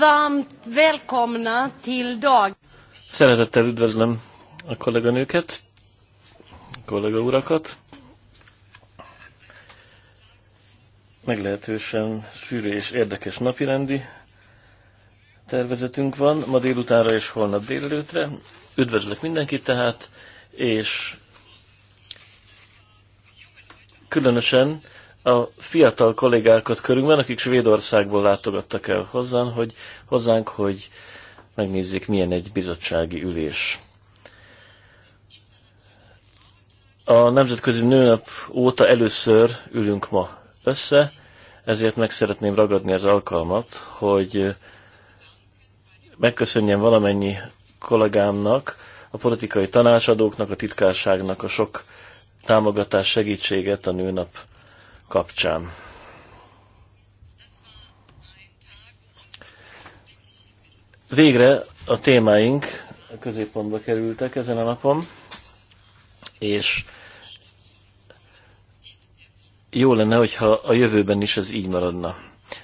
Varmt välkomna till dag. Szeretettel üdvözlöm a kolléganőket, a kollega urakat. Meglehetősen sűrű és érdekes napirendi tervezetünk van ma délutánra és holnap délelőtre. Üdvözlök mindenkit tehát, és különösen a fiatal kollégákat körünkben, akik Svédországból látogattak el hozzánk, hogy, hozzánk, hogy megnézzék, milyen egy bizottsági ülés. A Nemzetközi Nőnap óta először ülünk ma össze, ezért meg szeretném ragadni az alkalmat, hogy megköszönjem valamennyi kollégámnak, a politikai tanácsadóknak, a titkárságnak a sok támogatás, segítséget a nőnap kapcsán. Végre a témáink a középpontba kerültek ezen a napon, és jó lenne, hogyha a jövőben is ez így maradna.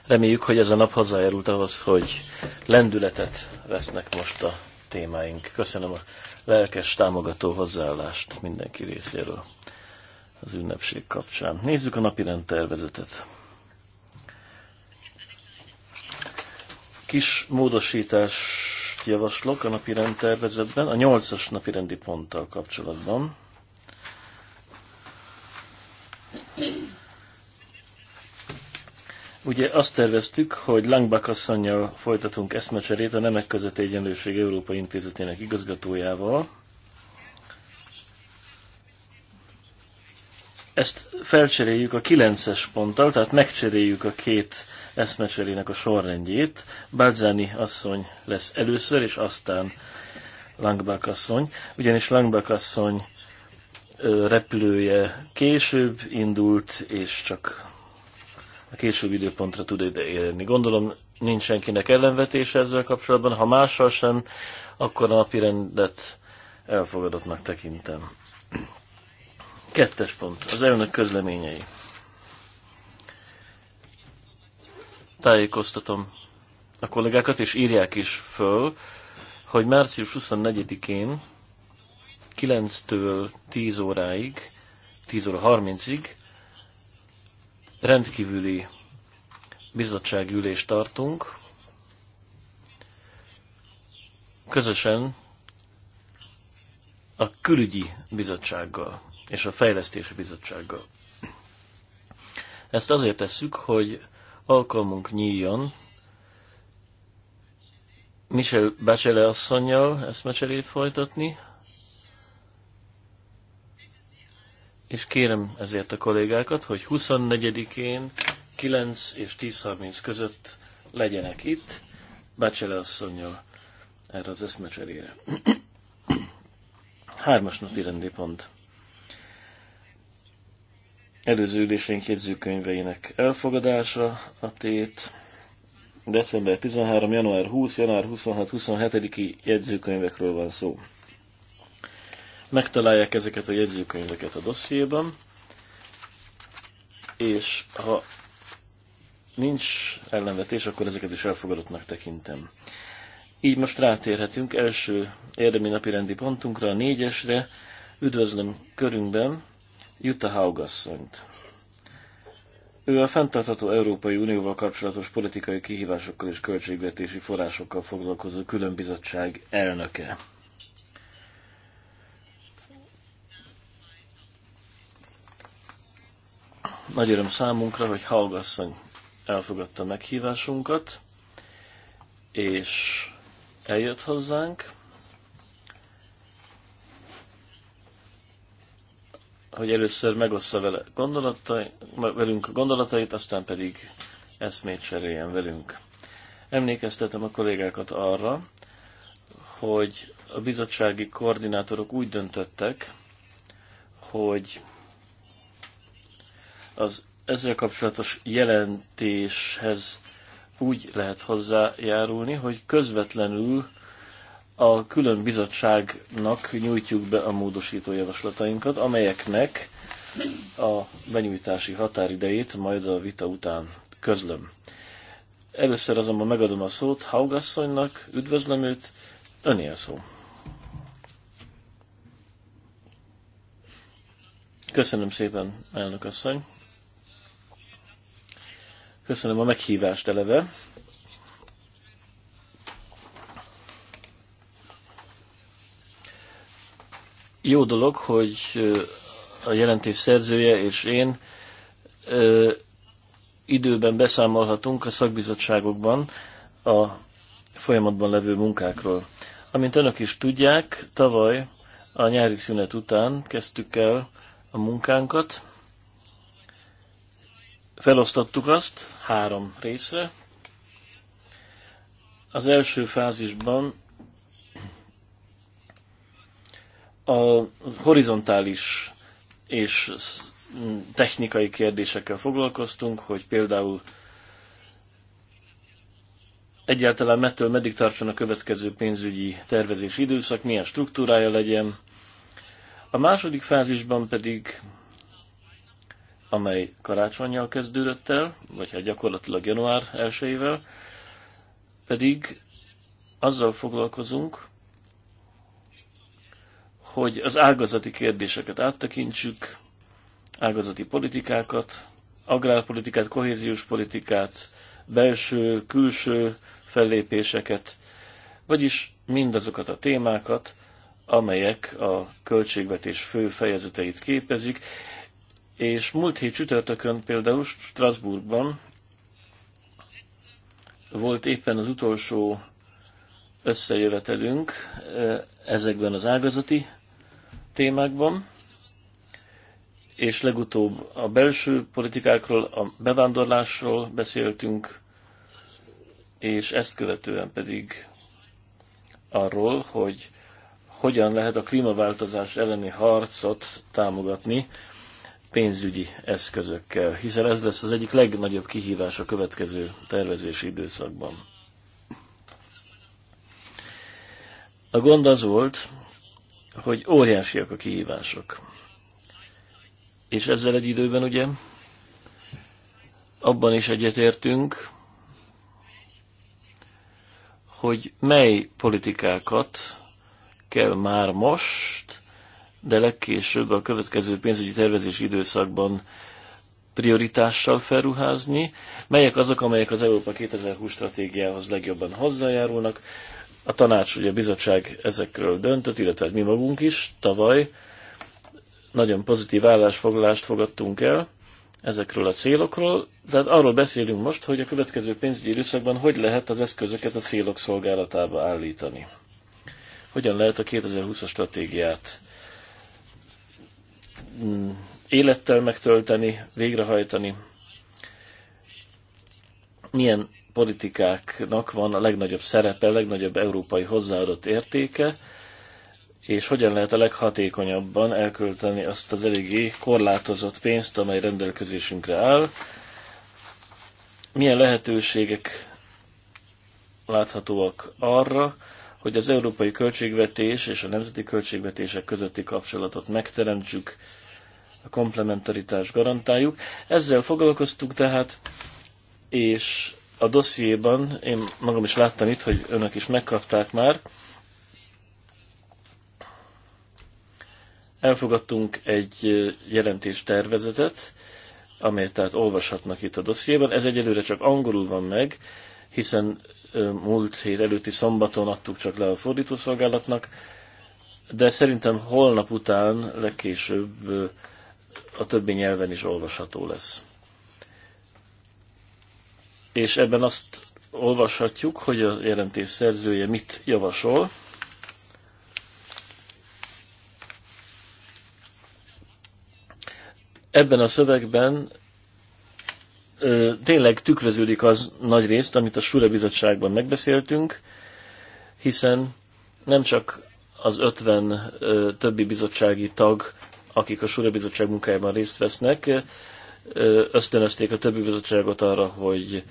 Reméljük, hogy ez a nap hozzájárult ahhoz, hogy lendületet vesznek most a témáink. Köszönöm a lelkes támogató hozzáállást mindenki részéről az ünnepség kapcsán. Nézzük a napi rendtervezetet. Kis módosítást javaslok a napi rendtervezetben, a nyolcas napi rendi ponttal kapcsolatban. Ugye azt terveztük, hogy Langbach asszonynal folytatunk eszmecserét a Nemek Között Egyenlőség Európai Intézetének igazgatójával, ezt felcseréljük a 9-es ponttal, tehát megcseréljük a két eszmecserének a sorrendjét. Balzani asszony lesz először, és aztán Langbach asszony. Ugyanis Langbach asszony repülője később indult, és csak a később időpontra tud ide érni. Gondolom nincs senkinek ellenvetése ezzel kapcsolatban, ha mással sem, akkor a napi rendet elfogadottnak tekintem. Kettes pont. Az elnök közleményei. Tájékoztatom a kollégákat, és írják is föl, hogy március 24-én 9-től 10 óráig, 10 óra 30-ig rendkívüli bizottságülést tartunk. Közösen a külügyi bizottsággal és a Fejlesztési Bizottsággal. Ezt azért tesszük, hogy alkalmunk nyíljon Michel Bachelet asszonynal eszmecserét folytatni, és kérem ezért a kollégákat, hogy 24-én 9 és 10.30 között legyenek itt Bachelet asszonynal erre az eszmecserére. Hármas napi rendi pont előző ülésénk jegyzőkönyveinek elfogadása a tét, december 13, január 20, január 26-27-i jegyzőkönyvekről van szó. Megtalálják ezeket a jegyzőkönyveket a dossziéban, és ha nincs ellenvetés, akkor ezeket is elfogadottnak tekintem. Így most rátérhetünk első érdemi napi rendi pontunkra, a négyesre. Üdvözlöm körünkben Jutta Haugasszonyt. Ő a fenntartható Európai Unióval kapcsolatos politikai kihívásokkal és költségvetési forrásokkal foglalkozó különbizottság elnöke. Nagy öröm számunkra, hogy Haugasszony elfogadta meghívásunkat, és eljött hozzánk. hogy először megossza vele gondolatai, velünk gondolatait, aztán pedig eszmét cseréljen velünk. Emlékeztetem a kollégákat arra, hogy a bizottsági koordinátorok úgy döntöttek, hogy az ezzel kapcsolatos jelentéshez úgy lehet hozzájárulni, hogy közvetlenül a külön bizottságnak nyújtjuk be a módosító javaslatainkat, amelyeknek a benyújtási határidejét majd a vita után közlöm. Először azonban megadom a szót Haugasszonynak, üdvözlöm őt, öné a szó. Köszönöm szépen, elnök asszony. Köszönöm a meghívást eleve. jó dolog, hogy a jelentés szerzője és én időben beszámolhatunk a szakbizottságokban a folyamatban levő munkákról. Amint önök is tudják, tavaly a nyári szünet után kezdtük el a munkánkat. Felosztottuk azt három részre. Az első fázisban a horizontális és technikai kérdésekkel foglalkoztunk, hogy például egyáltalán mettől meddig tartson a következő pénzügyi tervezés időszak, milyen struktúrája legyen. A második fázisban pedig, amely karácsonyjal kezdődött el, vagy hát gyakorlatilag január elsőjével, pedig azzal foglalkozunk, hogy az ágazati kérdéseket áttekintsük, ágazati politikákat, agrárpolitikát, kohéziós politikát, belső, külső fellépéseket, vagyis mindazokat a témákat, amelyek a költségvetés fő fejezeteit képezik, és múlt hét csütörtökön például Strasbourgban volt éppen az utolsó összejövetelünk eh, ezekben az ágazati témákban, és legutóbb a belső politikákról, a bevándorlásról beszéltünk, és ezt követően pedig arról, hogy hogyan lehet a klímaváltozás elleni harcot támogatni pénzügyi eszközökkel, hiszen ez lesz az egyik legnagyobb kihívás a következő tervezési időszakban. A gond az volt, hogy óriásiak a kihívások. És ezzel egy időben ugye abban is egyetértünk, hogy mely politikákat kell már most, de legkésőbb a következő pénzügyi tervezés időszakban prioritással felruházni, melyek azok, amelyek az Európa 2020 stratégiához legjobban hozzájárulnak, a tanács, ugye a bizottság ezekről döntött, illetve mi magunk is tavaly nagyon pozitív állásfoglalást fogadtunk el ezekről a célokról, tehát arról beszélünk most, hogy a következő pénzügyi időszakban hogy lehet az eszközöket a célok szolgálatába állítani. Hogyan lehet a 2020-as stratégiát mm, élettel megtölteni, végrehajtani, milyen politikáknak van a legnagyobb szerepe, a legnagyobb európai hozzáadott értéke, és hogyan lehet a leghatékonyabban elkölteni azt az eléggé korlátozott pénzt, amely rendelkezésünkre áll. Milyen lehetőségek láthatóak arra, hogy az európai költségvetés és a nemzeti költségvetések közötti kapcsolatot megteremtsük, a komplementaritást garantáljuk. Ezzel foglalkoztuk tehát, és a dossziéban, én magam is láttam itt, hogy önök is megkapták már, elfogadtunk egy jelentéstervezetet, amelyet tehát olvashatnak itt a dossziéban. Ez egyelőre csak angolul van meg, hiszen múlt hét előtti szombaton adtuk csak le a fordítószolgálatnak, de szerintem holnap után legkésőbb a többi nyelven is olvasható lesz és ebben azt olvashatjuk, hogy a jelentés szerzője mit javasol. Ebben a szövegben ö, tényleg tükröződik az nagy részt, amit a Sure Bizottságban megbeszéltünk, hiszen nem csak az 50 ö, többi bizottsági tag, akik a Sure Bizottság munkájában részt vesznek, ösztönözték a többi bizottságot arra, hogy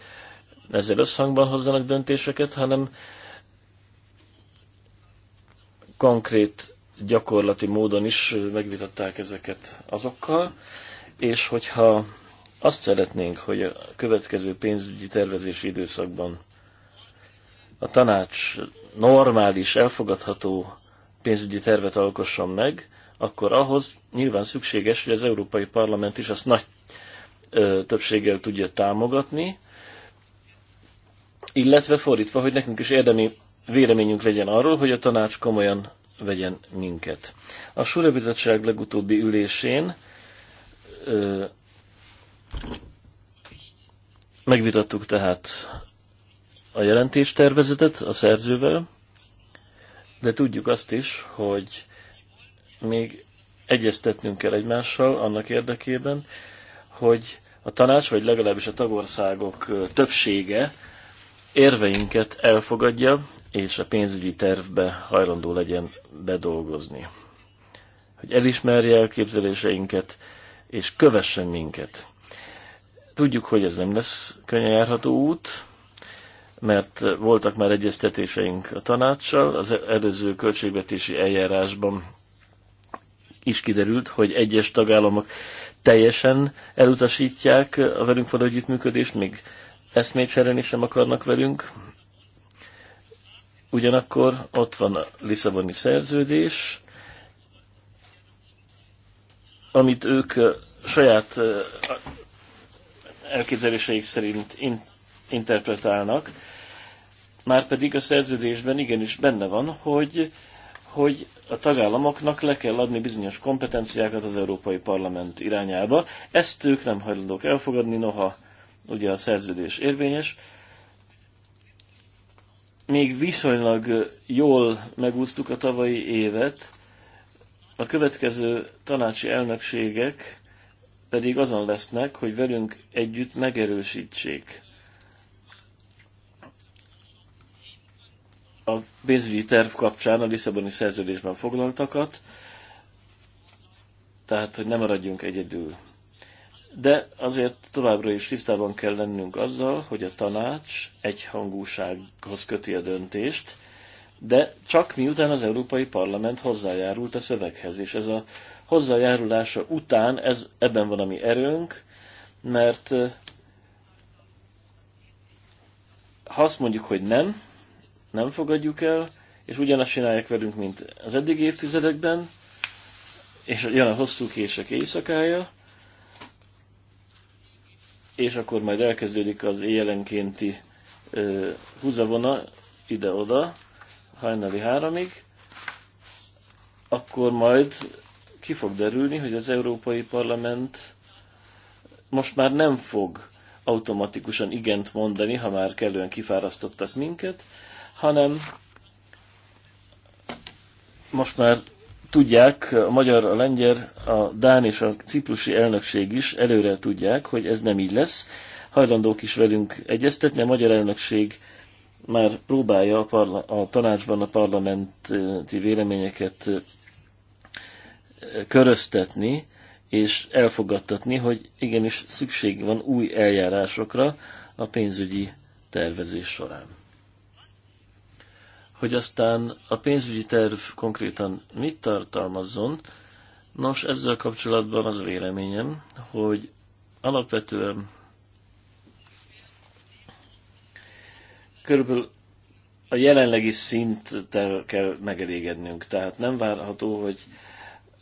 ezzel összhangban hozzanak döntéseket, hanem konkrét gyakorlati módon is megvitatták ezeket azokkal, és hogyha azt szeretnénk, hogy a következő pénzügyi tervezési időszakban a tanács normális, elfogadható pénzügyi tervet alkosson meg, akkor ahhoz nyilván szükséges, hogy az Európai Parlament is azt nagy ö, többséggel tudja támogatni, illetve fordítva, hogy nekünk is érdemi véleményünk legyen arról, hogy a tanács komolyan vegyen minket. A Súra legutóbbi ülésén ö, megvitattuk tehát a jelentéstervezetet a szerzővel, de tudjuk azt is, hogy még egyeztetnünk kell egymással annak érdekében, hogy a tanács, vagy legalábbis a tagországok többsége érveinket elfogadja, és a pénzügyi tervbe hajlandó legyen bedolgozni. Hogy elismerje elképzeléseinket, és kövessen minket. Tudjuk, hogy ez nem lesz könnyen járható út, mert voltak már egyeztetéseink a tanácssal, az előző költségvetési eljárásban is kiderült, hogy egyes tagállamok teljesen elutasítják a velünk való együttműködést, még eszmét is sem akarnak velünk. Ugyanakkor ott van a Lisszaboni szerződés, amit ők saját elképzeléseik szerint in- interpretálnak, már pedig a szerződésben igenis benne van, hogy, hogy a tagállamoknak le kell adni bizonyos kompetenciákat az Európai Parlament irányába. Ezt ők nem hajlandók elfogadni, noha ugye a szerződés érvényes. Még viszonylag jól megúsztuk a tavalyi évet, a következő tanácsi elnökségek pedig azon lesznek, hogy velünk együtt megerősítsék a pénzügyi terv kapcsán a Lisszaboni szerződésben foglaltakat, tehát hogy nem maradjunk egyedül. De azért továbbra is tisztában kell lennünk azzal, hogy a tanács egyhangúsághoz köti a döntést, de csak miután az Európai Parlament hozzájárult a szöveghez, és ez a hozzájárulása után ez, ebben van a mi erőnk, mert eh, ha azt mondjuk, hogy nem, nem fogadjuk el, és ugyanazt csinálják velünk, mint az eddig évtizedekben, és jön a hosszú kések éjszakája, és akkor majd elkezdődik az éjjelenkénti ö, húzavona ide-oda, hajnali háromig, akkor majd ki fog derülni, hogy az Európai Parlament most már nem fog automatikusan igent mondani, ha már kellően kifárasztottak minket, hanem most már tudják, a magyar, a lengyel, a dán és a ciprusi elnökség is előre tudják, hogy ez nem így lesz. Hajlandók is velünk egyeztetni, a magyar elnökség már próbálja a, parla- a tanácsban a parlamenti véleményeket köröztetni, és elfogadtatni, hogy igenis szükség van új eljárásokra a pénzügyi tervezés során. Hogy aztán a pénzügyi terv konkrétan mit tartalmazzon, nos, ezzel kapcsolatban az véleményem, hogy alapvetően körülbelül a jelenlegi szinttel kell megelégednünk. Tehát nem várható, hogy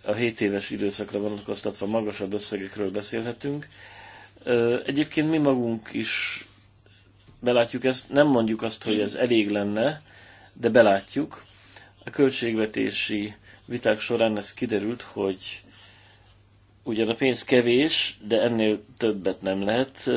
a 7 éves időszakra vonatkoztatva magasabb összegekről beszélhetünk. Egyébként mi magunk is belátjuk ezt, nem mondjuk azt, hogy ez elég lenne, de belátjuk. A költségvetési viták során ez kiderült, hogy ugyan a pénz kevés, de ennél többet nem lehet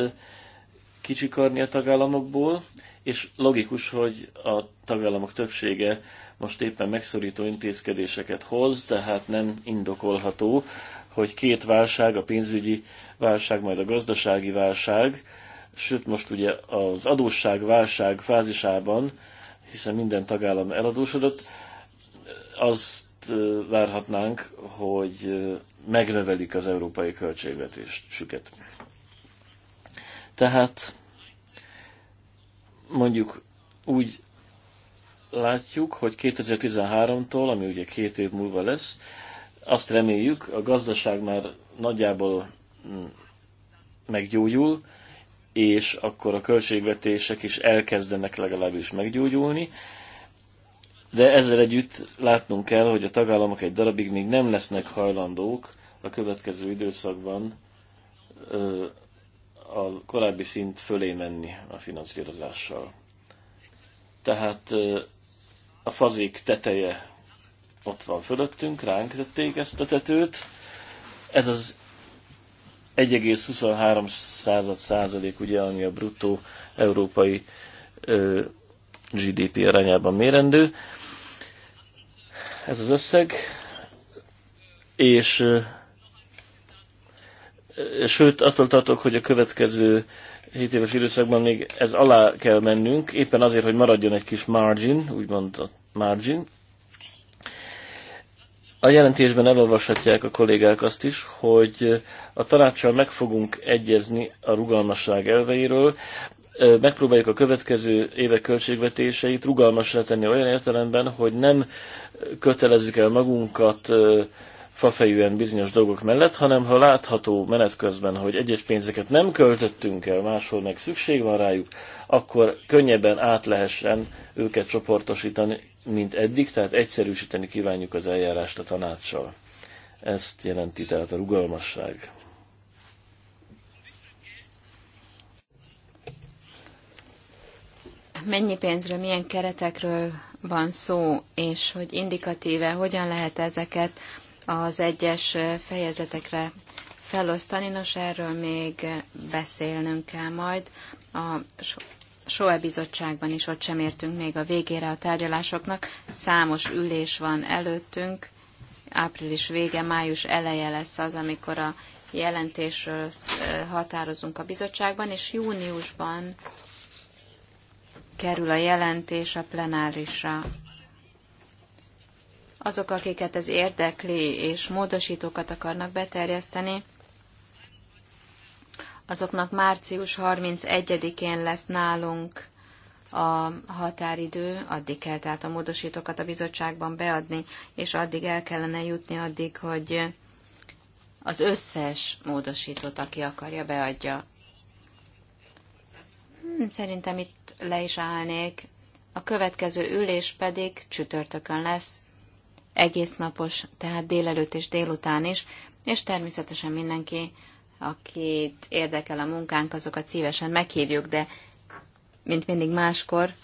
kicsikarni a tagállamokból, és logikus, hogy a tagállamok többsége most éppen megszorító intézkedéseket hoz, tehát nem indokolható, hogy két válság, a pénzügyi válság, majd a gazdasági válság, sőt most ugye az adósság válság fázisában hiszen minden tagállam eladósodott, azt várhatnánk, hogy megnövelik az európai költségvetésüket. Tehát mondjuk úgy látjuk, hogy 2013-tól, ami ugye két év múlva lesz, azt reméljük, a gazdaság már nagyjából mm, meggyógyul, és akkor a költségvetések is elkezdenek legalábbis meggyógyulni, de ezzel együtt látnunk kell, hogy a tagállamok egy darabig még nem lesznek hajlandók a következő időszakban a korábbi szint fölé menni a finanszírozással. Tehát a fazék teteje ott van fölöttünk, ránk tették ezt a tetőt. Ez az 1,23 század százalék, ugye, ami a bruttó európai ö, GDP arányában mérendő. Ez az összeg, és ö, sőt, attól tartok, hogy a következő 7 éves időszakban még ez alá kell mennünk, éppen azért, hogy maradjon egy kis margin, úgymond a margin, a jelentésben elolvashatják a kollégák azt is, hogy a tanácssal meg fogunk egyezni a rugalmasság elveiről, megpróbáljuk a következő évek költségvetéseit rugalmasra tenni olyan értelemben, hogy nem kötelezzük el magunkat fafejűen bizonyos dolgok mellett, hanem ha látható menet közben, hogy egyes pénzeket nem költöttünk el, máshol meg szükség van rájuk, akkor könnyebben át lehessen őket csoportosítani mint eddig, tehát egyszerűsíteni kívánjuk az eljárást a tanácssal. Ezt jelenti tehát a rugalmasság. Mennyi pénzről, milyen keretekről van szó, és hogy indikatíve hogyan lehet ezeket az egyes fejezetekre felosztani. Nos, erről még beszélnünk kell majd a SOE bizottságban is ott sem értünk még a végére a tárgyalásoknak. Számos ülés van előttünk. Április vége, május eleje lesz az, amikor a jelentésről határozunk a bizottságban, és júniusban kerül a jelentés a plenárisra. Azok, akiket ez érdekli, és módosítókat akarnak beterjeszteni, azoknak március 31-én lesz nálunk a határidő, addig kell tehát a módosítókat a bizottságban beadni, és addig el kellene jutni addig, hogy az összes módosítót, aki akarja, beadja. Hmm, szerintem itt le is állnék. A következő ülés pedig csütörtökön lesz, egész napos, tehát délelőtt és délután is, és természetesen mindenki akit érdekel a munkánk, azokat szívesen meghívjuk, de mint mindig máskor,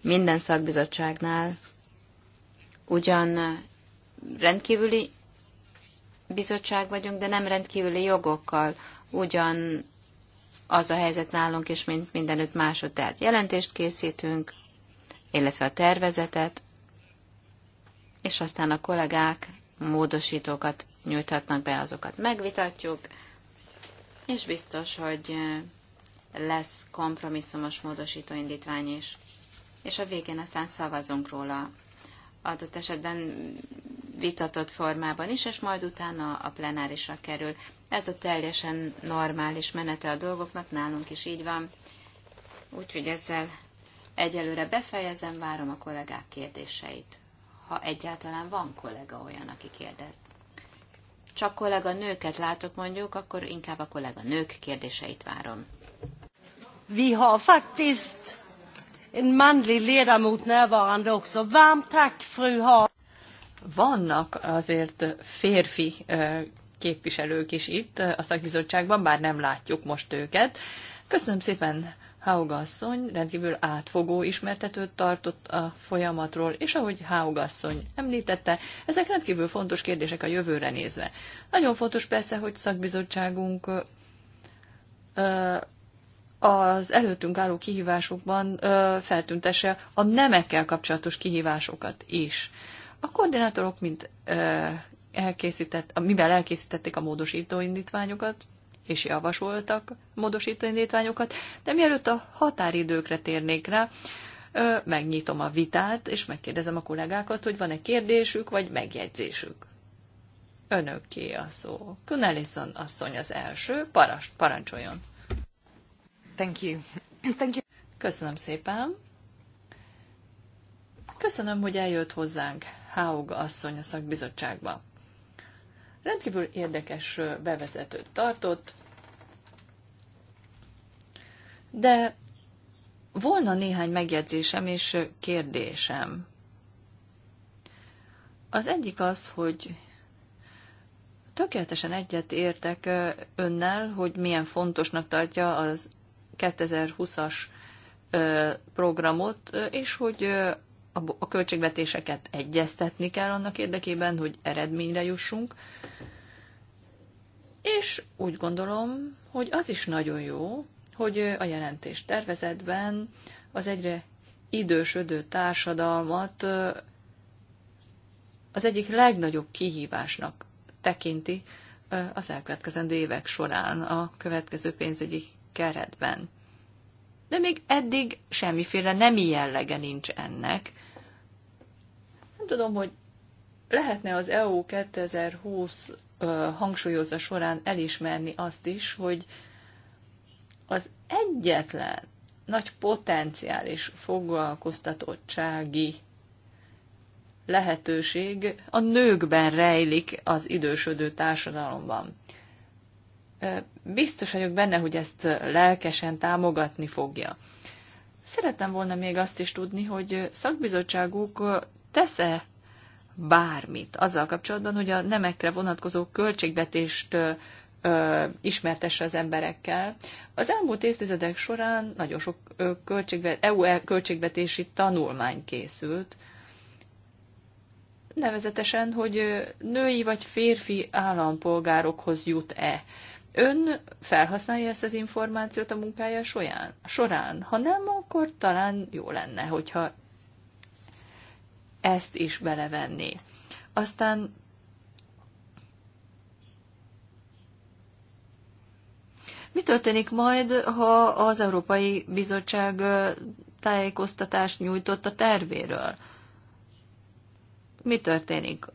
minden szakbizottságnál ugyan rendkívüli bizottság vagyunk, de nem rendkívüli jogokkal, ugyan az a helyzet nálunk is, mint mindenütt másod. Tehát jelentést készítünk, illetve a tervezetet, és aztán a kollégák módosítókat nyújthatnak be, azokat megvitatjuk, és biztos, hogy lesz kompromisszumos módosító indítvány is. És a végén aztán szavazunk róla adott esetben vitatott formában is, és majd utána a plenárisra kerül. Ez a teljesen normális menete a dolgoknak, nálunk is így van. Úgyhogy ezzel egyelőre befejezem, várom a kollégák kérdéseit. Ha egyáltalán van kollega olyan, aki kérdez csak kollega nőket látok mondjuk, akkor inkább a kollega nők kérdéseit várom. Vi har faktiskt en manlig ledamot närvarande också. Varmt tack, fru ha? Vannak azért férfi képviselők is itt a szakbizottságban, bár nem látjuk most őket. Köszönöm szépen Haugasszony rendkívül átfogó ismertetőt tartott a folyamatról, és ahogy Haugasszony említette, ezek rendkívül fontos kérdések a jövőre nézve. Nagyon fontos persze, hogy szakbizottságunk az előttünk álló kihívásokban feltüntesse a nemekkel kapcsolatos kihívásokat is. A koordinátorok mint elkészített, mivel elkészítették a módosító indítványokat, és javasoltak módosító indítványokat, de mielőtt a határidőkre térnék rá, megnyitom a vitát, és megkérdezem a kollégákat, hogy van-e kérdésük, vagy megjegyzésük. Önöké a szó. Kunelison asszony az első, Parast, parancsoljon. Thank you. Thank you. Köszönöm szépen. Köszönöm, hogy eljött hozzánk Haug asszony a szakbizottságba. Rendkívül érdekes bevezetőt tartott, de volna néhány megjegyzésem és kérdésem. Az egyik az, hogy tökéletesen egyet értek önnel, hogy milyen fontosnak tartja az 2020-as programot, és hogy a költségvetéseket egyeztetni kell annak érdekében, hogy eredményre jussunk. És úgy gondolom, hogy az is nagyon jó, hogy a jelentés tervezetben az egyre idősödő társadalmat az egyik legnagyobb kihívásnak tekinti az elkövetkezendő évek során a következő pénzügyi keretben. De még eddig semmiféle nem jellege nincs ennek, nem tudom, hogy lehetne az EU 2020 hangsúlyozza során elismerni azt is, hogy az egyetlen nagy potenciális foglalkoztatottsági lehetőség a nőkben rejlik az idősödő társadalomban. Biztos vagyok benne, hogy ezt lelkesen támogatni fogja. Szerettem volna még azt is tudni, hogy szakbizottságuk tesz-e bármit azzal kapcsolatban, hogy a nemekre vonatkozó költségvetést ismertesse az emberekkel. Az elmúlt évtizedek során nagyon sok költségvet, EU költségvetési tanulmány készült, nevezetesen, hogy női vagy férfi állampolgárokhoz jut-e Ön felhasználja ezt az információt a munkája során? során. Ha nem, akkor talán jó lenne, hogyha ezt is belevenni. Aztán mi történik majd, ha az Európai Bizottság tájékoztatást nyújtott a tervéről? Mi történik?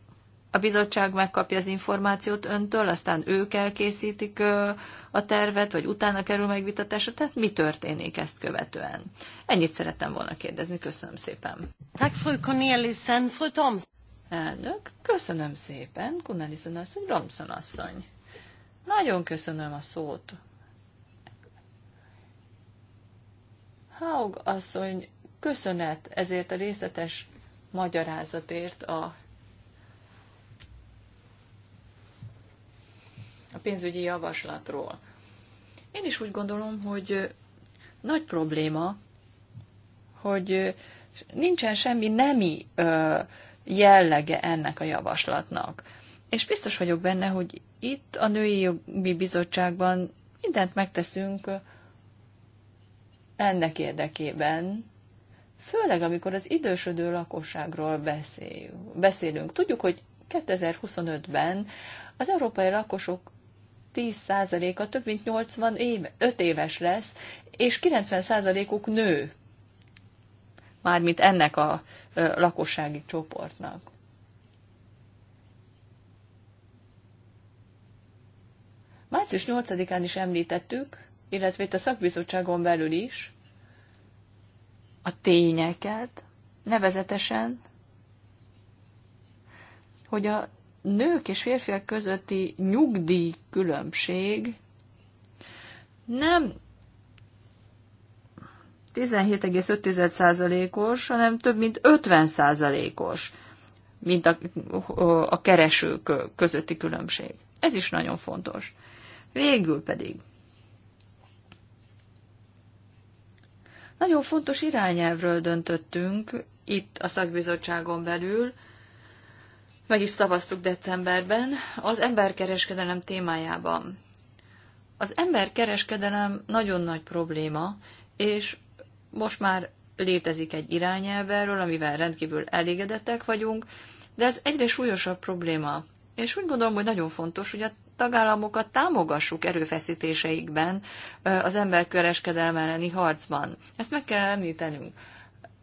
a bizottság megkapja az információt öntől, aztán ők elkészítik a tervet, vagy utána kerül megvitatásra, tehát mi történik ezt követően? Ennyit szerettem volna kérdezni, köszönöm szépen. Tak, Cornelissen, fru Elnök, köszönöm szépen, Kunnelisen asszony, Romson asszony. Nagyon köszönöm a szót. Haug asszony, köszönet ezért a részletes magyarázatért a a pénzügyi javaslatról. Én is úgy gondolom, hogy nagy probléma, hogy nincsen semmi nemi jellege ennek a javaslatnak. És biztos vagyok benne, hogy itt a Női Jogi Bizottságban mindent megteszünk ennek érdekében, főleg amikor az idősödő lakosságról beszélünk. beszélünk. Tudjuk, hogy 2025-ben az európai lakosok 10%-a több mint 80 év, 5 éves lesz, és 90%-uk nő, mármint ennek a lakossági csoportnak. Március 8-án is említettük, illetve itt a szakbizottságon belül is, a tényeket, nevezetesen, hogy a nők és férfiak közötti nyugdíj különbség nem 17,5%-os, hanem több mint 50%-os, mint a, a keresők közötti különbség. Ez is nagyon fontos. Végül pedig. Nagyon fontos irányelvről döntöttünk itt a szakbizottságon belül, meg is szavaztuk decemberben, az emberkereskedelem témájában. Az emberkereskedelem nagyon nagy probléma, és most már létezik egy irányelv erről, amivel rendkívül elégedettek vagyunk, de ez egyre súlyosabb probléma. És úgy gondolom, hogy nagyon fontos, hogy a tagállamokat támogassuk erőfeszítéseikben az emberkereskedelem elleni harcban. Ezt meg kell említenünk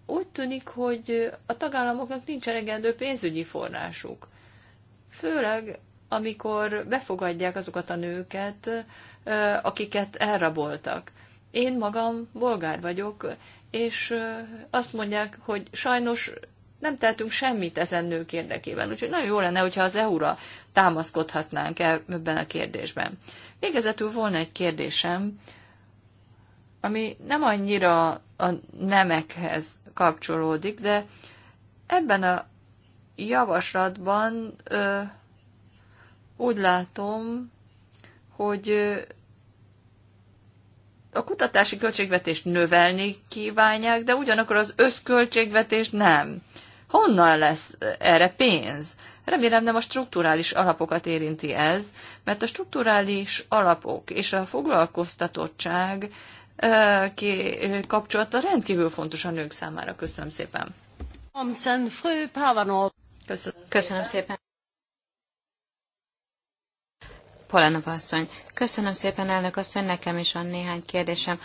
úgy tűnik, hogy a tagállamoknak nincs elegendő pénzügyi forrásuk. Főleg, amikor befogadják azokat a nőket, akiket elraboltak. Én magam bolgár vagyok, és azt mondják, hogy sajnos nem tehetünk semmit ezen nők érdekében, úgyhogy nagyon jó lenne, hogyha az EU-ra támaszkodhatnánk e- ebben a kérdésben. Végezetül volna egy kérdésem, ami nem annyira a nemekhez kapcsolódik, de ebben a javaslatban ö, úgy látom, hogy ö, a kutatási költségvetést növelni kívánják, de ugyanakkor az összköltségvetést nem. Honnan lesz erre pénz? Remélem nem a strukturális alapokat érinti ez, mert a strukturális alapok és a foglalkoztatottság ki kapcsolata rendkívül fontos a nők számára. Köszönöm szépen. Köszönöm, Köszönöm szépen. Polanova asszony. Köszönöm szépen, elnök asszony, nekem is van néhány kérdésem.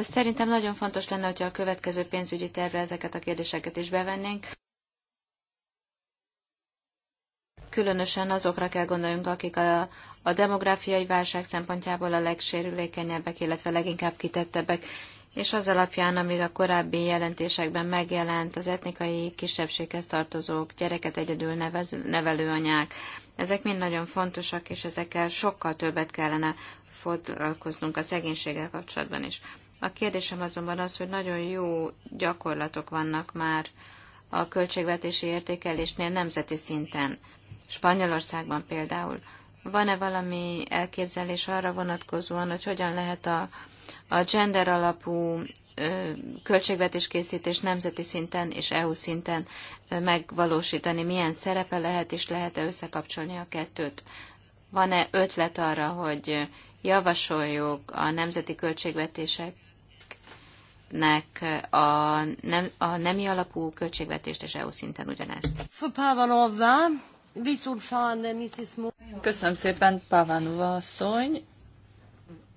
Szerintem nagyon fontos lenne, hogyha a következő pénzügyi tervre ezeket a kérdéseket is bevennénk. különösen azokra kell gondolnunk, akik a, a demográfiai válság szempontjából a legsérülékenyebbek, illetve leginkább kitettebbek, és az alapján, amit a korábbi jelentésekben megjelent, az etnikai kisebbséghez tartozók, gyereket egyedül nevező, nevelő anyák, ezek mind nagyon fontosak, és ezekkel sokkal többet kellene foglalkoznunk a szegénységgel kapcsolatban is. A kérdésem azonban az, hogy nagyon jó gyakorlatok vannak már a költségvetési értékelésnél nemzeti szinten. Spanyolországban például. Van-e valami elképzelés arra vonatkozóan, hogy hogyan lehet a, a gender alapú költségvetéskészítés nemzeti szinten és EU szinten megvalósítani, milyen szerepe lehet, és lehet-e összekapcsolni a kettőt. Van-e ötlet arra, hogy javasoljuk a nemzeti költségvetéseknek a, nem, a nemi alapú költségvetést és EU szinten ugyanezt? Köszönöm szépen, Pavanova asszony.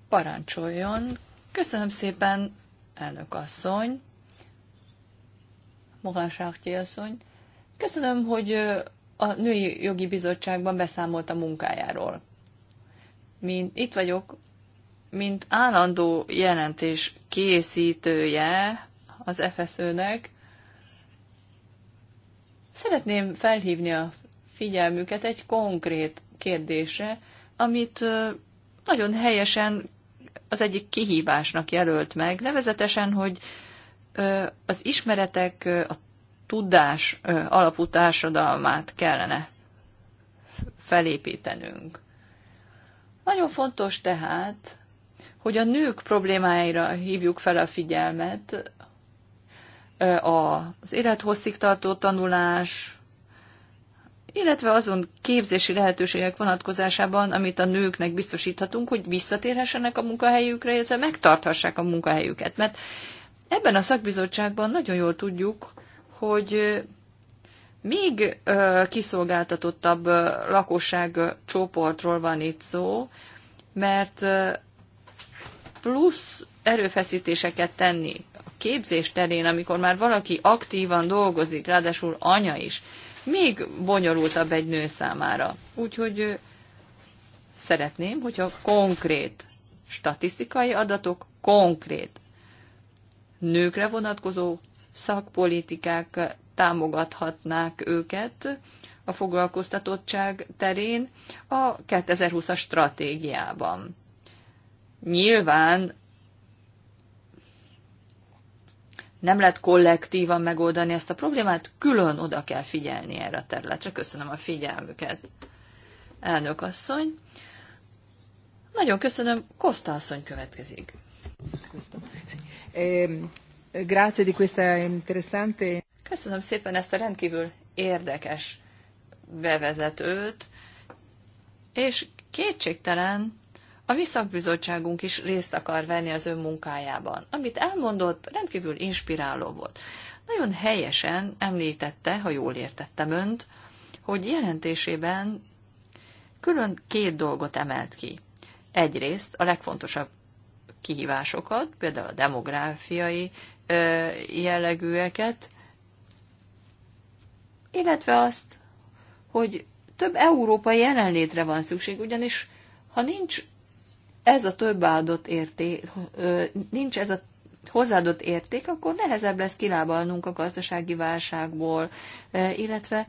Parancsoljon. Köszönöm szépen, elnök asszony. Morán asszony. Köszönöm, hogy a Női Jogi Bizottságban beszámolt a munkájáról. Mint itt vagyok, mint állandó jelentés készítője az FSZ-nek, szeretném felhívni a figyelmüket egy konkrét kérdésre, amit nagyon helyesen az egyik kihívásnak jelölt meg, nevezetesen, hogy az ismeretek, a tudás alapú társadalmát kellene felépítenünk. Nagyon fontos tehát, hogy a nők problémáira hívjuk fel a figyelmet, az élethosszig tartó tanulás, illetve azon képzési lehetőségek vonatkozásában, amit a nőknek biztosíthatunk, hogy visszatérhessenek a munkahelyükre, illetve megtarthassák a munkahelyüket. Mert ebben a szakbizottságban nagyon jól tudjuk, hogy még kiszolgáltatottabb lakosság csoportról van itt szó, mert plusz erőfeszítéseket tenni a képzés terén, amikor már valaki aktívan dolgozik, ráadásul anya is, még bonyolultabb egy nő számára. Úgyhogy szeretném, hogyha konkrét statisztikai adatok, konkrét nőkre vonatkozó szakpolitikák támogathatnák őket a foglalkoztatottság terén a 2020-as stratégiában. Nyilván nem lehet kollektívan megoldani ezt a problémát, külön oda kell figyelni erre a területre. Köszönöm a figyelmüket. Elnök asszony. Nagyon köszönöm. Kosta asszony következik. Ehm, grazie di questa interessante. Köszönöm szépen ezt a rendkívül érdekes bevezetőt, és kétségtelen a mi szakbizottságunk is részt akar venni az ön munkájában. Amit elmondott, rendkívül inspiráló volt. Nagyon helyesen említette, ha jól értettem önt, hogy jelentésében külön két dolgot emelt ki. Egyrészt a legfontosabb kihívásokat, például a demográfiai jellegűeket, illetve azt, hogy több európai jelenlétre van szükség, ugyanis ha nincs ez a több adott érték, nincs ez a hozzáadott érték, akkor nehezebb lesz kilábalnunk a gazdasági válságból, illetve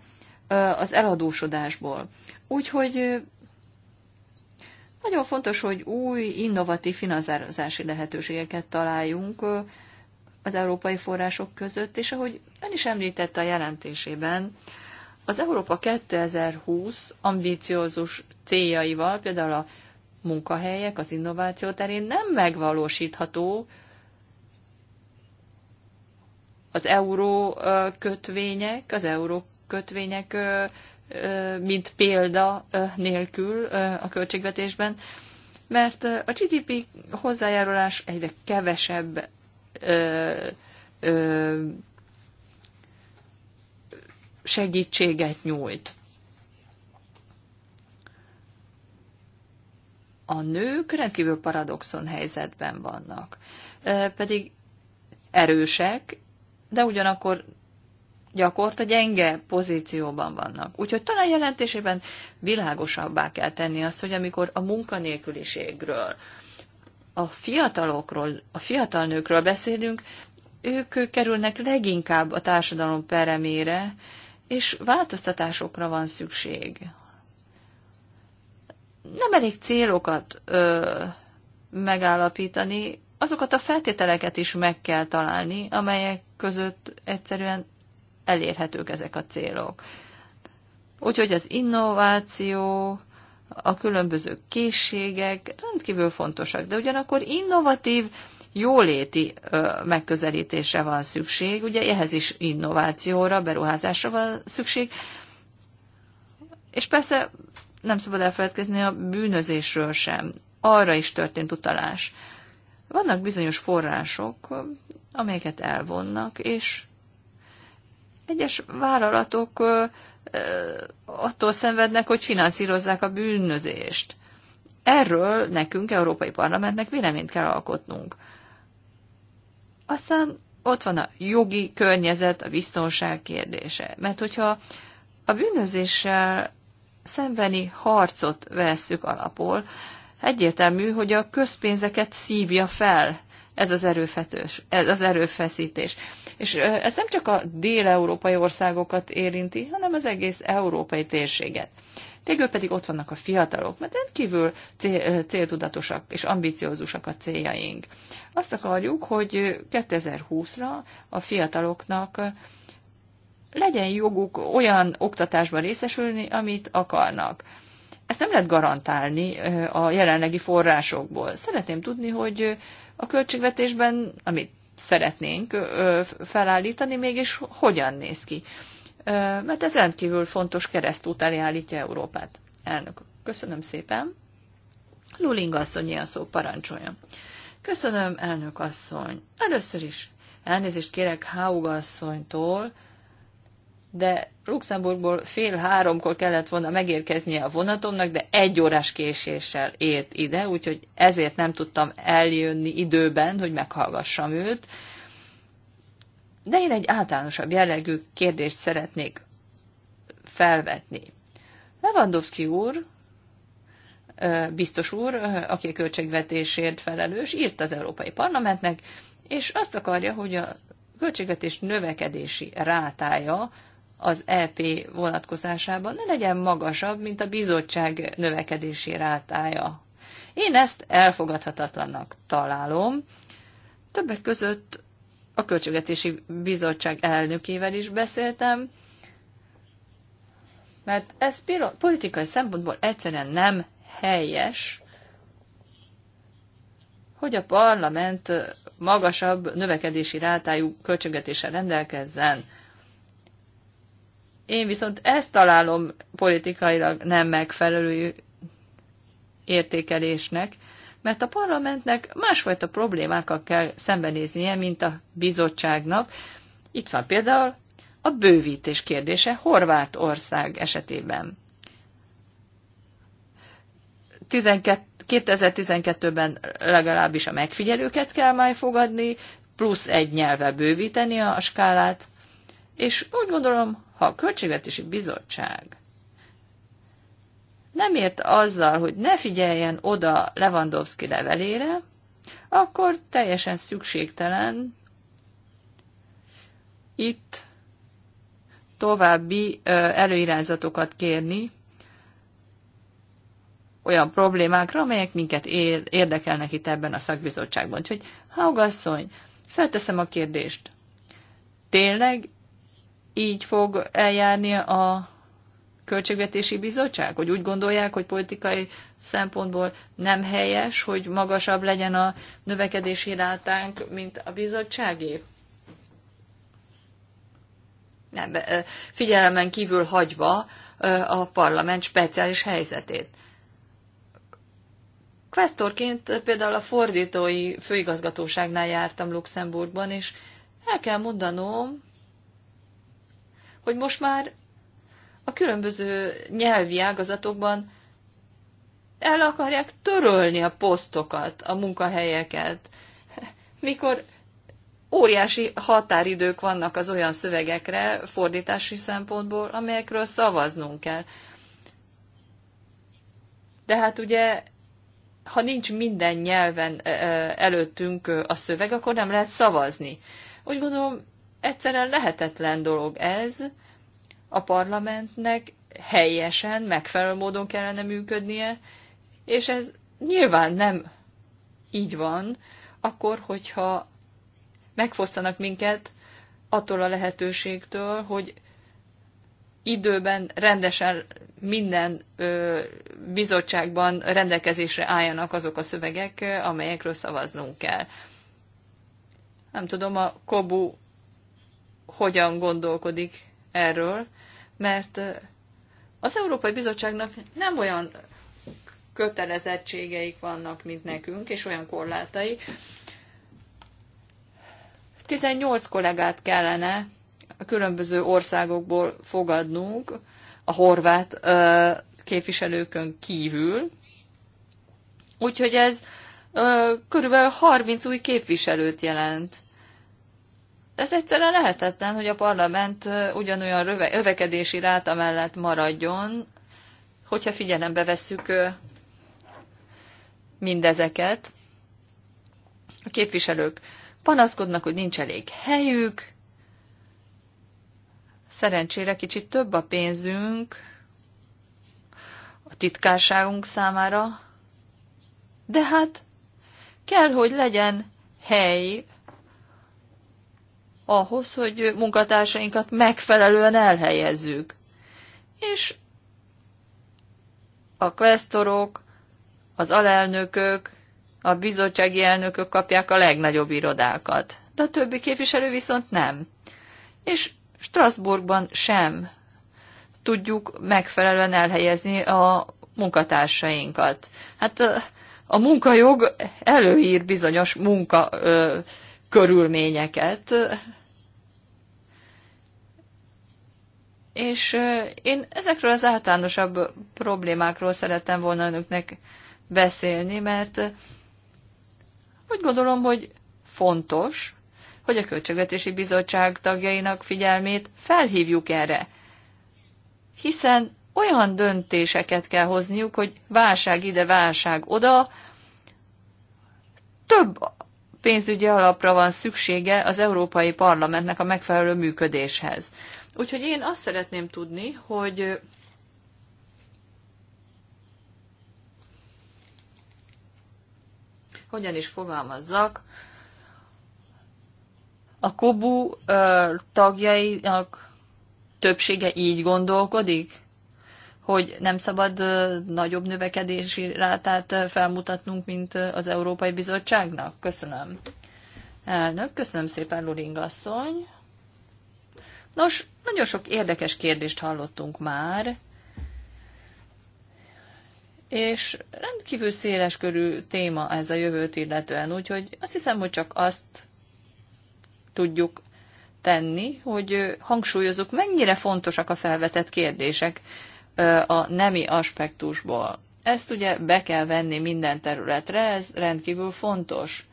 az eladósodásból. Úgyhogy nagyon fontos, hogy új, innovatív finanszírozási lehetőségeket találjunk az európai források között, és ahogy ön is említette a jelentésében, az Európa 2020 ambíciózus céljaival, például a munkahelyek az innováció terén nem megvalósítható az euró kötvények, az euró kötvények mint példa nélkül a költségvetésben, mert a GDP hozzájárulás egyre kevesebb segítséget nyújt. a nők rendkívül paradoxon helyzetben vannak. Pedig erősek, de ugyanakkor gyakorta gyenge pozícióban vannak. Úgyhogy talán jelentésében világosabbá kell tenni azt, hogy amikor a munkanélküliségről, a fiatalokról, a fiatal nőkről beszélünk, ők kerülnek leginkább a társadalom peremére, és változtatásokra van szükség nem elég célokat ö, megállapítani, azokat a feltételeket is meg kell találni, amelyek között egyszerűen elérhetők ezek a célok. Úgyhogy az innováció, a különböző készségek rendkívül fontosak, de ugyanakkor innovatív, jóléti ö, megközelítésre van szükség, ugye ehhez is innovációra, beruházásra van szükség, és persze nem szabad elfeledkezni a bűnözésről sem. Arra is történt utalás. Vannak bizonyos források, amelyeket elvonnak, és egyes vállalatok attól szenvednek, hogy finanszírozzák a bűnözést. Erről nekünk, Európai Parlamentnek véleményt kell alkotnunk. Aztán ott van a jogi környezet, a biztonság kérdése. Mert hogyha a bűnözéssel szembeni harcot vesszük alapul, egyértelmű, hogy a közpénzeket szívja fel ez az, erőfetős, ez az erőfeszítés. És ez nem csak a dél-európai országokat érinti, hanem az egész európai térséget. Végül pedig ott vannak a fiatalok, mert rendkívül céltudatosak és ambiciózusak a céljaink. Azt akarjuk, hogy 2020-ra a fiataloknak legyen joguk olyan oktatásban részesülni, amit akarnak. Ezt nem lehet garantálni a jelenlegi forrásokból. Szeretném tudni, hogy a költségvetésben, amit szeretnénk felállítani, mégis hogyan néz ki. Mert ez rendkívül fontos keresztút állítja Európát. Elnök, köszönöm szépen. Luling asszony ilyen szó parancsolja. Köszönöm, elnök asszony. Először is elnézést kérek Haug asszonytól, de Luxemburgból fél háromkor kellett volna megérkeznie a vonatomnak, de egy órás késéssel ért ide, úgyhogy ezért nem tudtam eljönni időben, hogy meghallgassam őt. De én egy általánosabb jellegű kérdést szeretnék felvetni. Lewandowski úr, biztos úr, aki a költségvetésért felelős, írt az Európai Parlamentnek, és azt akarja, hogy a költségvetés növekedési rátája az EP vonatkozásában ne legyen magasabb, mint a bizottság növekedési rátája. Én ezt elfogadhatatlannak találom. Többek között a Költségetési Bizottság elnökével is beszéltem, mert ez politikai szempontból egyszerűen nem helyes, hogy a parlament magasabb növekedési rátájú költségetéssel rendelkezzen. Én viszont ezt találom politikailag nem megfelelő értékelésnek, mert a parlamentnek másfajta problémákkal kell szembenéznie, mint a bizottságnak. Itt van például a bővítés kérdése Horvátország esetében. 2012-ben legalábbis a megfigyelőket kell majd fogadni, plusz egy nyelve bővíteni a skálát, és úgy gondolom, ha a Költségvetési Bizottság nem ért azzal, hogy ne figyeljen oda Lewandowski levelére, akkor teljesen szükségtelen itt további előirányzatokat kérni olyan problémákra, amelyek minket érdekelnek itt ebben a szakbizottságban. Úgyhogy, Haugasszony, felteszem a kérdést. Tényleg így fog eljárni a Költségvetési Bizottság? Hogy úgy gondolják, hogy politikai szempontból nem helyes, hogy magasabb legyen a növekedési rátánk, mint a bizottságé? Nem, figyelemen kívül hagyva a parlament speciális helyzetét. Questorként például a fordítói főigazgatóságnál jártam Luxemburgban, és el kell mondanom, hogy most már a különböző nyelvi ágazatokban el akarják törölni a posztokat, a munkahelyeket, mikor óriási határidők vannak az olyan szövegekre fordítási szempontból, amelyekről szavaznunk kell. De hát ugye, ha nincs minden nyelven előttünk a szöveg, akkor nem lehet szavazni. Úgy gondolom, Egyszerűen lehetetlen dolog ez. A parlamentnek helyesen, megfelelő módon kellene működnie, és ez nyilván nem így van, akkor, hogyha megfosztanak minket attól a lehetőségtől, hogy időben rendesen minden ö, bizottságban rendelkezésre álljanak azok a szövegek, amelyekről szavaznunk kell. Nem tudom, a Kobu hogyan gondolkodik erről, mert az Európai Bizottságnak nem olyan kötelezettségeik vannak, mint nekünk, és olyan korlátai. 18 kollégát kellene a különböző országokból fogadnunk, a horvát ö, képviselőkön kívül. Úgyhogy ez ö, körülbelül 30 új képviselőt jelent. Ez egyszerűen lehetetlen, hogy a parlament ugyanolyan röve, övekedési ráta mellett maradjon, hogyha figyelembe vesszük mindezeket. A képviselők panaszkodnak, hogy nincs elég helyük, szerencsére kicsit több a pénzünk a titkárságunk számára, de hát kell, hogy legyen hely ahhoz, hogy munkatársainkat megfelelően elhelyezzük. És a kvesztorok, az alelnökök, a bizottsági elnökök kapják a legnagyobb irodákat, de a többi képviselő viszont nem. És Strasbourgban sem tudjuk megfelelően elhelyezni a munkatársainkat. Hát a, a munkajog előír bizonyos munka ö, körülményeket, És én ezekről az általánosabb problémákról szerettem volna önöknek beszélni, mert úgy gondolom, hogy fontos, hogy a Költségvetési Bizottság tagjainak figyelmét felhívjuk erre. Hiszen olyan döntéseket kell hozniuk, hogy válság ide, válság oda, több pénzügyi alapra van szüksége az Európai Parlamentnek a megfelelő működéshez. Úgyhogy én azt szeretném tudni, hogy hogyan is fogalmazzak, a Kobu ö, tagjainak többsége így gondolkodik, hogy nem szabad ö, nagyobb növekedési rátát ö, felmutatnunk, mint ö, az Európai Bizottságnak? Köszönöm. Elnök, köszönöm szépen, Luring asszony. Nos, nagyon sok érdekes kérdést hallottunk már, és rendkívül széles körű téma ez a jövőt illetően, úgyhogy azt hiszem, hogy csak azt tudjuk tenni, hogy hangsúlyozunk, mennyire fontosak a felvetett kérdések a nemi aspektusból. Ezt ugye be kell venni minden területre, ez rendkívül fontos,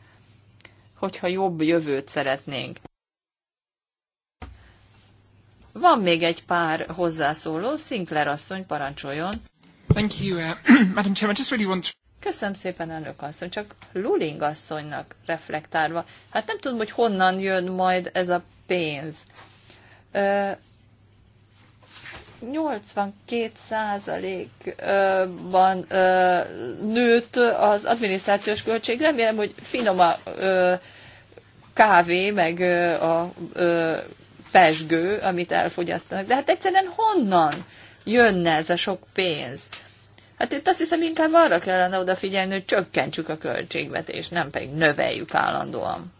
hogyha jobb jövőt szeretnénk. Van még egy pár hozzászóló, Sinclair asszony parancsoljon. Thank you, uh, Madam I Just really want to... Köszönöm szépen, elnök asszony, csak Luling asszonynak reflektálva. Hát nem tudom, hogy honnan jön majd ez a pénz. Uh, 82%-ban nőtt az adminisztrációs költség. Remélem, hogy finom a kávé, meg a pesgő, amit elfogyasztanak. De hát egyszerűen honnan jönne ez a sok pénz? Hát itt azt hiszem inkább arra kellene odafigyelni, hogy csökkentsük a költségvetést, nem pedig növeljük állandóan.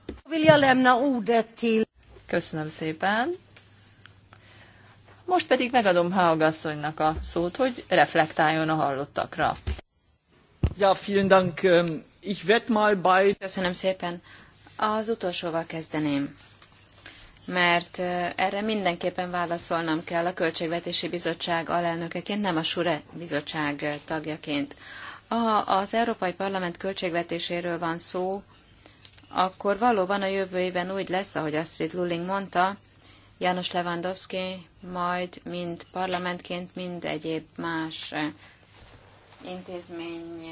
Köszönöm szépen. Most pedig megadom Haugasszonynak a szót, hogy reflektáljon a hallottakra. Ja, vielen Dank. Ähm, ich werde mal bei... Köszönöm szépen. Az utolsóval kezdeném mert erre mindenképpen válaszolnom kell a Költségvetési Bizottság alelnökeként, nem a SURE bizottság tagjaként. Ha az Európai Parlament költségvetéséről van szó, akkor valóban a jövő évben úgy lesz, ahogy Astrid Lulling mondta, János Lewandowski majd mind parlamentként, mind egyéb más intézmény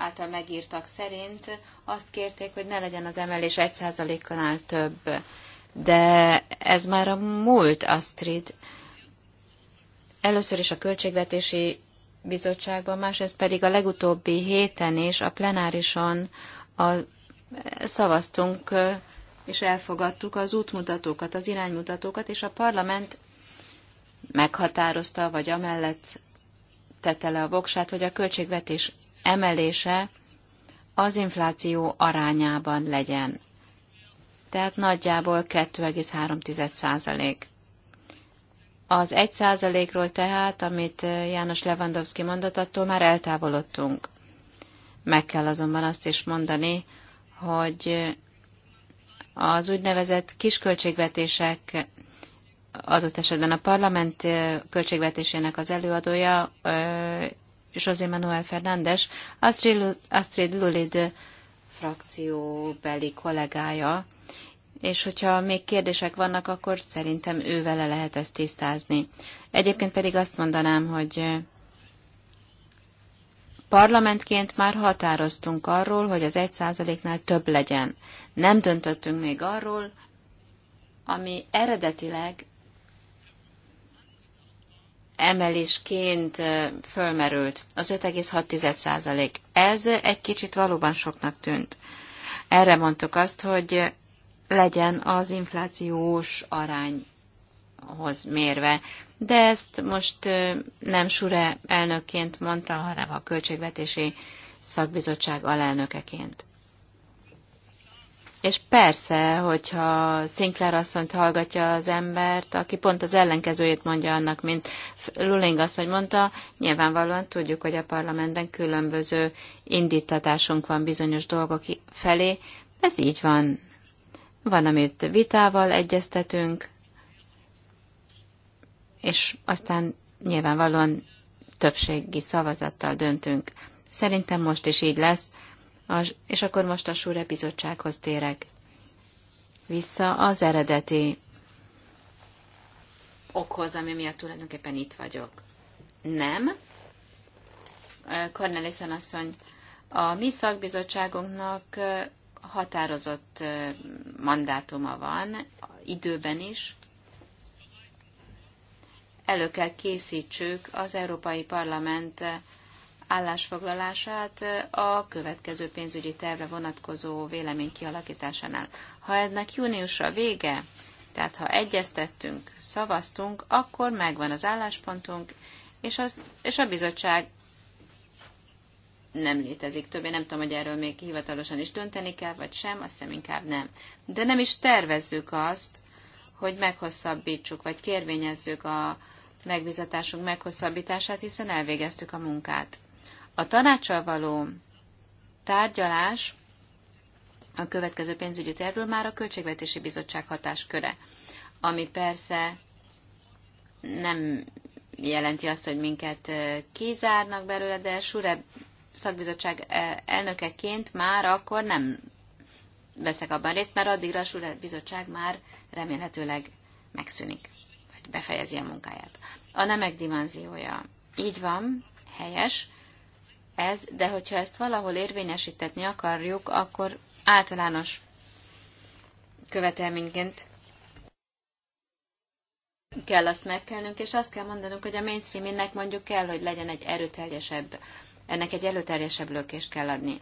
által megírtak szerint azt kérték, hogy ne legyen az emelés 1%-nál több. De ez már a múlt, Astrid. Először is a Költségvetési Bizottságban, másrészt pedig a legutóbbi héten is a plenárison a, szavaztunk és elfogadtuk az útmutatókat, az iránymutatókat, és a parlament meghatározta, vagy amellett tette le a voksát, hogy a költségvetés emelése az infláció arányában legyen. Tehát nagyjából 2,3 Az 1 százalékról tehát, amit János Lewandowski mondott, attól már eltávolodtunk. Meg kell azonban azt is mondani, hogy az úgynevezett kisköltségvetések adott esetben a parlament költségvetésének az előadója José Manuel Fernández, Astrid Lulid frakcióbeli kollégája, és hogyha még kérdések vannak, akkor szerintem ő vele lehet ezt tisztázni. Egyébként pedig azt mondanám, hogy parlamentként már határoztunk arról, hogy az egy nál több legyen. Nem döntöttünk még arról, ami eredetileg emelésként fölmerült, az 5,6 Ez egy kicsit valóban soknak tűnt. Erre mondtuk azt, hogy legyen az inflációs arányhoz mérve. De ezt most nem Sure elnökként mondta, hanem a költségvetési szakbizottság alelnökeként. És persze, hogyha Sinclair asszonyt hallgatja az embert, aki pont az ellenkezőjét mondja annak, mint Luling asszony mondta, nyilvánvalóan tudjuk, hogy a parlamentben különböző indítatásunk van bizonyos dolgok felé. Ez így van. Van, amit vitával egyeztetünk, és aztán nyilvánvalóan többségi szavazattal döntünk. Szerintem most is így lesz és akkor most a Súre Bizottsághoz térek. Vissza az eredeti okhoz, ami miatt tulajdonképpen itt vagyok. Nem. Cornelissen asszony, a mi szakbizottságunknak határozott mandátuma van, időben is. Elő kell készítsük az Európai Parlament állásfoglalását a következő pénzügyi terve vonatkozó vélemény kialakításánál. Ha ennek júniusra vége, tehát ha egyeztettünk, szavaztunk, akkor megvan az álláspontunk, és, az, és a bizottság nem létezik többé. Nem tudom, hogy erről még hivatalosan is dönteni kell, vagy sem, azt hiszem inkább nem. De nem is tervezzük azt, hogy meghosszabbítsuk, vagy kérvényezzük a megbizatásunk meghosszabbítását, hiszen elvégeztük a munkát. A tanácsal való tárgyalás a következő pénzügyi tervről már a Költségvetési Bizottság hatásköre, ami persze nem jelenti azt, hogy minket kizárnak belőle, de Sure szakbizottság elnökeként már akkor nem veszek abban részt, mert addigra a Sure bizottság már remélhetőleg megszűnik, vagy befejezi a munkáját. A nemek dimenziója. Így van, helyes, ez, de hogyha ezt valahol érvényesítetni akarjuk, akkor általános követelményként kell azt megkelnünk, és azt kell mondanunk, hogy a mainstreamnek mondjuk kell, hogy legyen egy erőteljesebb, ennek egy erőteljesebb lökést kell adni.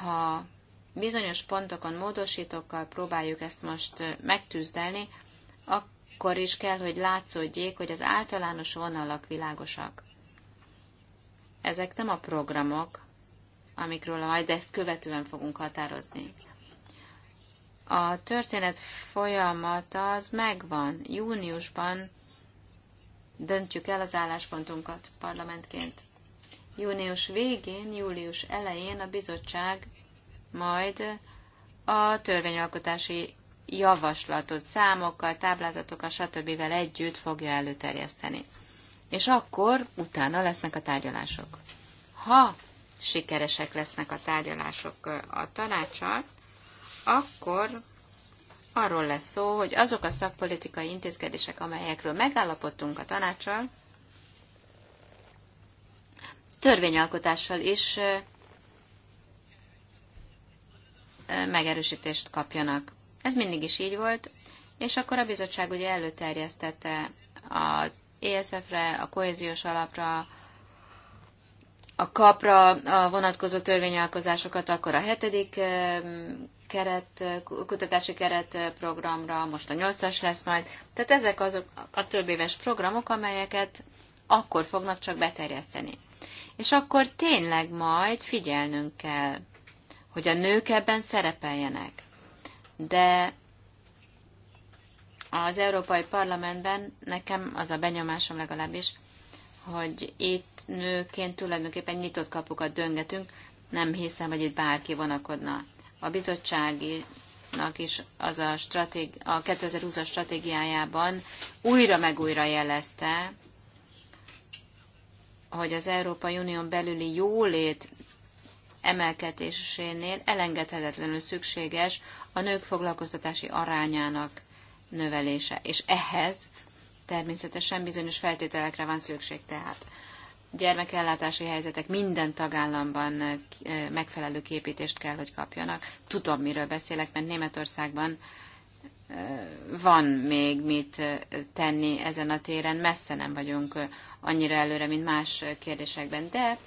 Ha bizonyos pontokon módosítókkal próbáljuk ezt most megtűzdelni, akkor is kell, hogy látszódjék, hogy az általános vonalak világosak. Ezek nem a programok, amikről majd ezt követően fogunk határozni. A történet folyamata az megvan. Júniusban döntjük el az álláspontunkat parlamentként. Június végén, július elején a bizottság majd a törvényalkotási javaslatot számokkal, táblázatokkal, stb. együtt fogja előterjeszteni és akkor utána lesznek a tárgyalások. Ha sikeresek lesznek a tárgyalások a tanácsal, akkor arról lesz szó, hogy azok a szakpolitikai intézkedések, amelyekről megállapodtunk a tanácsal, törvényalkotással is megerősítést kapjanak. Ez mindig is így volt, és akkor a bizottság ugye előterjesztette az ESF-re, a kohéziós alapra, a kapra a vonatkozó törvényalkozásokat, akkor a hetedik keret, kutatási keretprogramra, most a nyolcas lesz majd. Tehát ezek azok a több éves programok, amelyeket akkor fognak csak beterjeszteni. És akkor tényleg majd figyelnünk kell, hogy a nők ebben szerepeljenek. De az Európai Parlamentben nekem az a benyomásom legalábbis, hogy itt nőként tulajdonképpen nyitott kapukat döngetünk, nem hiszem, hogy itt bárki vonakodna. A bizottságnak is az a, stratég, a 2020-as stratégiájában újra meg újra jelezte, hogy az Európai Unión belüli jólét emelkedésénél elengedhetetlenül szükséges a nők foglalkoztatási arányának növelése. És ehhez természetesen bizonyos feltételekre van szükség tehát. Gyermekellátási helyzetek minden tagállamban eh, eh, megfelelő képítést kell, hogy kapjanak. Tudom, miről beszélek, mert Németországban eh, van még mit tenni ezen a téren, messze nem vagyunk annyira előre, mint más kérdésekben, de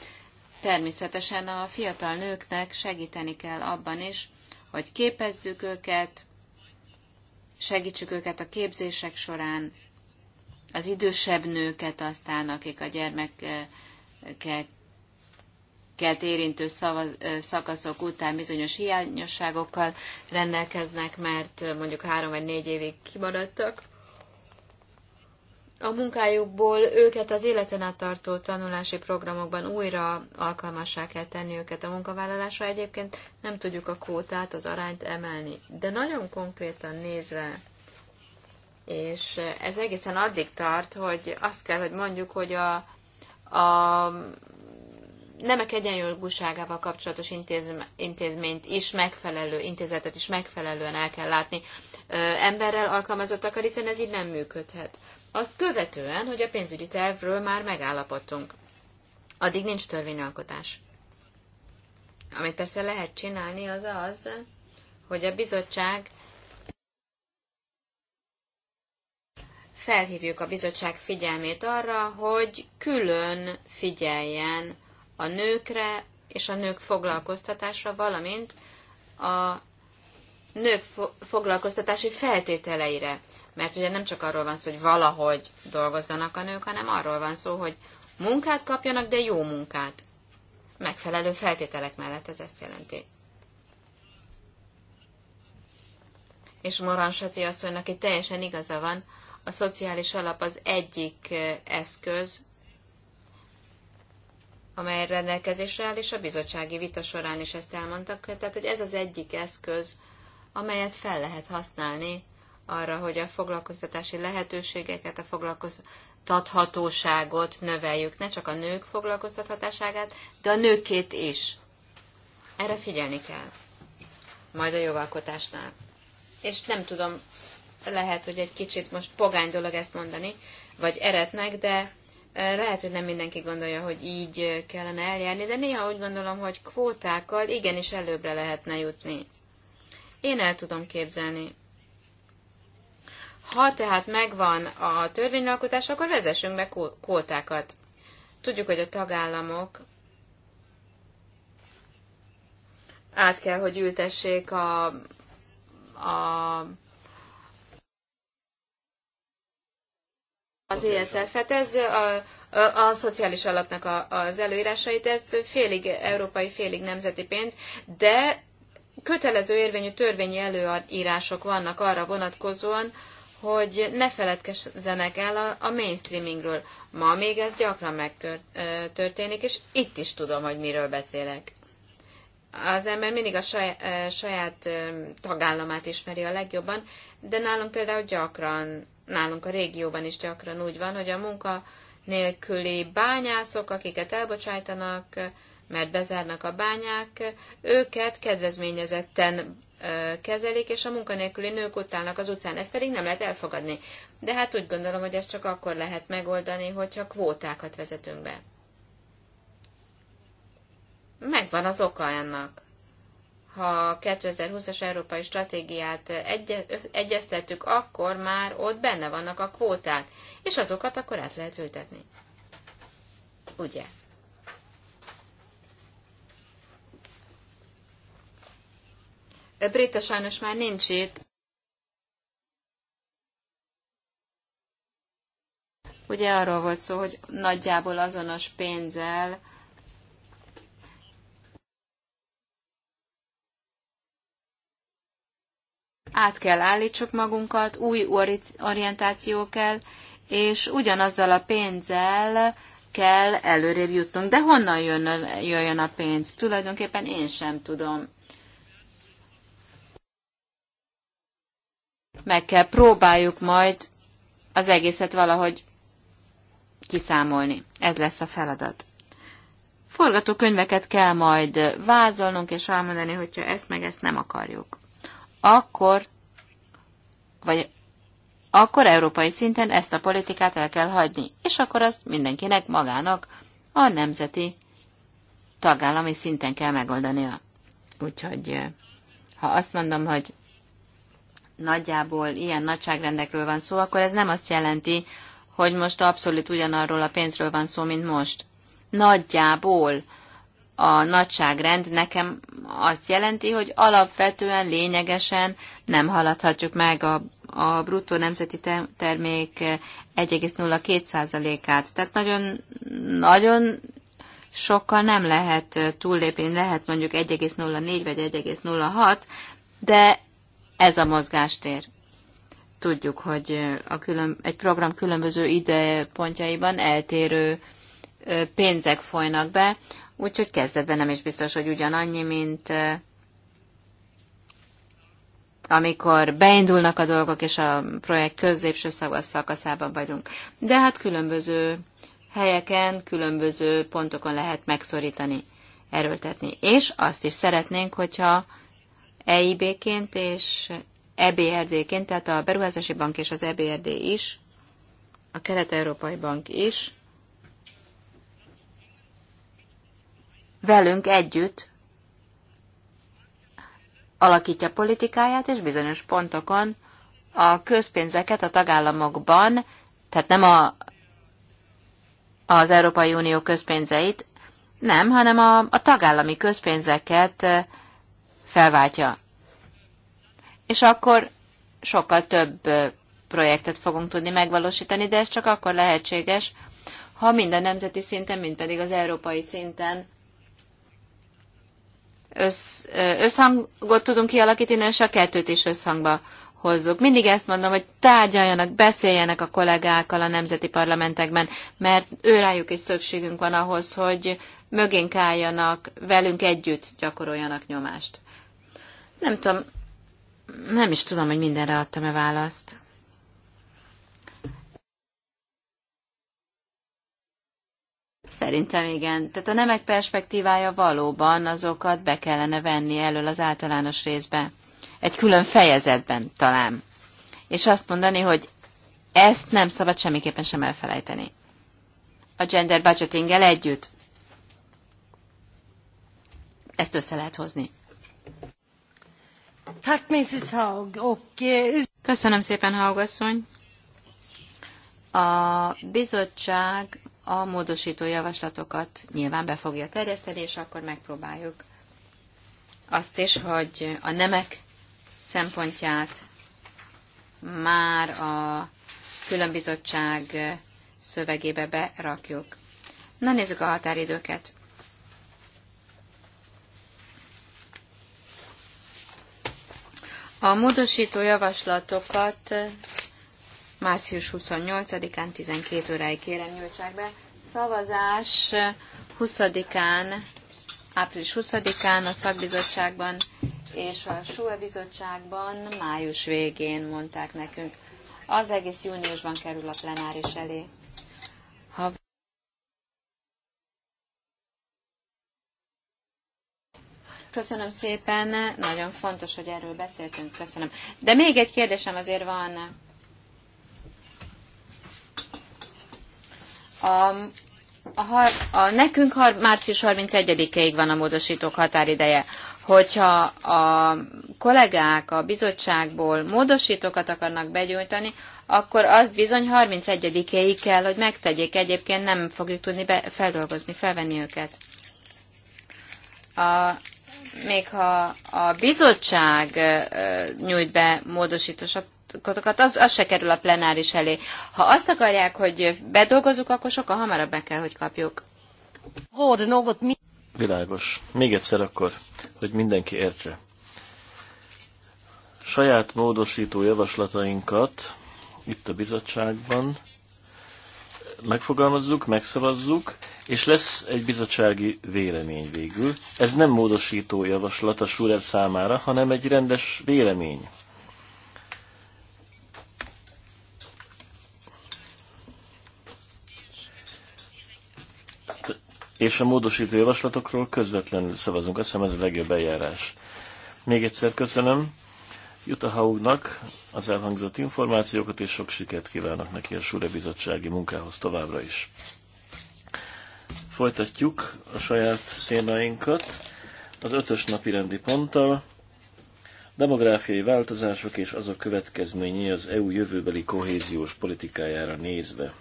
természetesen a fiatal nőknek segíteni kell abban is, hogy képezzük őket, segítsük őket a képzések során, az idősebb nőket aztán, akik a gyermekeket érintő szakaszok után bizonyos hiányosságokkal rendelkeznek, mert mondjuk három vagy négy évig kimaradtak a munkájukból őket az életen át tartó tanulási programokban újra alkalmassá kell tenni őket a munkavállalásra. Egyébként nem tudjuk a kvótát, az arányt emelni. De nagyon konkrétan nézve, és ez egészen addig tart, hogy azt kell, hogy mondjuk, hogy a, a nemek egyenjogúságával kapcsolatos intézményt is megfelelő, intézetet is megfelelően el kell látni emberrel alkalmazottakkal, hiszen ez így nem működhet azt követően, hogy a pénzügyi tervről már megállapodtunk. Addig nincs törvényalkotás. Amit persze lehet csinálni, az az, hogy a bizottság felhívjuk a bizottság figyelmét arra, hogy külön figyeljen a nőkre és a nők foglalkoztatásra, valamint a nők foglalkoztatási feltételeire. Mert ugye nem csak arról van szó, hogy valahogy dolgozzanak a nők, hanem arról van szó, hogy munkát kapjanak, de jó munkát. Megfelelő feltételek mellett ez ezt jelenti. És Moran Sati asszonynak itt teljesen igaza van, a szociális alap az egyik eh, eszköz, amely rendelkezésre áll, és a bizottsági vita során is ezt elmondtak, tehát hogy ez az egyik eszköz, amelyet fel lehet használni arra, hogy a foglalkoztatási lehetőségeket, a foglalkoztathatóságot növeljük. Ne csak a nők foglalkoztathatáságát, de a nőkét is. Erre figyelni kell. Majd a jogalkotásnál. És nem tudom, lehet, hogy egy kicsit most pogány dolog ezt mondani, vagy eretnek, de lehet, hogy nem mindenki gondolja, hogy így kellene eljárni, de néha úgy gondolom, hogy kvótákkal igenis előbbre lehetne jutni. Én el tudom képzelni, ha tehát megvan a törvényalkotás, akkor vezessünk be kótákat. Tudjuk, hogy a tagállamok át kell, hogy ültessék a, a az ESF-et, ez a, a, a szociális alapnak a, az előírásait, ez félig európai, félig nemzeti pénz, de kötelező érvényű törvényi előírások vannak arra vonatkozóan, hogy ne feledkezzenek el a, a mainstreamingről. Ma még ez gyakran megtörténik, és itt is tudom, hogy miről beszélek. Az ember mindig a saját, saját tagállamát ismeri a legjobban, de nálunk például gyakran, nálunk a régióban is gyakran úgy van, hogy a munka nélküli bányászok, akiket elbocsájtanak, mert bezárnak a bányák, őket kedvezményezetten kezelik, és a munkanélküli nők ott állnak az utcán, ezt pedig nem lehet elfogadni. De hát úgy gondolom, hogy ezt csak akkor lehet megoldani, hogyha kvótákat vezetünk be. Megvan az oka ennek. Ha 2020-as európai stratégiát egy- egyeztettük, akkor már ott benne vannak a kvóták, és azokat akkor át lehet ültetni. Ugye? Brita sajnos már nincs itt. Ugye arról volt szó, hogy nagyjából azonos pénzzel át kell állítsuk magunkat, új orientáció kell, és ugyanazzal a pénzzel kell előrébb jutnunk. De honnan jön, jöjjön a pénz? Tulajdonképpen én sem tudom. meg kell próbáljuk majd az egészet valahogy kiszámolni. Ez lesz a feladat. Forgatókönyveket kell majd vázolnunk, és elmondani, hogyha ezt meg ezt nem akarjuk. Akkor, vagy akkor európai szinten ezt a politikát el kell hagyni, és akkor azt mindenkinek magának a nemzeti tagállami szinten kell megoldania. Úgyhogy eh, ha azt mondom, hogy nagyjából ilyen nagyságrendekről van szó, akkor ez nem azt jelenti, hogy most abszolút ugyanarról a pénzről van szó, mint most. Nagyjából a nagyságrend nekem azt jelenti, hogy alapvetően, lényegesen nem haladhatjuk meg a, a bruttó nemzeti termék 1,02%-át. Tehát nagyon, nagyon sokkal nem lehet túllépni, lehet mondjuk 1,04 vagy 1,06, de ez a mozgástér. Tudjuk, hogy a külön, egy program különböző időpontjaiban eltérő pénzek folynak be, úgyhogy kezdetben nem is biztos, hogy ugyanannyi, mint amikor beindulnak a dolgok, és a projekt középső szakaszában vagyunk. De hát különböző helyeken, különböző pontokon lehet megszorítani, erőltetni. És azt is szeretnénk, hogyha EIB-ként és EBRD-ként, tehát a Beruházási Bank és az EBRD is, a Kelet-Európai Bank is, velünk együtt alakítja politikáját, és bizonyos pontokon a közpénzeket a tagállamokban, tehát nem a, az Európai Unió közpénzeit, nem, hanem a, a tagállami közpénzeket felváltja. És akkor sokkal több projektet fogunk tudni megvalósítani, de ez csak akkor lehetséges, ha mind a nemzeti szinten, mind pedig az európai szinten össz, összhangot tudunk kialakítani, és a kettőt is összhangba hozzuk. Mindig ezt mondom, hogy tárgyaljanak, beszéljenek a kollégákkal a nemzeti parlamentekben, mert őrájuk is szükségünk van ahhoz, hogy mögénk álljanak, velünk együtt gyakoroljanak nyomást. Nem tudom, nem is tudom, hogy mindenre adtam-e választ. Szerintem igen. Tehát a nemek perspektívája valóban azokat be kellene venni elől az általános részbe. Egy külön fejezetben talán. És azt mondani, hogy ezt nem szabad semmiképpen sem elfelejteni. A gender budgeting együtt. Ezt össze lehet hozni. Eh, Köszönöm szépen, Haugasszony. A bizottság a módosító javaslatokat nyilván be fogja terjeszteni, és akkor megpróbáljuk azt is, hogy a nemek szempontját már a különbizottság szövegébe berakjuk. Na nézzük a határidőket. A módosító javaslatokat eh, március 28-án 12 óráig kérem nyújtsák be. Szavazás 20-án, eh, április 20-án a szakbizottságban és a SUE bizottságban május végén mondták nekünk. Az egész júniusban kerül a plenáris elé. Ha Köszönöm szépen, nagyon fontos, hogy erről beszéltünk, köszönöm. De még egy kérdésem azért van. A, a, a nekünk har, március 31-ig van a módosítók határideje. Hogyha a kollégák a bizottságból módosítókat akarnak begyújtani, akkor azt bizony 31-éig kell, hogy megtegyék. Egyébként nem fogjuk tudni be, feldolgozni, felvenni őket. A még ha a bizottság nyújt be módosítósokat, az, az se kerül a plenáris elé. Ha azt akarják, hogy bedolgozzuk, akkor sokkal hamarabb be kell, hogy kapjuk. Világos. Még egyszer akkor, hogy mindenki értse. Saját módosító javaslatainkat itt a bizottságban megfogalmazzuk, megszavazzuk, és lesz egy bizottsági vélemény végül. Ez nem módosító javaslat a Schurer számára, hanem egy rendes vélemény. És a módosító javaslatokról közvetlenül szavazunk. Azt hiszem ez a legjobb eljárás. Még egyszer köszönöm Jutahaugnak az elhangzott információkat, és sok sikert kívánok neki a Sure Bizottsági munkához továbbra is. Folytatjuk a saját témáinkat az ötös napi rendi ponttal. Demográfiai változások és azok következményei az EU jövőbeli kohéziós politikájára nézve.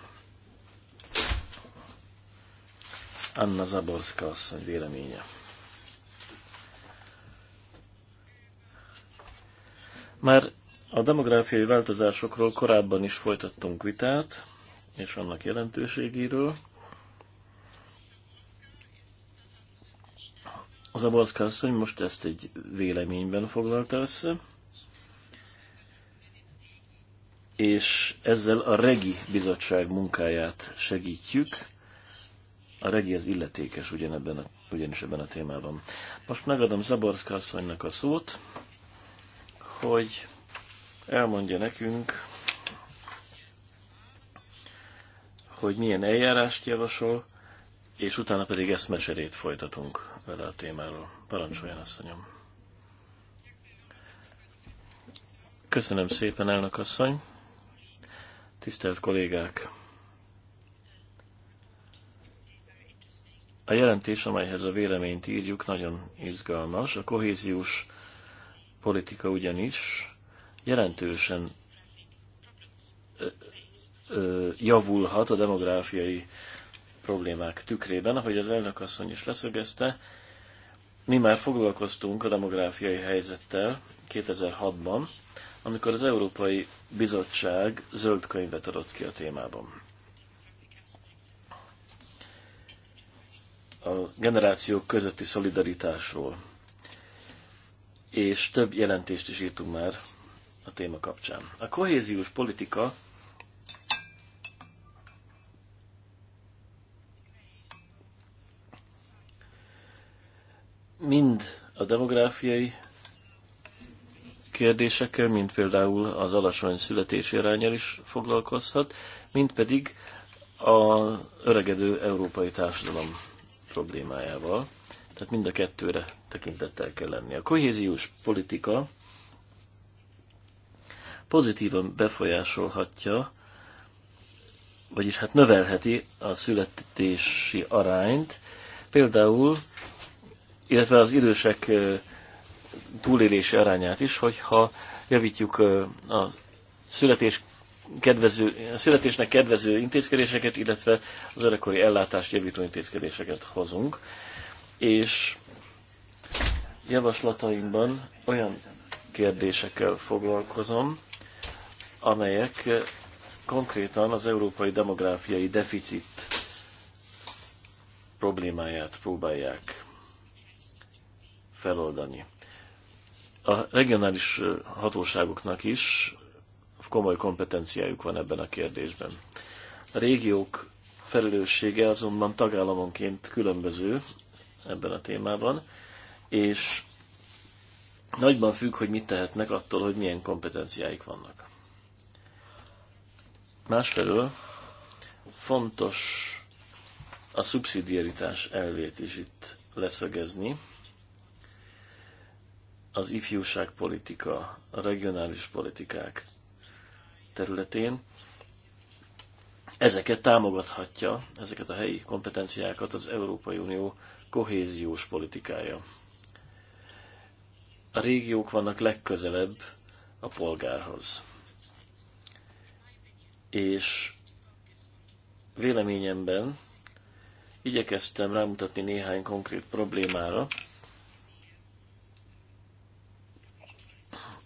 Anna Zaborska asszony véleménye. Már a demográfiai változásokról korábban is folytattunk vitát, és annak jelentőségéről. Az Abalszka asszony most ezt egy véleményben foglalta össze, és ezzel a Regi bizottság munkáját segítjük. A Regi az illetékes ugyanebben a, ugyanis ebben a témában. Most megadom Zaborszka asszonynak a szót, hogy elmondja nekünk, hogy milyen eljárást javasol, és utána pedig eszmeserét folytatunk vele a témáról. Parancsoljon, asszonyom! Köszönöm szépen, elnök asszony! Tisztelt kollégák! A jelentés, amelyhez a véleményt írjuk, nagyon izgalmas. A kohéziós politika ugyanis jelentősen javulhat a demográfiai problémák tükrében, ahogy az elnök asszony is leszögezte. Mi már foglalkoztunk a demográfiai helyzettel 2006-ban, amikor az Európai Bizottság zöld könyvet adott ki a témában. A generációk közötti szolidaritásról és több jelentést is írtunk már a téma kapcsán. A kohéziós politika mind a demográfiai kérdésekkel, mint például az alacsony születési arányal is foglalkozhat, mint pedig az öregedő európai társadalom problémájával. Tehát mind a kettőre tekintettel kell lenni. A kohéziós politika pozitívan befolyásolhatja, vagyis hát növelheti a születési arányt, például, illetve az idősek túlélési arányát is, hogyha javítjuk a születés kedvező, a születésnek kedvező intézkedéseket, illetve az öregkori ellátást javító intézkedéseket hozunk és javaslataimban olyan kérdésekkel foglalkozom, amelyek konkrétan az európai demográfiai deficit problémáját próbálják feloldani. A regionális hatóságoknak is komoly kompetenciájuk van ebben a kérdésben. A régiók felelőssége azonban tagállamonként különböző, ebben a témában, és nagyban függ, hogy mit tehetnek attól, hogy milyen kompetenciáik vannak. Másfelől fontos a szubszidiaritás elvét is itt leszögezni. Az ifjúságpolitika, a regionális politikák területén ezeket támogathatja, ezeket a helyi kompetenciákat az Európai Unió kohéziós politikája. A régiók vannak legközelebb a polgárhoz. És véleményemben igyekeztem rámutatni néhány konkrét problémára,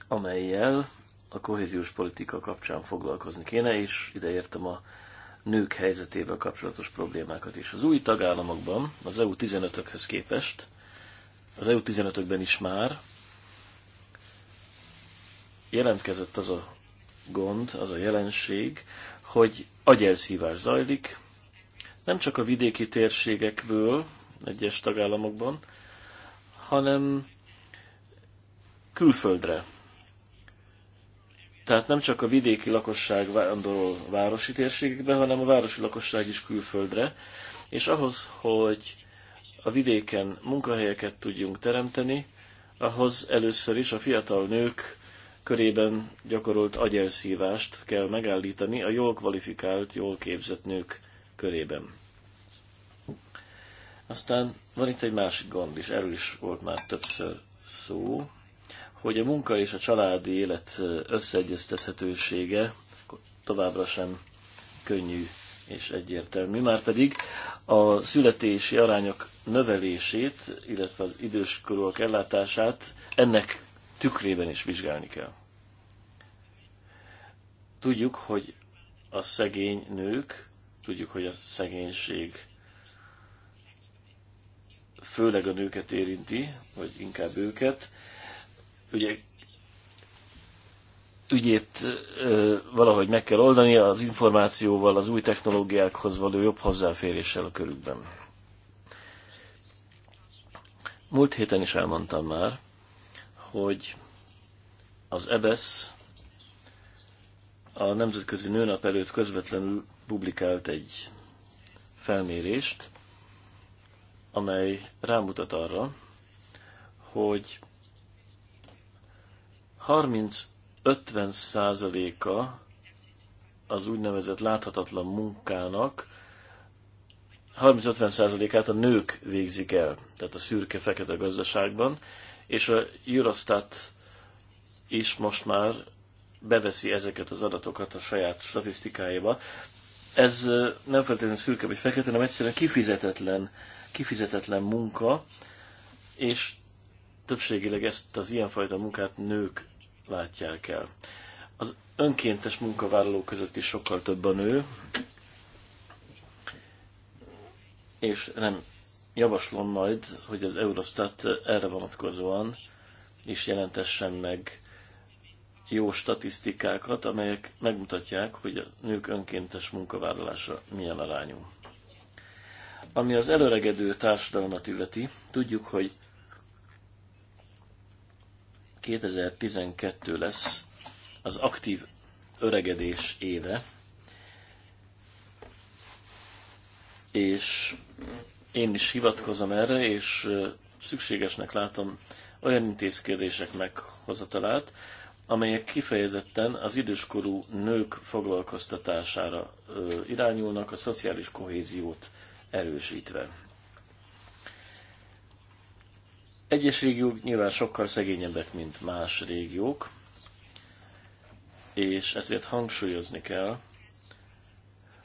amelyel a kohéziós politika kapcsán foglalkozni kéne, és értem a nők helyzetével kapcsolatos problémákat is. Az új tagállamokban, az EU 15-ökhöz képest, az EU 15-ökben is már jelentkezett az a gond, az a jelenség, hogy agyelszívás zajlik, nem csak a vidéki térségekből, egyes tagállamokban, hanem külföldre tehát nem csak a vidéki lakosság vándorol városi térségekbe, hanem a városi lakosság is külföldre, és ahhoz, hogy a vidéken munkahelyeket tudjunk teremteni, ahhoz először is a fiatal nők körében gyakorolt agyelszívást kell megállítani a jól kvalifikált, jól képzett nők körében. Aztán van itt egy másik gond is, erről is volt már többször szó hogy a munka és a családi élet összeegyeztethetősége továbbra sem könnyű és egyértelmű, Márpedig pedig a születési arányok növelését, illetve az időskorúak ellátását ennek tükrében is vizsgálni kell. Tudjuk, hogy a szegény nők, tudjuk, hogy a szegénység főleg a nőket érinti, vagy inkább őket, ügyek ügyét ö, valahogy meg kell oldani az információval, az új technológiákhoz való jobb hozzáféréssel a körükben. Múlt héten is elmondtam már, hogy az EBS, e a Nemzetközi Nőnap előtt közvetlenül publikált egy felmérést, amely rámutat arra, hogy 30-50 százaléka az úgynevezett láthatatlan munkának 30-50 százalékát a nők végzik el, tehát a szürke-fekete gazdaságban, és a Eurostat is most már beveszi ezeket az adatokat a saját statisztikájába. Ez nem feltétlenül szürke vagy fekete, hanem egyszerűen kifizetetlen, kifizetetlen munka, és többségileg ezt az ilyenfajta munkát nők látják el. Az önkéntes munkavállalók között is sokkal több a nő, és nem javaslom majd, hogy az Eurostat erre vonatkozóan is jelentessen meg jó statisztikákat, amelyek megmutatják, hogy a nők önkéntes munkavállalása milyen arányú. Ami az előregedő társadalmat illeti, tudjuk, hogy 2012 lesz az aktív öregedés éve, és én is hivatkozom erre, és szükségesnek látom olyan intézkedések meghozatalát, amelyek kifejezetten az időskorú nők foglalkoztatására irányulnak, a szociális kohéziót erősítve. Egyes régiók nyilván sokkal szegényebbek, mint más régiók, és ezért hangsúlyozni kell,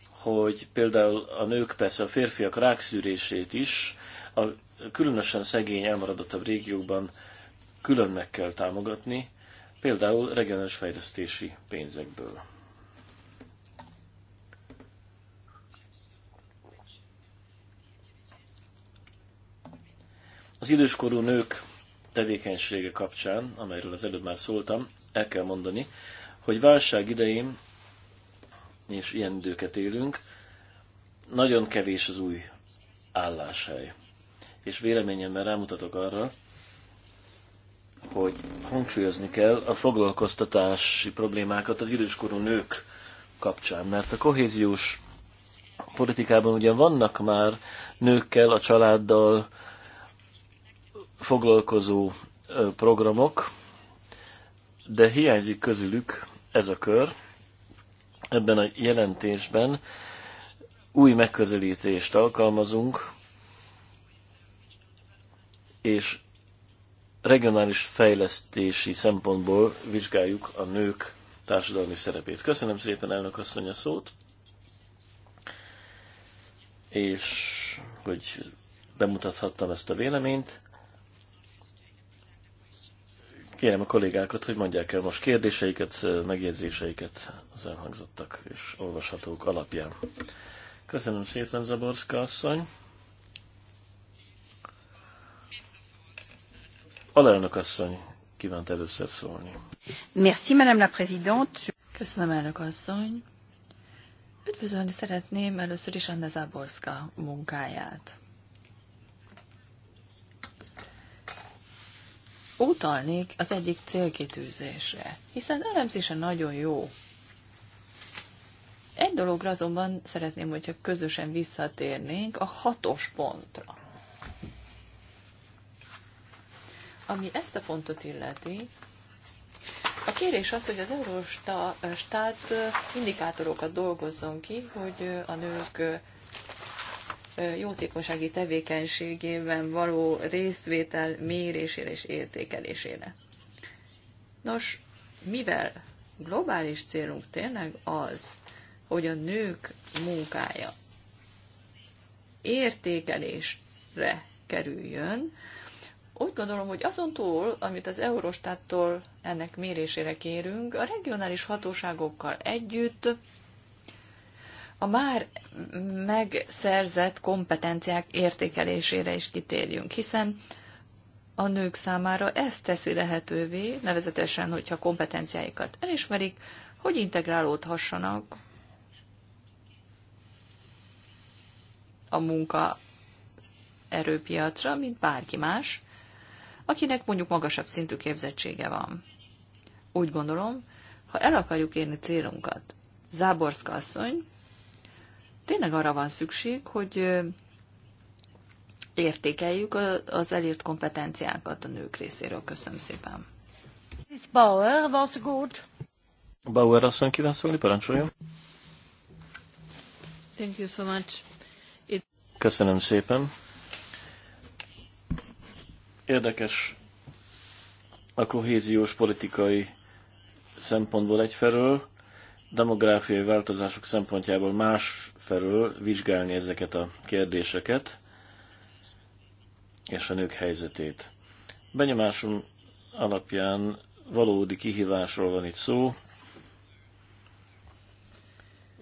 hogy például a nők persze a férfiak rákszűrését is a különösen szegény, elmaradottabb régiókban külön meg kell támogatni, például regionális fejlesztési pénzekből. Az időskorú nők tevékenysége kapcsán, amelyről az előbb már szóltam, el kell mondani, hogy válság idején, és ilyen időket élünk, nagyon kevés az új álláshely. És véleményemben rámutatok arra, hogy hangsúlyozni kell a foglalkoztatási problémákat az időskorú nők kapcsán, mert a kohéziós politikában ugyan vannak már nőkkel, a családdal, foglalkozó programok, de hiányzik közülük ez a kör. Ebben a jelentésben új megközelítést alkalmazunk, és regionális fejlesztési szempontból vizsgáljuk a nők társadalmi szerepét. Köszönöm szépen, elnök asszony a szót, és hogy bemutathattam ezt a véleményt. Kérem a kollégákat, hogy mondják el most kérdéseiket, megjegyzéseiket az elhangzottak és olvashatók alapján. Köszönöm szépen, Zaborszka asszony. Alelnök asszony kívánt először szólni. Merci, Madame la Présidente. Köszönöm, elnök asszony. Üdvözölni szeretném először is Anna Zaborszka munkáját. utalnék az egyik célkitűzésre, hiszen elemzése nagyon jó. Egy dologra azonban szeretném, hogyha közösen visszatérnénk a hatos pontra. Ami ezt a pontot illeti, a kérés az, hogy az Eurostat indikátorokat dolgozzon ki, hogy a nők jótékonysági tevékenységében való részvétel mérésére és értékelésére. Nos, mivel globális célunk tényleg az, hogy a nők munkája értékelésre kerüljön, úgy gondolom, hogy azon túl, amit az Eurostattól ennek mérésére kérünk, a regionális hatóságokkal együtt a már megszerzett kompetenciák értékelésére is kitérjünk, hiszen a nők számára ez teszi lehetővé, nevezetesen, hogyha kompetenciáikat elismerik, hogy integrálódhassanak a munka erőpiacra, mint bárki más, akinek mondjuk magasabb szintű képzettsége van. Úgy gondolom, ha el akarjuk érni célunkat, Záborszka asszony Tényleg arra van szükség, hogy értékeljük az elért kompetenciákat a nők részéről. Köszönöm szépen. Bauer, was good. Bauer asszony kíván szólni, parancsoljon. Thank you so much. It... Köszönöm szépen. Érdekes a kohéziós politikai szempontból egyfelől, demográfiai változások szempontjából más felől vizsgálni ezeket a kérdéseket és a nők helyzetét. Benyomásom alapján valódi kihívásról van itt szó,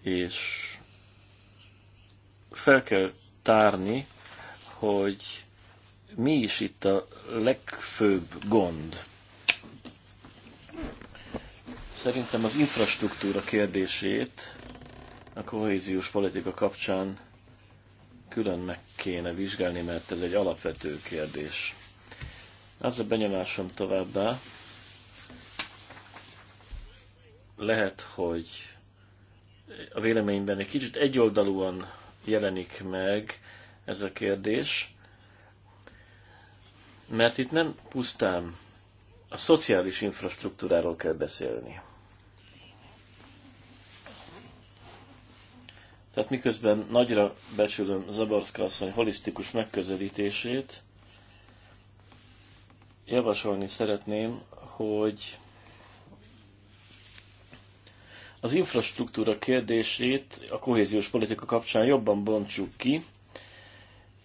és fel kell tárni, hogy mi is itt a legfőbb gond Szerintem az infrastruktúra kérdését a kohéziós politika kapcsán külön meg kéne vizsgálni, mert ez egy alapvető kérdés. Az a benyomásom továbbá, lehet, hogy a véleményben egy kicsit egyoldalúan jelenik meg ez a kérdés, mert itt nem pusztán a szociális infrastruktúráról kell beszélni. Tehát miközben nagyra becsülöm Zabarszka asszony holisztikus megközelítését, javasolni szeretném, hogy az infrastruktúra kérdését a kohéziós politika kapcsán jobban bontsuk ki,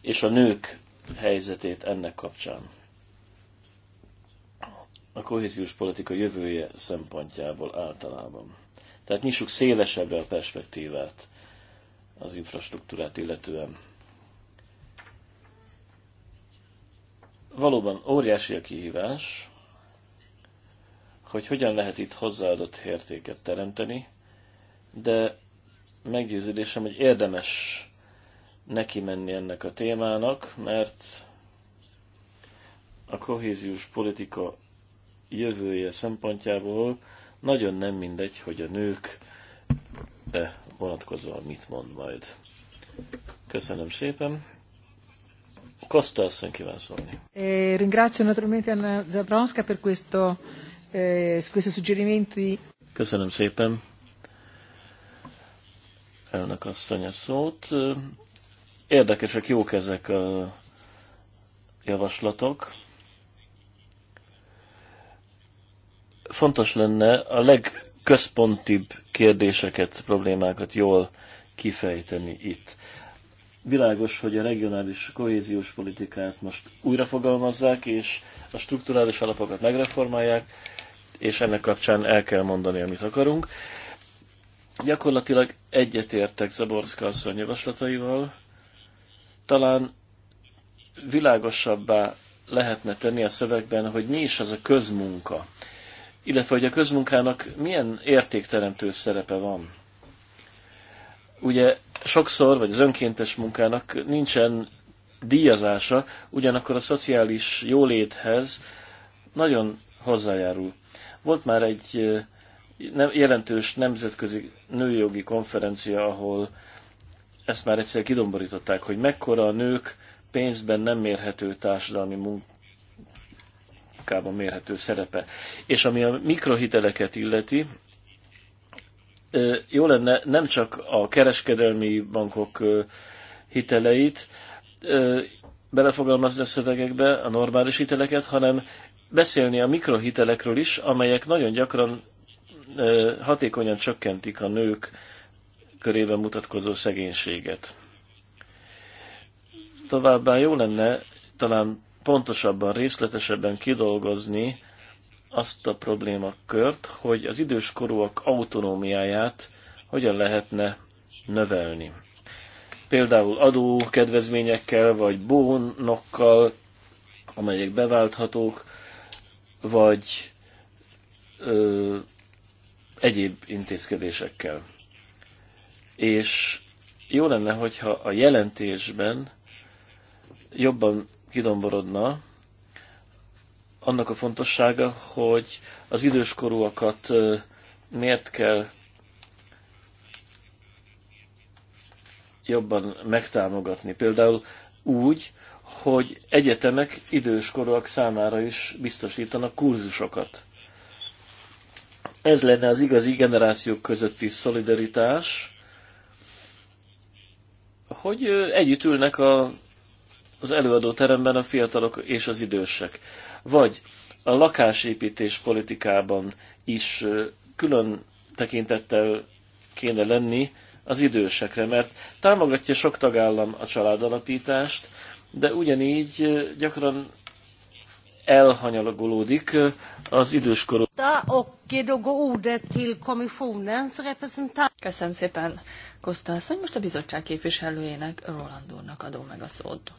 és a nők helyzetét ennek kapcsán. A kohéziós politika jövője szempontjából általában. Tehát nyissuk szélesebbre a perspektívát az infrastruktúrát illetően. Valóban óriási a kihívás, hogy hogyan lehet itt hozzáadott értéket teremteni, de meggyőződésem, hogy érdemes neki menni ennek a témának, mert a kohéziós politika jövője szempontjából nagyon nem mindegy, hogy a nők re vonatkozóan mit mond majd. Köszönöm szépen. Costa asszony kíván szólni. E, ringrazio naturalmente Anna per questo, e, questo suggerimento. Köszönöm szépen. Elnök asszony a szót. Érdekesek, jók ezek a javaslatok. Fontos lenne a leg központibb kérdéseket, problémákat jól kifejteni itt. Világos, hogy a regionális kohéziós politikát most újrafogalmazzák, és a strukturális alapokat megreformálják, és ennek kapcsán el kell mondani, amit akarunk. Gyakorlatilag egyetértek Zaborszka asszony javaslataival. Talán világosabbá lehetne tenni a szövegben, hogy mi is az a közmunka, illetve hogy a közmunkának milyen értékteremtő szerepe van. Ugye sokszor, vagy az önkéntes munkának nincsen díjazása, ugyanakkor a szociális jóléthez nagyon hozzájárul. Volt már egy nem, jelentős nemzetközi nőjogi konferencia, ahol ezt már egyszer kidomborították, hogy mekkora a nők pénzben nem mérhető társadalmi politikában mérhető szerepe. És ami a mikrohiteleket illeti, jó lenne nem csak a kereskedelmi bankok hiteleit belefogalmazni a szövegekbe, a normális hiteleket, hanem beszélni a mikrohitelekről is, amelyek nagyon gyakran hatékonyan csökkentik a nők körében mutatkozó szegénységet. Továbbá jó lenne talán pontosabban, részletesebben kidolgozni azt a problémakört, hogy az időskorúak autonómiáját hogyan lehetne növelni. Például adó kedvezményekkel, vagy bónokkal, amelyek beválthatók, vagy ö, egyéb intézkedésekkel. És jó lenne, hogyha a jelentésben jobban kidomborodna annak a fontossága, hogy az időskorúakat miért kell jobban megtámogatni. Például úgy, hogy egyetemek időskorúak számára is biztosítanak kurzusokat. Ez lenne az igazi generációk közötti szolidaritás, hogy együtt ülnek a az előadó teremben a fiatalok és az idősek. Vagy a lakásépítés politikában is külön tekintettel kéne lenni az idősekre, mert támogatja sok tagállam a családalapítást, de ugyanígy gyakran elhanyagolódik az időskorú. Köszönöm szépen, Kosta hogy Most a bizottság képviselőjének, Roland úrnak adom meg a szót.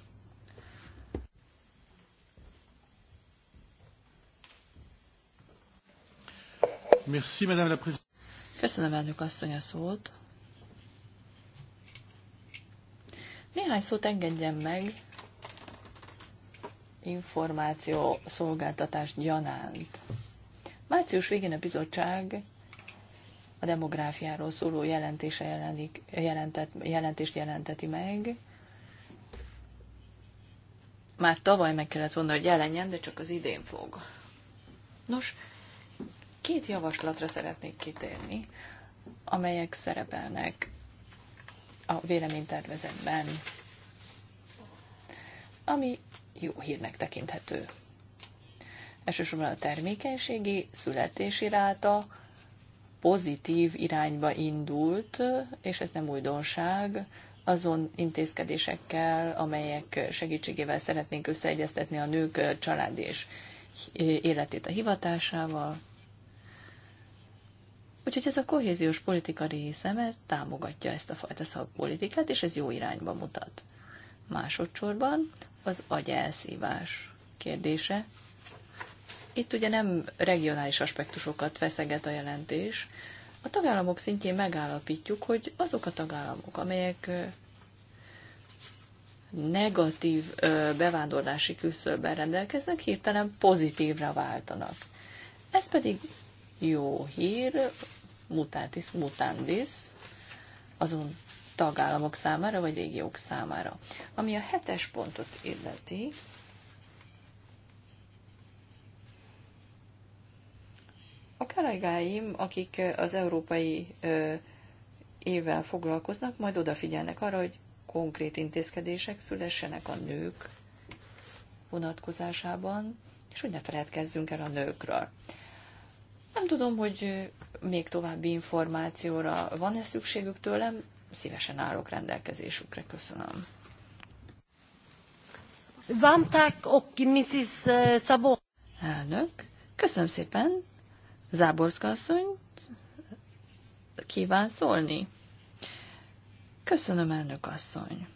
Merci, Madame la Présidente. Köszönöm, elnök asszony, a szót. Néhány szót engedjen meg információ szolgáltatás gyanánt. Március végén a bizottság a demográfiáról szóló jelentése jelenik, jelentet, jelentést jelenteti meg. Már tavaly meg kellett volna, hogy jelenjen, de csak az idén fog. Nos, Két javaslatra szeretnék kitérni, amelyek szerepelnek a véleménytervezetben, ami jó hírnek tekinthető. Elsősorban a termékenységi születési ráta pozitív irányba indult, és ez nem újdonság, azon intézkedésekkel, amelyek segítségével szeretnénk összeegyeztetni a nők család és életét a hivatásával, Úgyhogy ez a kohéziós politika része, mert támogatja ezt a fajta szakpolitikát, és ez jó irányba mutat. Másodszorban az agyelszívás kérdése. Itt ugye nem regionális aspektusokat feszeget a jelentés. A tagállamok szintjén megállapítjuk, hogy azok a tagállamok, amelyek negatív bevándorlási küszöbben rendelkeznek, hirtelen pozitívra váltanak. Ez pedig jó hír mutatis mutandis azon tagállamok számára, vagy régiók számára. Ami a hetes pontot illeti, a karagáim, akik az európai évvel foglalkoznak, majd odafigyelnek arra, hogy konkrét intézkedések szülessenek a nők vonatkozásában, és hogy ne feledkezzünk el a nőkről. Nem tudom, hogy még további információra van-e szükségük tőlem, szívesen állok rendelkezésükre. Köszönöm. Van tak, ok, Mrs. Szabó. Elnök, köszönöm szépen. Záborszka asszony, kíván szólni? Köszönöm, elnök asszony.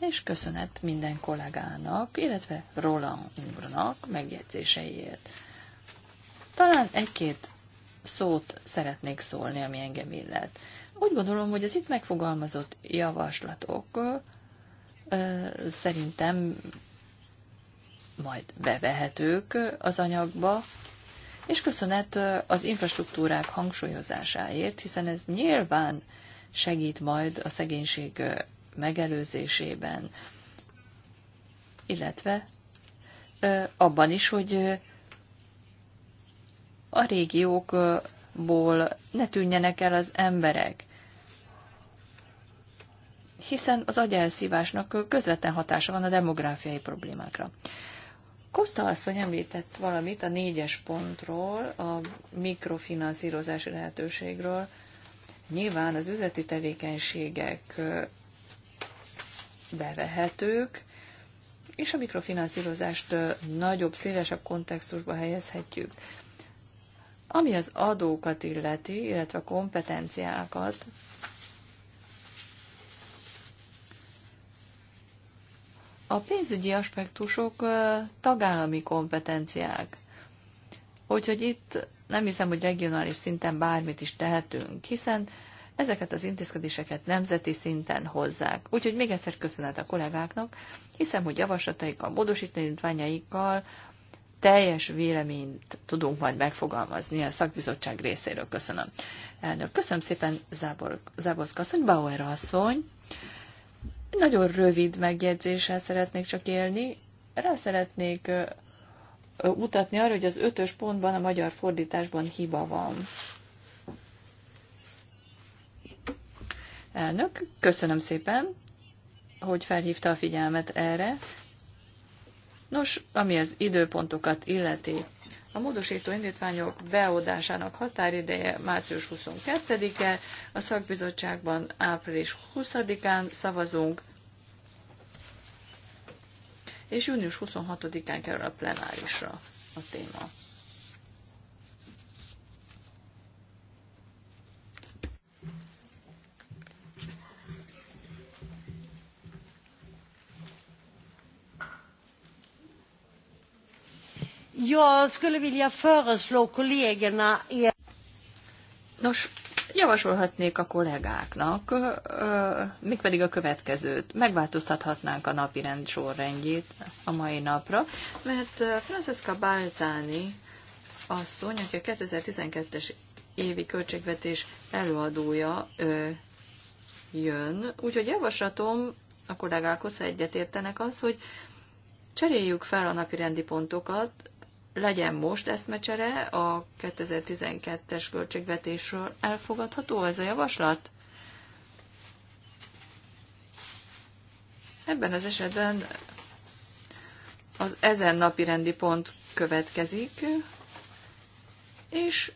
És köszönet minden kollégának, illetve Roland úrnak megjegyzéseiért. Talán egy-két szót szeretnék szólni, ami engem illet. Úgy gondolom, hogy az itt megfogalmazott javaslatok szerintem majd bevehetők az anyagba, és köszönet az infrastruktúrák hangsúlyozásáért, hiszen ez nyilván segít majd a szegénység megelőzésében, illetve abban is, hogy a régiókból ne tűnjenek el az emberek, hiszen az agyelszívásnak közvetlen hatása van a demográfiai problémákra. Kosta asszony említett valamit a négyes pontról, a mikrofinanszírozási lehetőségről. Nyilván az üzleti tevékenységek bevehetők, és a mikrofinanszírozást nagyobb, szélesebb kontextusba helyezhetjük. Ami az adókat illeti, illetve a kompetenciákat, a pénzügyi aspektusok tagállami kompetenciák. Úgyhogy itt nem hiszem, hogy regionális szinten bármit is tehetünk, hiszen ezeket az intézkedéseket nemzeti szinten hozzák. Úgyhogy még egyszer köszönet a kollégáknak, hiszem, hogy javaslataikkal, módosítványaikkal teljes véleményt tudunk majd megfogalmazni a szakbizottság részéről. Köszönöm. Elnök, köszönöm szépen Zábor, Záborszka asszony, Bauer asszony. Nagyon rövid megjegyzéssel szeretnék csak élni. Rá szeretnék mutatni arra, hogy az ötös pontban a magyar fordításban hiba van. Elnök, köszönöm szépen, hogy felhívta a figyelmet erre. Nos, ami az időpontokat illeti, a módosító indítványok beadásának határideje március 22-e, a szakbizottságban április 20-án szavazunk, és június 26-án kerül a plenárisra a téma. Jag skulle vilja föreslå kollégerna... Er- Nos, javasolhatnék a kollégáknak, mégpedig a következőt. Megváltoztathatnánk a napi rend sorrendjét a mai napra, mert Francesca Balzani asszony, aki a 2012-es évi költségvetés előadója jön, úgyhogy javaslatom a kollégákhoz, ha egyetértenek az, hogy cseréljük fel a napi rendi pontokat, legyen most eszmecsere a 2012-es költségvetésről. Elfogadható ez a javaslat? Ebben az esetben az ezen napi rendi pont következik, és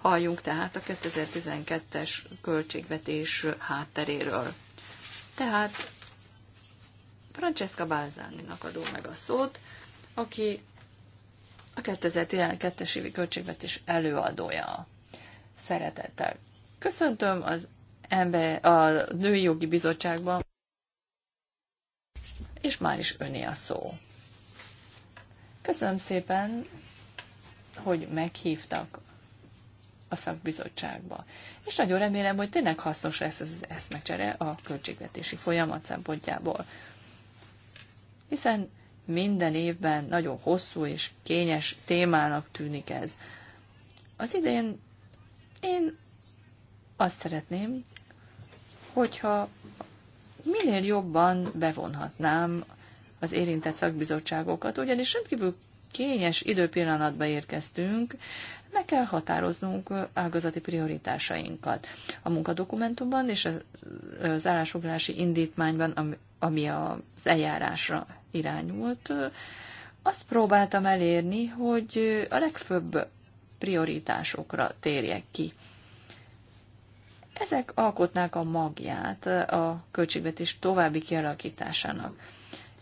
halljunk tehát a 2012-es költségvetés hátteréről. Tehát Francesca Balzáninak adom meg a szót, aki a 2012-es évi költségvetés előadója. Szeretettel köszöntöm az ember, a Női Jogi Bizottságban, és már is öné a szó. Köszönöm szépen, hogy meghívtak a szakbizottságba. És nagyon remélem, hogy tényleg hasznos lesz az eszmecsere a költségvetési folyamat szempontjából. Hiszen minden évben nagyon hosszú és kényes témának tűnik ez. Az idén én azt szeretném, hogyha minél jobban bevonhatnám az érintett szakbizottságokat, ugyanis rendkívül kényes időpillanatba érkeztünk, meg kell határoznunk ágazati prioritásainkat. A munkadokumentumban és az állásfoglalási indítmányban, ami az eljárásra irányult, azt próbáltam elérni, hogy a legfőbb prioritásokra térjek ki. Ezek alkotnák a magját a költségvetés további kialakításának.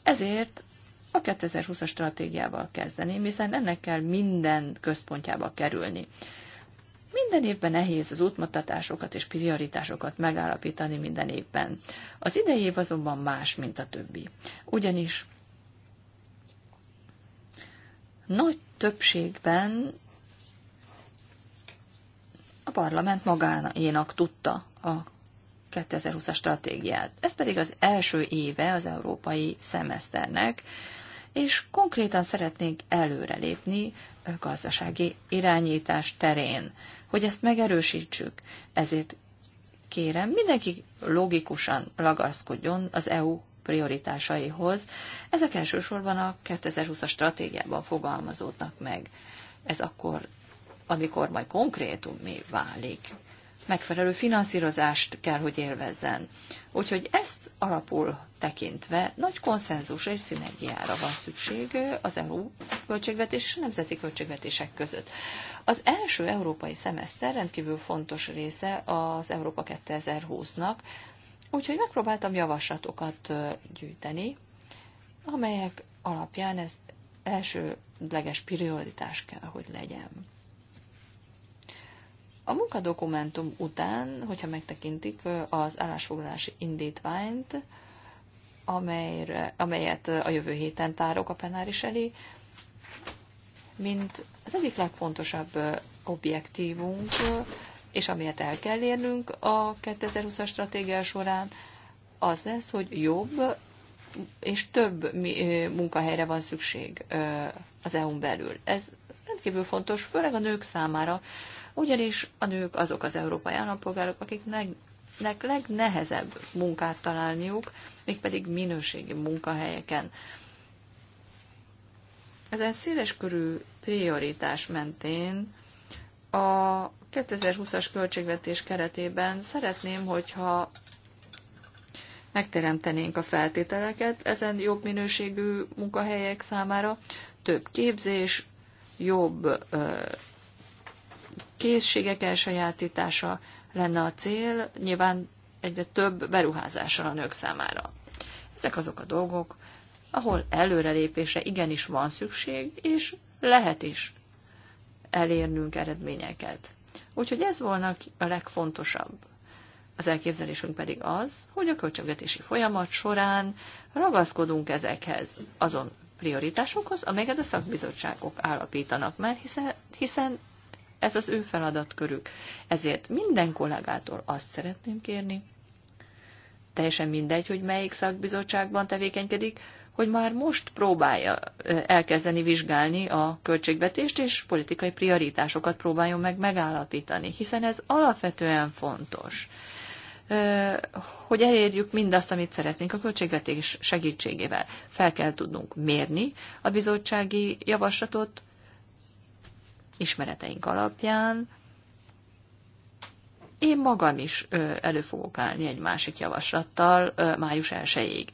Ezért a 2020-as stratégiával kezdeném, hiszen ennek kell minden központjába kerülni. Minden évben nehéz az útmutatásokat és prioritásokat megállapítani minden évben. Az idei év azonban más, mint a többi. Ugyanis nagy többségben a parlament magának tudta a 2020-as stratégiát. Ez pedig az első éve az európai szemeszternek, és konkrétan szeretnénk előrelépni gazdasági irányítás terén. Hogy ezt megerősítsük, ezért kérem, mindenki logikusan lagaszkodjon az EU prioritásaihoz. Ezek elsősorban a 2020-as stratégiában fogalmazódnak meg. Ez akkor, amikor majd konkrétum mi válik megfelelő finanszírozást kell, hogy élvezzen. Úgyhogy ezt alapul tekintve nagy konszenzusra és szinergiára van szükség az EU költségvetés és a nemzeti költségvetések között. Az első európai szemeszter rendkívül fontos része az Európa 2020-nak, úgyhogy megpróbáltam javaslatokat gyűjteni, amelyek alapján ez elsődleges prioritás kell, hogy legyen. A munkadokumentum után, hogyha megtekintik az állásfoglalási indítványt, amelyre, amelyet a jövő héten tárok a plenáris elé, mint az egyik legfontosabb objektívunk, és amilyet el kell érnünk a 2020-as stratégia során, az lesz, hogy jobb és több munkahelyre van szükség az EU-n belül. Ez rendkívül fontos, főleg a nők számára, ugyanis a nők azok az európai állampolgárok, akiknek legnehezebb munkát találniuk, mégpedig minőségi munkahelyeken. Ezen széleskörű prioritás mentén a 2020-as költségvetés keretében szeretném, hogyha megteremtenénk a feltételeket ezen jobb minőségű munkahelyek számára, több képzés, jobb készségek elsajátítása lenne a cél, nyilván egyre több beruházással a nők számára. Ezek azok a dolgok, ahol előrelépésre igenis van szükség, és lehet is elérnünk eredményeket. Úgyhogy ez volna a legfontosabb. Az elképzelésünk pedig az, hogy a költségvetési folyamat során ragaszkodunk ezekhez, azon prioritásokhoz, amelyeket a szakbizottságok állapítanak, mert hiszen, hiszen ez az ő feladatkörük. Ezért minden kollégától azt szeretném kérni, teljesen mindegy, hogy melyik szakbizottságban tevékenykedik, hogy már most próbálja elkezdeni vizsgálni a költségvetést, és politikai prioritásokat próbáljon meg megállapítani, hiszen ez alapvetően fontos, hogy elérjük mindazt, amit szeretnénk a költségvetés segítségével. Fel kell tudnunk mérni a bizottsági javaslatot, ismereteink alapján én magam is elő fogok állni egy másik javaslattal május 1-ig.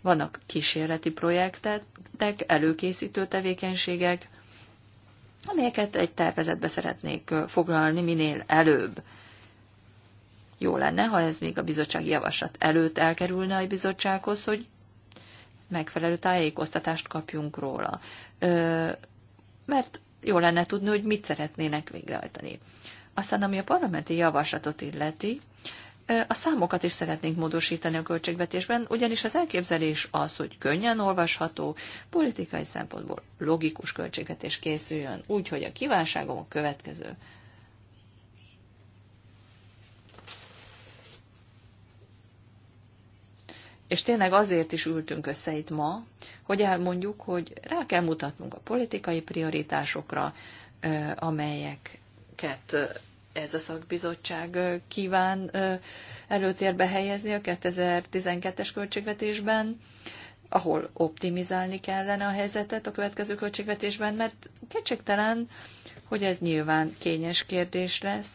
Vannak kísérleti projektek, előkészítő tevékenységek, amelyeket egy tervezetbe szeretnék foglalni minél előbb. Jó lenne, ha ez még a bizottsági javaslat előtt elkerülne a bizottsághoz, hogy megfelelő tájékoztatást kapjunk róla. Mert jó lenne tudni, hogy mit szeretnének végrehajtani. Aztán, ami a parlamenti javaslatot illeti, a számokat is szeretnénk módosítani a költségvetésben, ugyanis az elképzelés az, hogy könnyen olvasható, politikai szempontból logikus költségvetés készüljön, úgy, hogy a kívánságom a következő. és tényleg azért is ültünk össze itt ma, hogy elmondjuk, hogy rá kell mutatnunk a politikai prioritásokra, amelyeket ez a szakbizottság kíván előtérbe helyezni a 2012-es költségvetésben, ahol optimizálni kellene a helyzetet a következő költségvetésben, mert kétségtelen, hogy ez nyilván kényes kérdés lesz,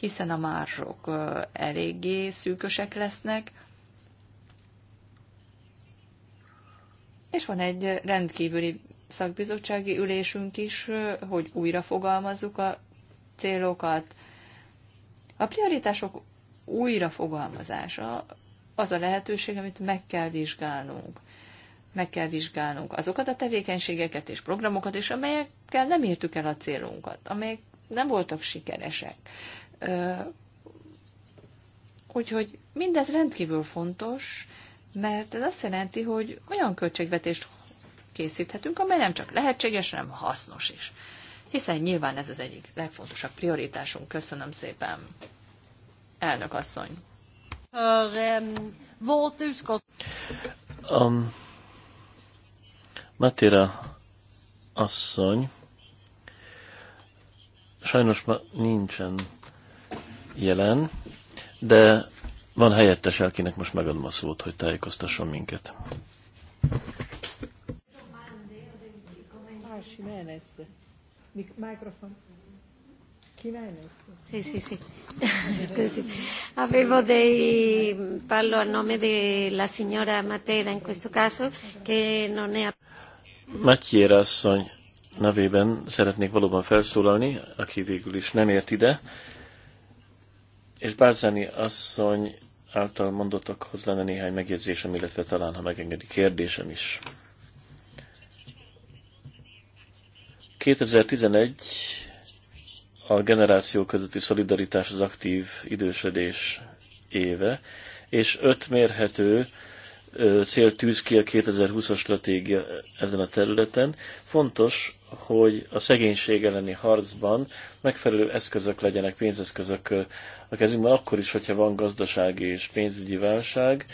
hiszen a márzsok eléggé szűkösek lesznek, és van egy rendkívüli szakbizottsági ülésünk is, hogy újra fogalmazzuk a célokat. A prioritások újrafogalmazása az a lehetőség, amit meg kell vizsgálnunk. Meg kell vizsgálnunk azokat a tevékenységeket és programokat is, amelyekkel nem értük el a célunkat, amelyek nem voltak sikeresek. Úgyhogy mindez rendkívül fontos, mert ez azt jelenti, hogy olyan költségvetést készíthetünk, amely nem csak lehetséges, hanem hasznos is. Hiszen nyilván ez az egyik legfontosabb prioritásunk. Köszönöm szépen, elnök asszony. Ehm, um, Matira asszony, sajnos ma nincsen jelen, de van helyettes, akinek most megadom a szót, hogy tájékoztasson minket. Sì, sì, sì. Scusi. Avevo dei... parlo a nome della signora Matera in questo caso, che non è... Matyiera asszony nevében szeretnék valóban felszólalni, aki végül is nem ért ide és Bárzani asszony által mondottakhoz lenne néhány megjegyzésem, illetve talán, ha megengedi, kérdésem is. 2011 a generáció közötti szolidaritás az aktív idősödés éve, és öt mérhető cél tűz ki a 2020-as stratégia ezen a területen. Fontos, hogy a szegénység elleni harcban megfelelő eszközök legyenek, pénzeszközök a kezünkben, akkor is, hogyha van gazdasági és pénzügyi válság,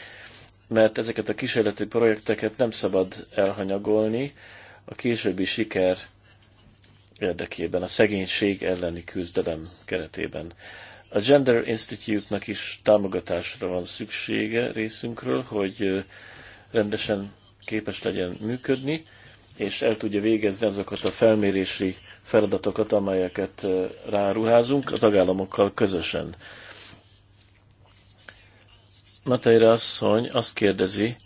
mert ezeket a kísérleti projekteket nem szabad elhanyagolni a későbbi siker érdekében, a szegénység elleni küzdelem keretében. A Gender Institute-nak is támogatásra van szüksége részünkről, hogy rendesen képes legyen működni, és el tudja végezni azokat a felmérési feladatokat, amelyeket ráruházunk a tagállamokkal közösen. Matejra asszony azt kérdezi,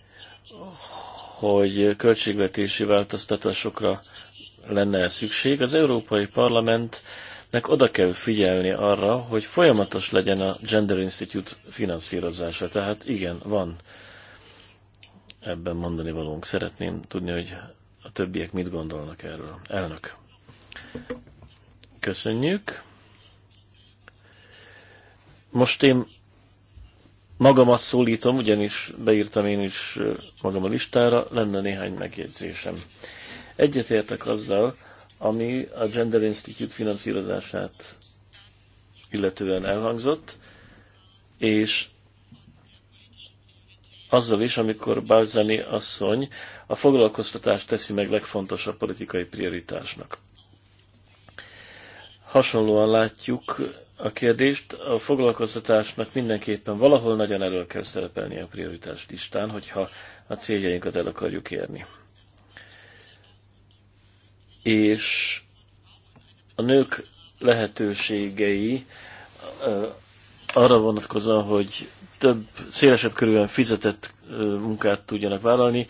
hogy költségvetési változtatásokra lenne -e szükség. Az Európai Parlament nek oda kell figyelni arra, hogy folyamatos legyen a Gender Institute finanszírozása. Tehát igen, van ebben mondani valónk. Szeretném tudni, hogy a többiek mit gondolnak erről. Elnök. Köszönjük. Most én magamat szólítom, ugyanis beírtam én is magam a listára, lenne néhány megjegyzésem. Egyetértek azzal, ami a Gender Institute finanszírozását illetően elhangzott, és azzal is, amikor Balzani asszony a foglalkoztatást teszi meg legfontosabb politikai prioritásnak. Hasonlóan látjuk a kérdést, a foglalkoztatásnak mindenképpen valahol nagyon elő kell szerepelni a prioritás listán, hogyha a céljainkat el akarjuk érni és a nők lehetőségei arra vonatkozóan, hogy több, szélesebb körülön fizetett munkát tudjanak vállalni,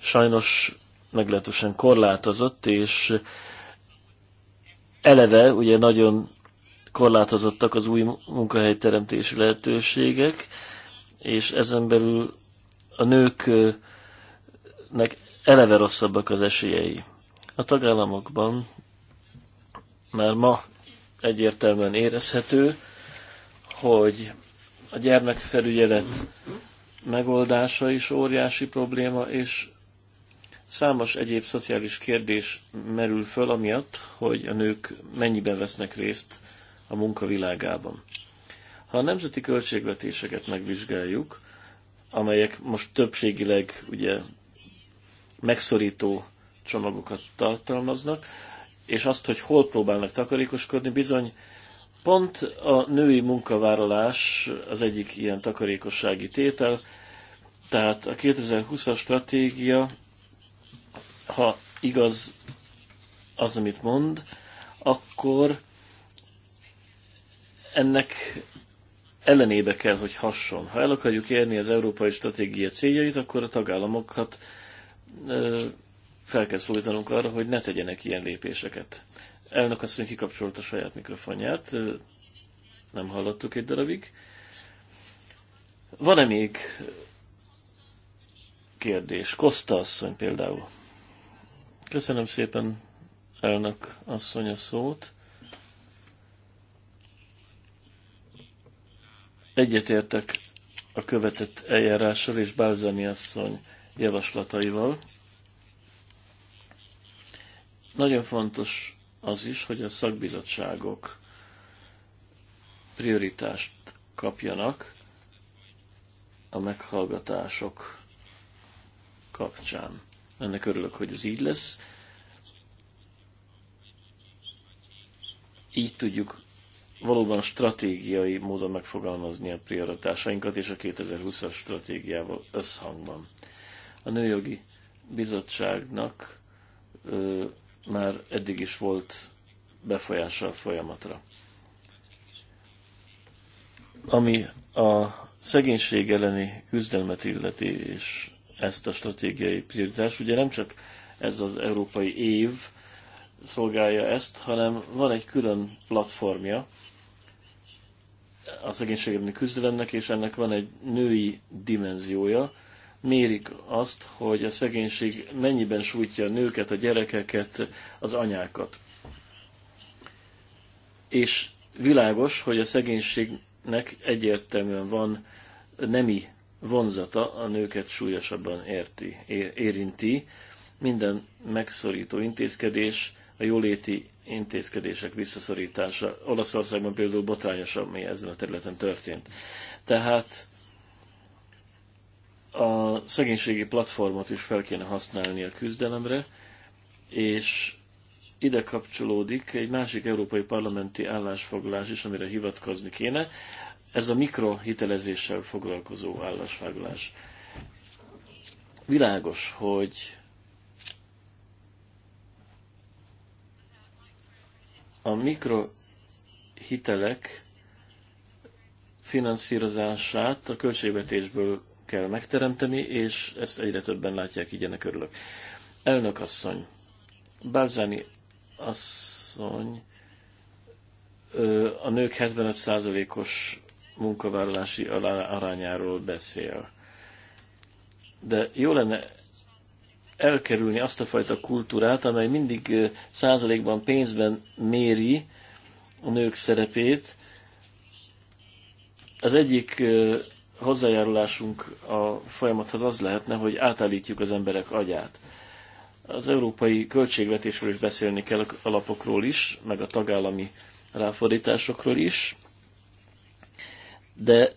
sajnos meglehetősen korlátozott, és eleve ugye nagyon korlátozottak az új munkahelyteremtési lehetőségek, és ezen belül a nőknek eleve rosszabbak az esélyei a tagállamokban már ma egyértelműen érezhető, hogy a gyermekfelügyelet megoldása is óriási probléma, és számos egyéb szociális kérdés merül föl, amiatt, hogy a nők mennyiben vesznek részt a munkavilágában. Ha a nemzeti költségvetéseket megvizsgáljuk, amelyek most többségileg ugye megszorító csomagokat tartalmaznak, és azt, hogy hol próbálnak takarékoskodni, bizony pont a női munkavállalás az egyik ilyen takarékossági tétel, tehát a 2020-as stratégia, ha igaz az, amit mond, akkor ennek ellenébe kell, hogy hasson. Ha el akarjuk érni az európai stratégia céljait, akkor a tagállamokat fel kell szólítanunk arra, hogy ne tegyenek ilyen lépéseket. Elnök asszony kikapcsolta saját mikrofonját, nem hallottuk egy darabig. Van-e még kérdés? Kosta asszony például. Köszönöm szépen elnök asszony a szót. Egyetértek a követett eljárással és Bálzani asszony javaslataival. Nagyon fontos az is, hogy a szakbizottságok prioritást kapjanak a meghallgatások kapcsán. Ennek örülök, hogy ez így lesz. Így tudjuk valóban stratégiai módon megfogalmazni a prioritásainkat és a 2020-as stratégiával összhangban. A Nőjogi Bizottságnak már eddig is volt befolyása a folyamatra. Ami a szegénység elleni küzdelmet illeti, és ezt a stratégiai prioritás, ugye nem csak ez az európai év szolgálja ezt, hanem van egy külön platformja a szegénység elleni küzdelemnek, és ennek van egy női dimenziója, mérik azt, hogy a szegénység mennyiben sújtja a nőket, a gyerekeket, az anyákat. És világos, hogy a szegénységnek egyértelműen van nemi vonzata, a nőket súlyosabban érti, érinti. Minden megszorító intézkedés, a jóléti intézkedések visszaszorítása. Olaszországban például botrányosabb, mi ezen a területen történt. Tehát a szegénységi platformot is fel kéne használni a küzdelemre, és ide kapcsolódik egy másik európai parlamenti állásfoglalás is, amire hivatkozni kéne. Ez a mikrohitelezéssel foglalkozó állásfoglalás. Világos, hogy a mikrohitelek finanszírozását a költségvetésből kell megteremteni, és ezt egyre többen látják, így ennek örülök. Elnök asszony, Balzani asszony, a nők 75%-os munkavállalási arányáról beszél. De jó lenne elkerülni azt a fajta kultúrát, amely mindig százalékban pénzben méri a nők szerepét. Az egyik hozzájárulásunk a folyamathoz az lehetne, hogy átállítjuk az emberek agyát. Az európai költségvetésről is beszélni kell alapokról is, meg a tagállami ráfordításokról is, de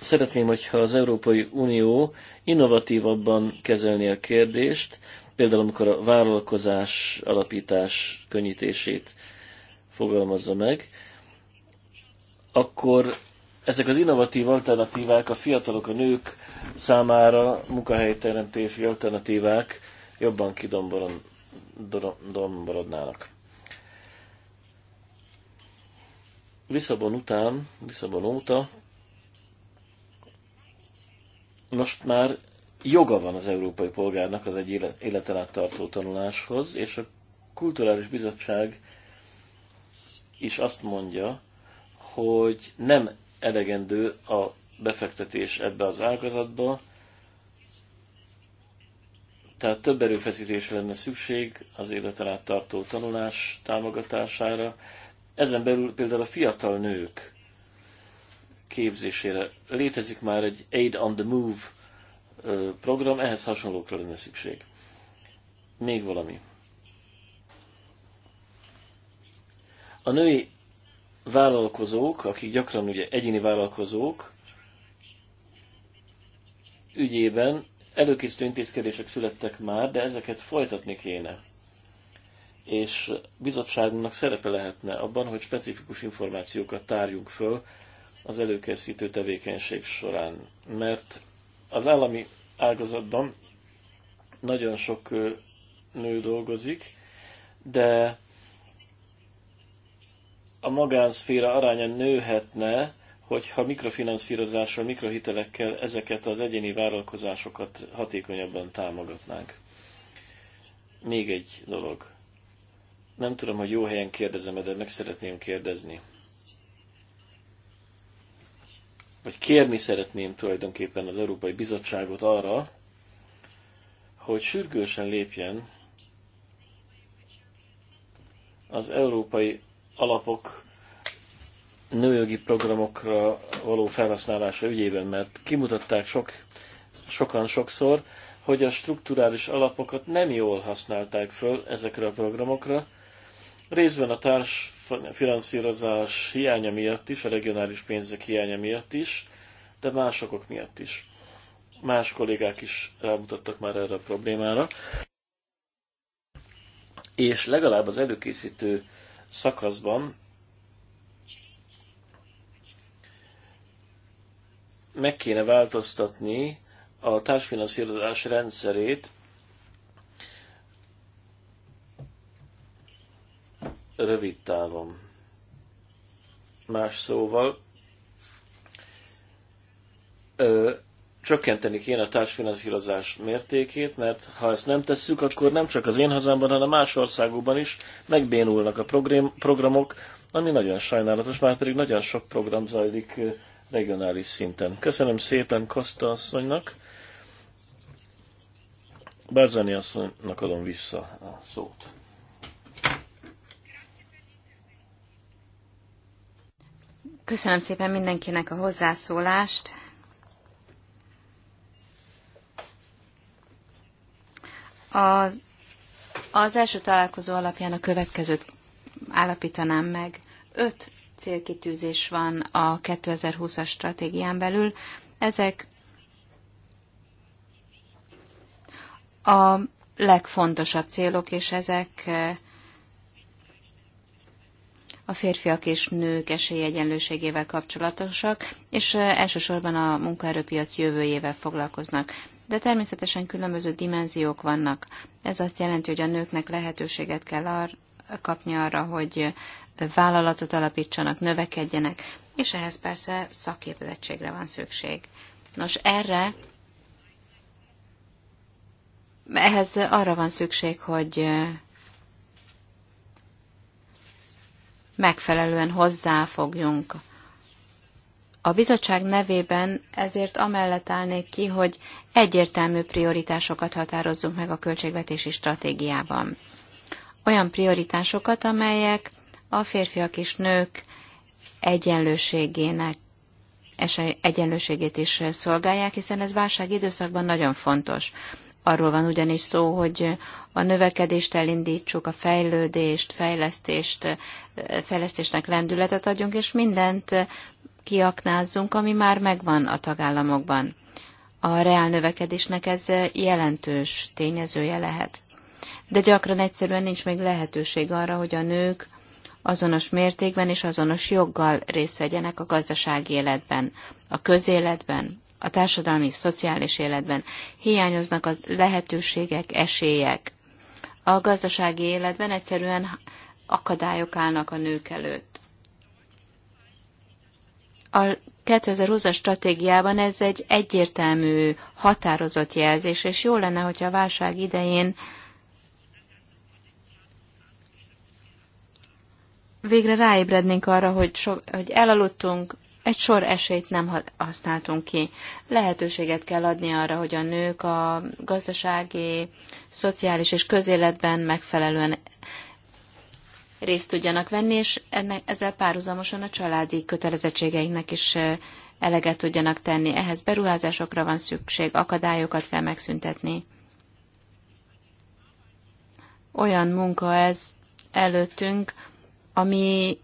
szeretném, hogyha az Európai Unió innovatívabban kezelni a kérdést, például amikor a vállalkozás alapítás könnyítését fogalmazza meg, akkor ezek az innovatív alternatívák a fiatalok, a nők számára munkahelyteremtési alternatívák jobban kidomborodnának. Lisszabon után, Lisszabon óta most már joga van az európai polgárnak az egy életen át tartó tanuláshoz, és a Kulturális Bizottság is azt mondja, hogy nem elegendő a befektetés ebbe az ágazatba, tehát több erőfeszítésre lenne szükség az életen át tartó tanulás támogatására. Ezen belül például a fiatal nők képzésére létezik már egy Aid on the Move program, ehhez hasonlókra lenne szükség. Még valami. A női vállalkozók, akik gyakran ugye egyéni vállalkozók ügyében előkészítő intézkedések születtek már, de ezeket folytatni kéne. És bizottságunknak szerepe lehetne abban, hogy specifikus információkat tárjunk föl az előkészítő tevékenység során. Mert az állami ágazatban nagyon sok nő dolgozik, de a magánszféra aránya nőhetne, hogyha mikrofinanszírozással, mikrohitelekkel ezeket az egyéni vállalkozásokat hatékonyabban támogatnánk. Még egy dolog. Nem tudom, hogy jó helyen kérdezem, de meg szeretném kérdezni. Vagy kérni szeretném tulajdonképpen az Európai Bizottságot arra, hogy sürgősen lépjen az európai alapok nőjogi programokra való felhasználása ügyében, mert kimutatták sok, sokan sokszor, hogy a strukturális alapokat nem jól használták föl ezekre a programokra, részben a társfinanszírozás hiánya miatt is, a regionális pénzek hiánya miatt is, de másokok miatt is. Más kollégák is rámutattak már erre a problémára. És legalább az előkészítő szakaszban meg kéne változtatni a társfinanszírozás rendszerét, rövid távon. Más szóval, csökkenteni kéne a társfinanszírozás mértékét, mert ha ezt nem tesszük, akkor nem csak az én hazámban, hanem más országokban is megbénulnak a program, programok, ami nagyon sajnálatos, már pedig nagyon sok program zajlik regionális szinten. Köszönöm szépen Kosta asszonynak. Berzani asszonynak adom vissza a szót. Köszönöm szépen mindenkinek a hozzászólást. A, az első találkozó alapján a következőt állapítanám meg. Öt célkitűzés van a 2020-as stratégián belül. Ezek a legfontosabb célok, és ezek eh, a férfiak és nők esélyegyenlőségével kapcsolatosak, és eh, elsősorban a munkaerőpiac jövőjével foglalkoznak de természetesen különböző dimenziók vannak. Ez azt jelenti, hogy a nőknek lehetőséget kell ar- kapni arra, hogy vállalatot alapítsanak, növekedjenek, és ehhez persze szakképzettségre van szükség. Nos, erre ehhez arra van szükség, hogy megfelelően hozzáfogjunk a bizottság nevében ezért amellett állnék ki, hogy egyértelmű prioritásokat határozzunk meg a költségvetési stratégiában. Olyan prioritásokat, amelyek a férfiak és nők egyenlőségének és egyenlőségét is szolgálják, hiszen ez válság időszakban nagyon fontos. Arról van ugyanis szó, hogy a növekedést elindítsuk, a fejlődést, fejlesztést, fejlesztésnek lendületet adjunk, és mindent kiaknázzunk, ami már megvan a tagállamokban. A reál növekedésnek ez jelentős tényezője lehet. De gyakran egyszerűen nincs még lehetőség arra, hogy a nők azonos mértékben és azonos joggal részt vegyenek a gazdasági életben, a közéletben, a társadalmi, szociális életben. Hiányoznak a lehetőségek, esélyek. A gazdasági életben egyszerűen akadályok állnak a nők előtt. A 2020-as stratégiában ez egy egyértelmű, határozott jelzés, és jó lenne, hogyha a válság idején végre ráébrednénk arra, hogy, so, hogy elaludtunk, egy sor esélyt nem használtunk ki. Lehetőséget kell adni arra, hogy a nők a gazdasági, szociális és közéletben megfelelően részt tudjanak venni, és ennek, ezzel párhuzamosan a családi kötelezettségeinknek is eleget tudjanak tenni. Ehhez beruházásokra van szükség, akadályokat kell megszüntetni. Olyan munka ez előttünk, ami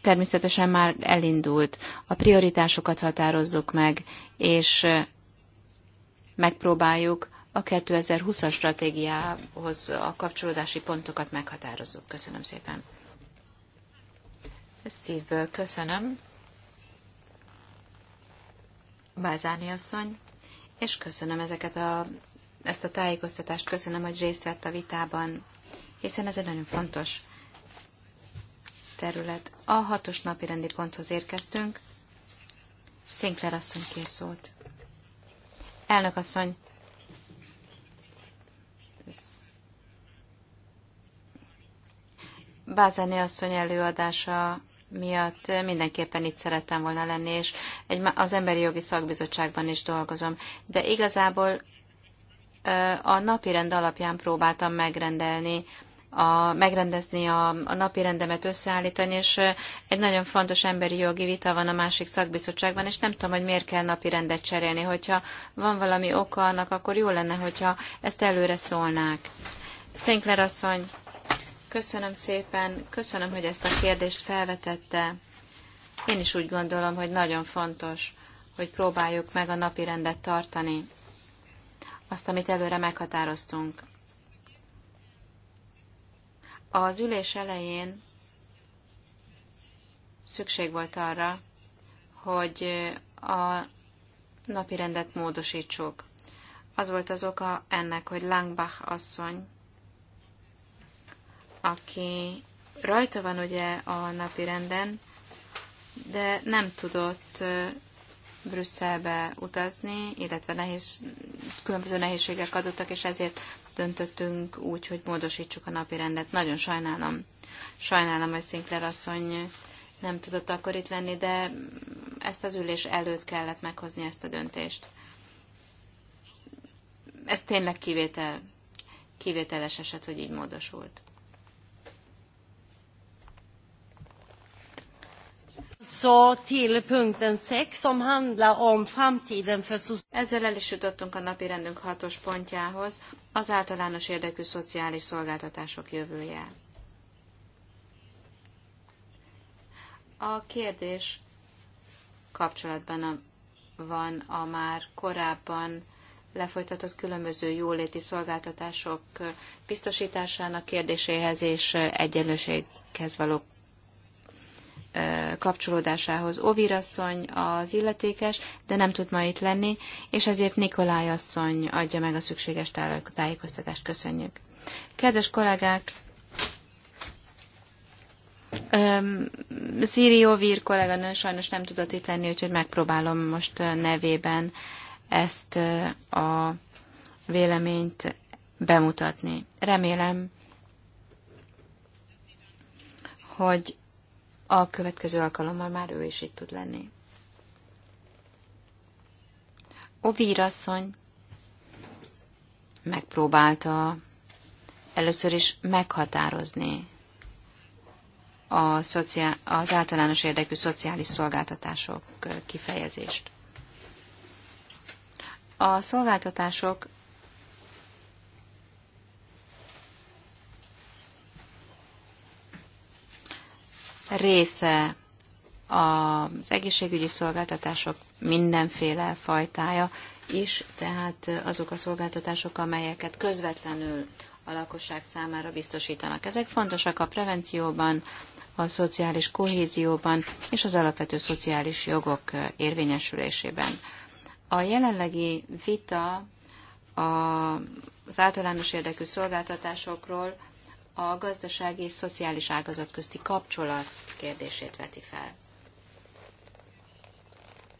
természetesen már elindult. A prioritásokat határozzuk meg, és megpróbáljuk a 2020-as stratégiához a kapcsolódási pontokat meghatározzuk. Köszönöm szépen. Szívből köszönöm. Bázáni asszony, és köszönöm ezeket a, ezt a tájékoztatást, köszönöm, hogy részt vett a vitában, hiszen ez egy nagyon fontos terület. A hatos napi rendi ponthoz érkeztünk. Szinkler asszony kér szót. Elnök asszony, Bázani asszony előadása miatt mindenképpen itt szerettem volna lenni, és egy, az Emberi Jogi Szakbizottságban is dolgozom. De igazából a napirend alapján próbáltam megrendelni, a, megrendezni a, a napi rendemet összeállítani, és egy nagyon fontos emberi jogi vita van a másik szakbizottságban, és nem tudom, hogy miért kell napi rendet cserélni. Hogyha van valami oka annak, akkor jó lenne, hogyha ezt előre szólnák. Szinkler asszony, Köszönöm szépen, köszönöm, hogy ezt a kérdést felvetette. Én is úgy gondolom, hogy nagyon fontos, hogy próbáljuk meg a napi rendet tartani, azt, amit előre meghatároztunk. Az ülés elején szükség volt arra, hogy a napi rendet módosítsuk. Az volt az oka ennek, hogy Langbach asszony aki rajta van ugye a napi renden, de nem tudott Brüsszelbe utazni, illetve nehéz, különböző nehézségek adottak, és ezért döntöttünk úgy, hogy módosítsuk a napi rendet. Nagyon sajnálom. Sajnálom, hogy Sinclair asszony nem tudott akkor itt lenni, de ezt az ülés előtt kellett meghozni ezt a döntést. Ez tényleg kivétel, kivételes eset, hogy így módosult. Så till punkten 6 som handlar om framtiden för Ezzel el is jutottunk a napi rendünk hatos pontjához, az általános érdekű szociális szolgáltatások jövője. A kérdés kapcsolatban van a már korábban lefolytatott különböző jóléti szolgáltatások biztosításának kérdéséhez és egyenlőséghez való kapcsolódásához. Ovir asszony az illetékes, de nem tud ma itt lenni, és ezért Nikolaj asszony adja meg a szükséges tájékoztatást. Köszönjük. Kedves kollégák, Um, Szíri Ovir kolléganő sajnos nem tudott itt lenni, úgyhogy megpróbálom most nevében ezt a véleményt bemutatni. Remélem, hogy a következő alkalommal már ő is itt tud lenni. vírasszony! megpróbálta először is meghatározni a szociál, az általános érdekű szociális szolgáltatások kifejezést. A szolgáltatások része az egészségügyi szolgáltatások mindenféle fajtája is, tehát azok a szolgáltatások, amelyeket közvetlenül a lakosság számára biztosítanak. Ezek fontosak a prevencióban, a szociális kohézióban és az alapvető szociális jogok érvényesülésében. A jelenlegi vita az általános érdekű szolgáltatásokról a gazdasági és szociális ágazat közti kapcsolat kérdését veti fel.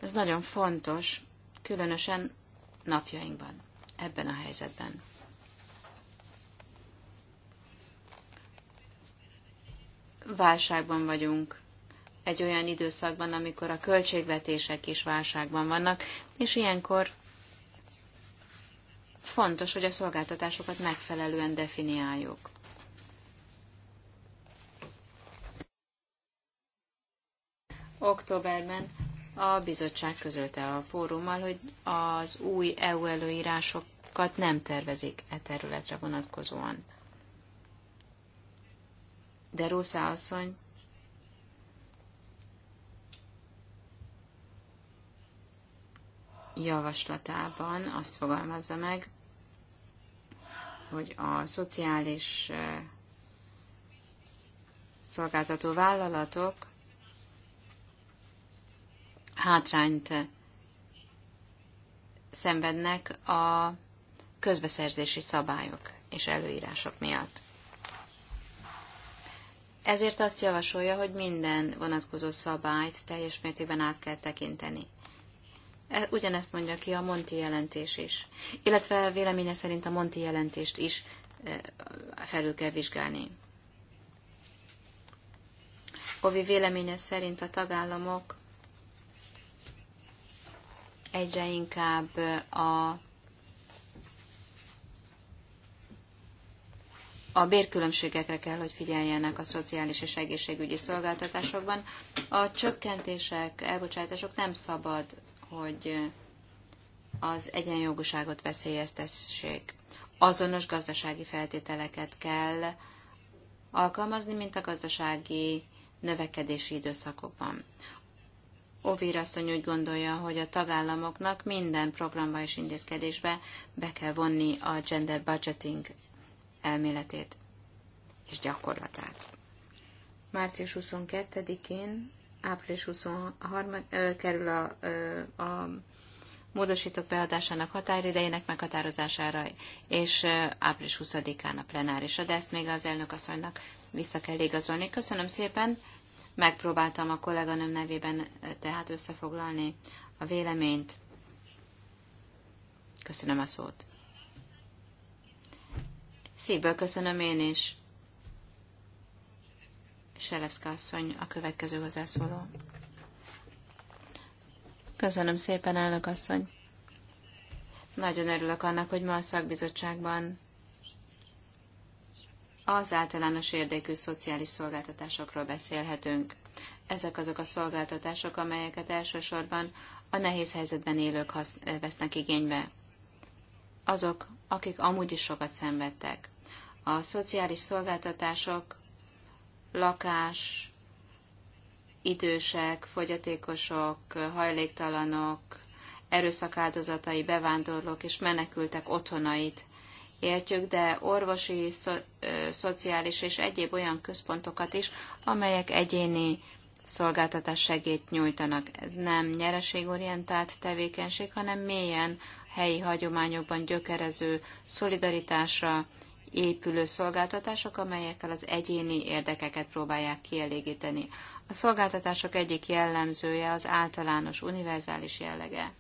Ez nagyon fontos, különösen napjainkban, ebben a helyzetben. Válságban vagyunk, egy olyan időszakban, amikor a költségvetések is válságban vannak, és ilyenkor fontos, hogy a szolgáltatásokat megfelelően definiáljuk. Októberben a bizottság közölte a fórummal, hogy az új EU előírásokat nem tervezik e területre vonatkozóan. De Rószá asszony javaslatában azt fogalmazza meg, hogy a szociális eh, szolgáltató vállalatok hátrányt szenvednek a közbeszerzési szabályok és előírások miatt. Ezért azt javasolja, hogy minden vonatkozó szabályt teljes mértékben át kell tekinteni. E, ugyanezt mondja ki a Monti jelentés is, illetve véleménye szerint a Monti jelentést is e, felül kell vizsgálni. Ovi véleménye szerint a tagállamok egyre inkább a, a bérkülönbségekre kell, hogy figyeljenek a szociális és egészségügyi szolgáltatásokban. A csökkentések, elbocsátások nem szabad, hogy az egyenjogúságot veszélyeztessék. Azonos gazdasági feltételeket kell alkalmazni, mint a gazdasági növekedési időszakokban. Ovir asszony úgy gondolja, hogy a tagállamoknak minden programba és intézkedésbe be kell vonni a gender budgeting elméletét és gyakorlatát. Március 22-én, április 23 kerül a, a módosított beadásának határidejének meghatározására, és április 20-án a plenárisa, de ezt még az elnök asszonynak vissza kell igazolni. Köszönöm szépen! Megpróbáltam a kolléganőm nevében eh, tehát összefoglalni a véleményt. Köszönöm a szót. Szívből köszönöm én is. Selevszka asszony, a következő hozzászóló. Köszönöm szépen, elnök asszony. Nagyon örülök annak, hogy ma a szakbizottságban az általános érdekű szociális szolgáltatásokról beszélhetünk. Ezek azok a szolgáltatások, amelyeket elsősorban a nehéz helyzetben élők vesznek igénybe. Azok, akik amúgy is sokat szenvedtek. A szociális szolgáltatások, lakás, idősek, fogyatékosok, hajléktalanok, erőszak áldozatai, bevándorlók és menekültek otthonait értjük, de orvosi, szo, szociális és egyéb olyan központokat is, amelyek egyéni szolgáltatás segét nyújtanak. Ez nem nyereségorientált tevékenység, hanem mélyen helyi hagyományokban gyökerező szolidaritásra épülő szolgáltatások, amelyekkel az egyéni érdekeket próbálják kielégíteni. A szolgáltatások egyik jellemzője az általános, univerzális jellege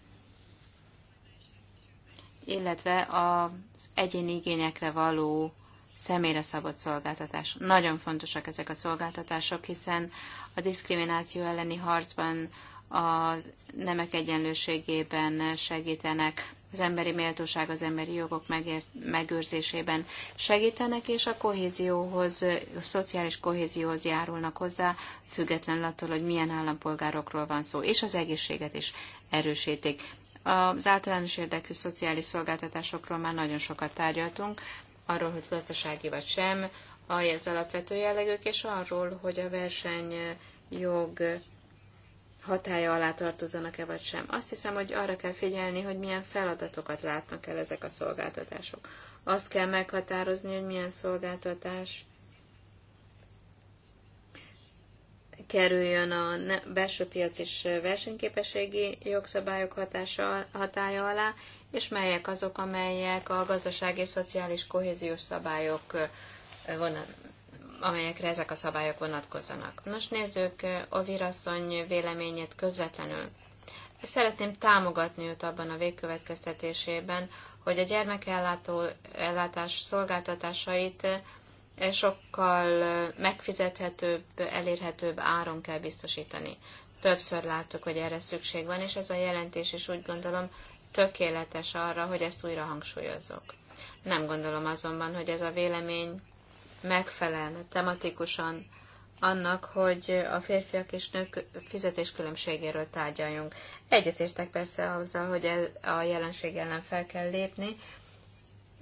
illetve az egyéni igényekre való személyre szabott szolgáltatás. Nagyon fontosak ezek a szolgáltatások, hiszen a diszkrimináció elleni harcban a nemek egyenlőségében segítenek, az emberi méltóság, az emberi jogok megért, megőrzésében segítenek, és a kohézióhoz, a szociális kohézióhoz járulnak hozzá, függetlenül attól, hogy milyen állampolgárokról van szó, és az egészséget is erősítik. Az általános érdekű szociális szolgáltatásokról már nagyon sokat tárgyaltunk, arról, hogy gazdasági vagy sem, ez alapvető jellegük, és arról, hogy a versenyjog hatája alá tartozanak-e vagy sem. Azt hiszem, hogy arra kell figyelni, hogy milyen feladatokat látnak el ezek a szolgáltatások. Azt kell meghatározni, hogy milyen szolgáltatás kerüljön a belső piac és versenyképességi jogszabályok hatása, hatája alá, és melyek azok, amelyek a gazdasági és szociális kohéziós szabályok vonat, amelyekre ezek a szabályok vonatkozzanak. Nos, nézzük a virasszony véleményét közvetlenül. Szeretném támogatni őt abban a végkövetkeztetésében, hogy a gyermekellátás szolgáltatásait sokkal megfizethetőbb, elérhetőbb áron kell biztosítani. Többször láttuk, hogy erre szükség van, és ez a jelentés is úgy gondolom tökéletes arra, hogy ezt újra hangsúlyozzuk. Nem gondolom azonban, hogy ez a vélemény megfelelne tematikusan annak, hogy a férfiak és nők fizetéskülönbségéről tárgyaljunk. Egyetértek persze azzal, hogy a jelenség ellen fel kell lépni,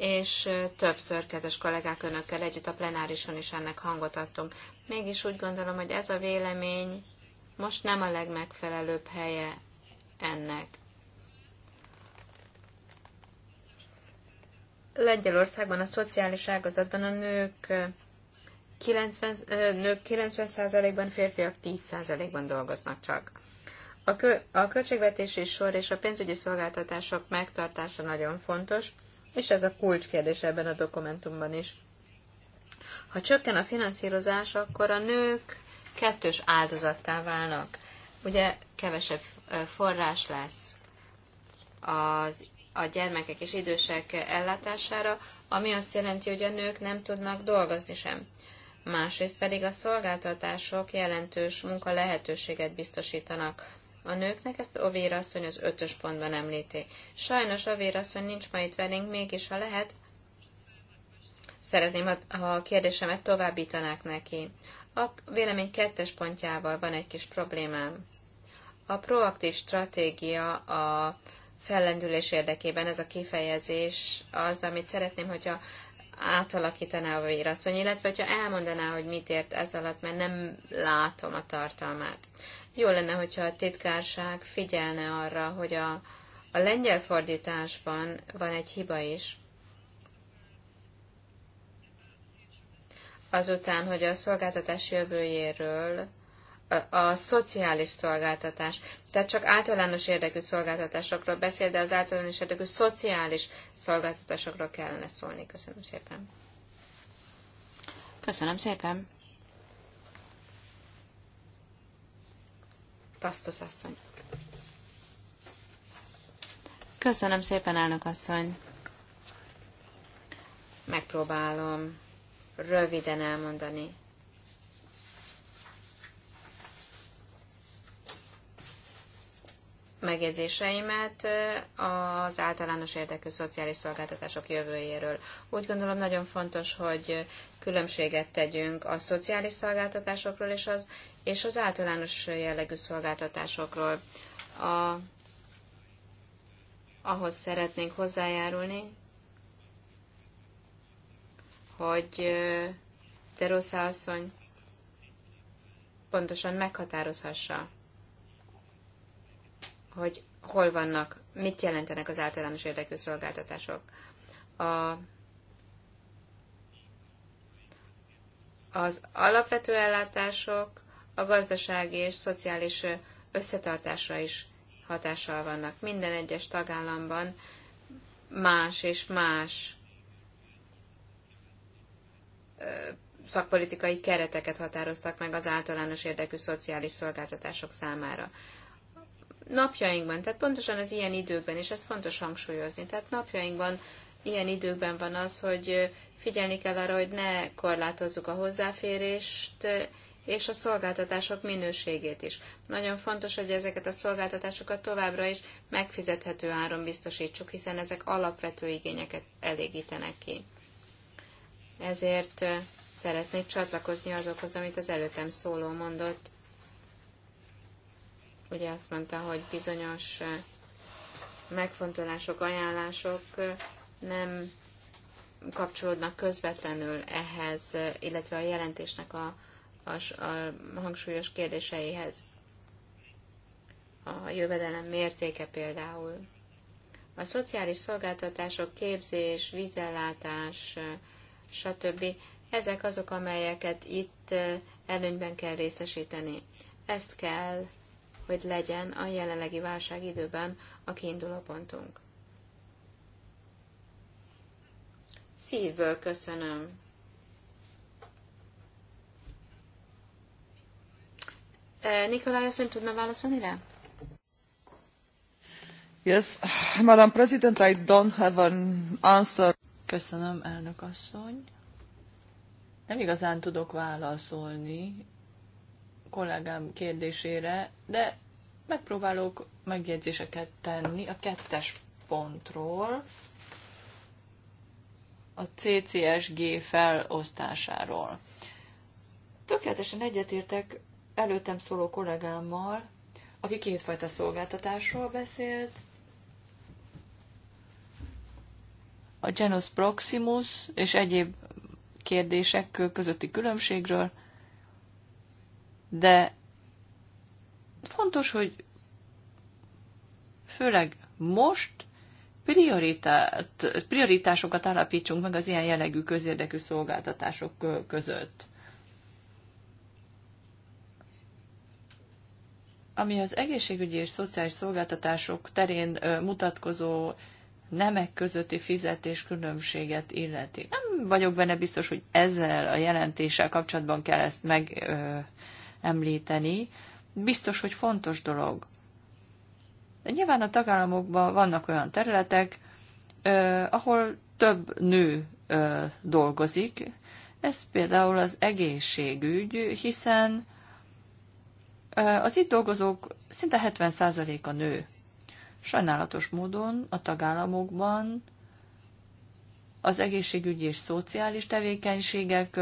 és többször, kedves kollégák, önökkel együtt a plenárison is ennek hangot adtunk. Mégis úgy gondolom, hogy ez a vélemény most nem a legmegfelelőbb helye ennek. Lengyelországban a szociális ágazatban a nők 90, nők 90%-ban, férfiak 10%-ban dolgoznak csak. A, kö, a költségvetési sor és a pénzügyi szolgáltatások megtartása nagyon fontos, és ez a kulcskérdés ebben a dokumentumban is. Ha csökken a finanszírozás, akkor a nők kettős áldozattá válnak. Ugye kevesebb forrás lesz az, a gyermekek és idősek ellátására, ami azt jelenti, hogy a nők nem tudnak dolgozni sem. Másrészt pedig a szolgáltatások jelentős munka lehetőséget biztosítanak a nőknek, ezt a asszony az ötös pontban említi. Sajnos a asszony nincs ma itt velünk, mégis ha lehet, szeretném, ha a kérdésemet továbbítanák neki. A vélemény kettes pontjával van egy kis problémám. A proaktív stratégia a fellendülés érdekében ez a kifejezés az, amit szeretném, hogyha átalakítaná a vérasszony, illetve hogyha elmondaná, hogy mit ért ez alatt, mert nem látom a tartalmát. Jó lenne, hogyha a titkárság figyelne arra, hogy a, a lengyel fordításban van egy hiba is. Azután, hogy a szolgáltatás jövőjéről a, a szociális szolgáltatás, tehát csak általános érdekű szolgáltatásokról beszél, de az általános érdekű szociális szolgáltatásokról kellene szólni. Köszönöm szépen. Köszönöm szépen. Pasztos asszony. Köszönöm szépen, elnök asszony. Megpróbálom röviden elmondani. megjegyzéseimet az általános érdekű szociális szolgáltatások jövőjéről. Úgy gondolom nagyon fontos, hogy különbséget tegyünk a szociális szolgáltatásokról és az és az általános jellegű szolgáltatásokról. A, ahhoz szeretnénk hozzájárulni, hogy Terosza asszony pontosan meghatározhassa, hogy hol vannak, mit jelentenek az általános érdekű szolgáltatások. A, az alapvető ellátások a gazdasági és szociális összetartásra is hatással vannak. Minden egyes tagállamban más és más szakpolitikai kereteket határoztak meg az általános érdekű szociális szolgáltatások számára. Napjainkban, tehát pontosan az ilyen időkben, és ez fontos hangsúlyozni, tehát napjainkban ilyen időkben van az, hogy figyelni kell arra, hogy ne korlátozzuk a hozzáférést, és a szolgáltatások minőségét is. Nagyon fontos, hogy ezeket a szolgáltatásokat továbbra is megfizethető áron biztosítsuk, hiszen ezek alapvető igényeket elégítenek ki. Ezért szeretnék csatlakozni azokhoz, amit az előttem szóló mondott. Ugye azt mondta, hogy bizonyos megfontolások, ajánlások nem kapcsolódnak közvetlenül ehhez, illetve a jelentésnek a a, a hangsúlyos kérdéseihez. A jövedelem mértéke például. A szociális szolgáltatások, képzés, vízellátás, stb. Ezek azok, amelyeket itt előnyben kell részesíteni. Ezt kell, hogy legyen a jelenlegi válság időben a kiinduló pontunk. Szívből köszönöm Eh, Nikolaj asszony tudna válaszolni rá? Yes, Madam President, I don't have an answer. Köszönöm, elnök asszony. Nem igazán tudok válaszolni kollégám kérdésére, de megpróbálok megjegyzéseket tenni a kettes pontról, a CCSG felosztásáról. Tökéletesen egyetértek előttem szóló kollégámmal, aki kétfajta szolgáltatásról beszélt, a Genus Proximus és egyéb kérdések közötti különbségről, de fontos, hogy főleg most prioritát, prioritásokat állapítsunk meg az ilyen jellegű közérdekű szolgáltatások között. ami az egészségügyi és szociális szolgáltatások terén mutatkozó nemek közötti fizetés különbséget illeti. Nem vagyok benne biztos, hogy ezzel a jelentéssel kapcsolatban kell ezt megemlíteni. Biztos, hogy fontos dolog. De nyilván a tagállamokban vannak olyan területek, ö, ahol több nő ö, dolgozik. Ez például az egészségügy, hiszen az itt dolgozók szinte 70%-a nő. Sajnálatos módon a tagállamokban az egészségügyi és szociális tevékenységek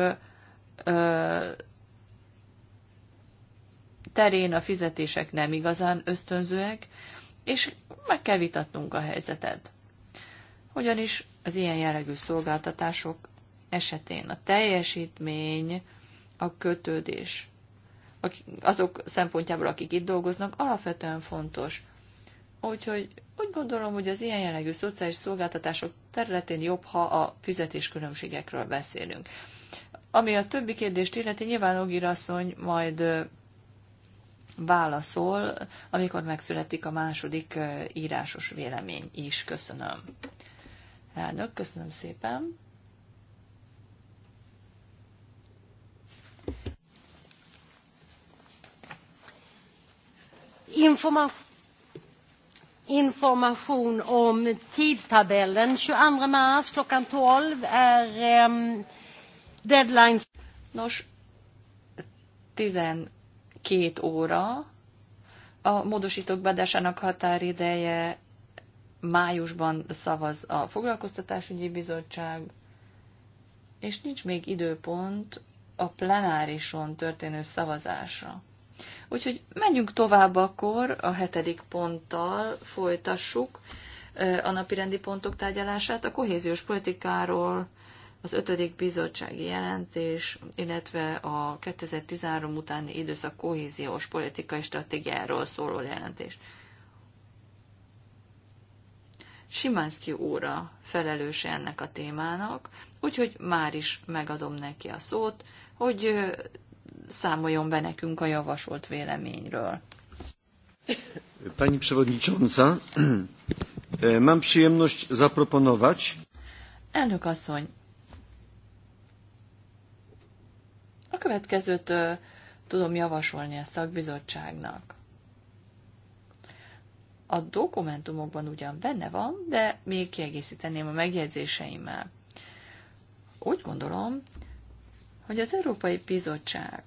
terén a fizetések nem igazán ösztönzőek, és meg kell vitatnunk a helyzetet. Ugyanis az ilyen jellegű szolgáltatások esetén a teljesítmény, a kötődés azok szempontjából, akik itt dolgoznak, alapvetően fontos. Úgyhogy úgy gondolom, hogy az ilyen jellegű szociális szolgáltatások területén jobb, ha a fizetéskülönbségekről beszélünk. Ami a többi kérdést illeti, nyilván Ogir asszony majd válaszol, amikor megszületik a második írásos vélemény is. Köszönöm. Elnök, köszönöm szépen. information om tidtabellen 22 mars klockan 12 är er, um, deadline. Nos, 12 óra. A módosítók bedesenek határideje májusban szavaz a foglalkoztatásügyi bizottság, és nincs még időpont a plenárison történő szavazásra. Úgyhogy menjünk tovább akkor, a hetedik ponttal folytassuk a napirendi pontok tárgyalását. A kohéziós politikáról az ötödik bizottsági jelentés, illetve a 2013 utáni időszak kohéziós politikai stratégiáról szóló jelentés. Simánszki óra felelőse ennek a témának, úgyhogy már is megadom neki a szót, hogy számoljon be nekünk a javasolt véleményről. Pani Przewodnicząca, mam przyjemność zaproponować. Elnök asszony, a következőt tudom javasolni a szakbizottságnak. A dokumentumokban ugyan benne van, de még kiegészíteném a megjegyzéseimmel. Úgy gondolom, hogy az Európai Bizottság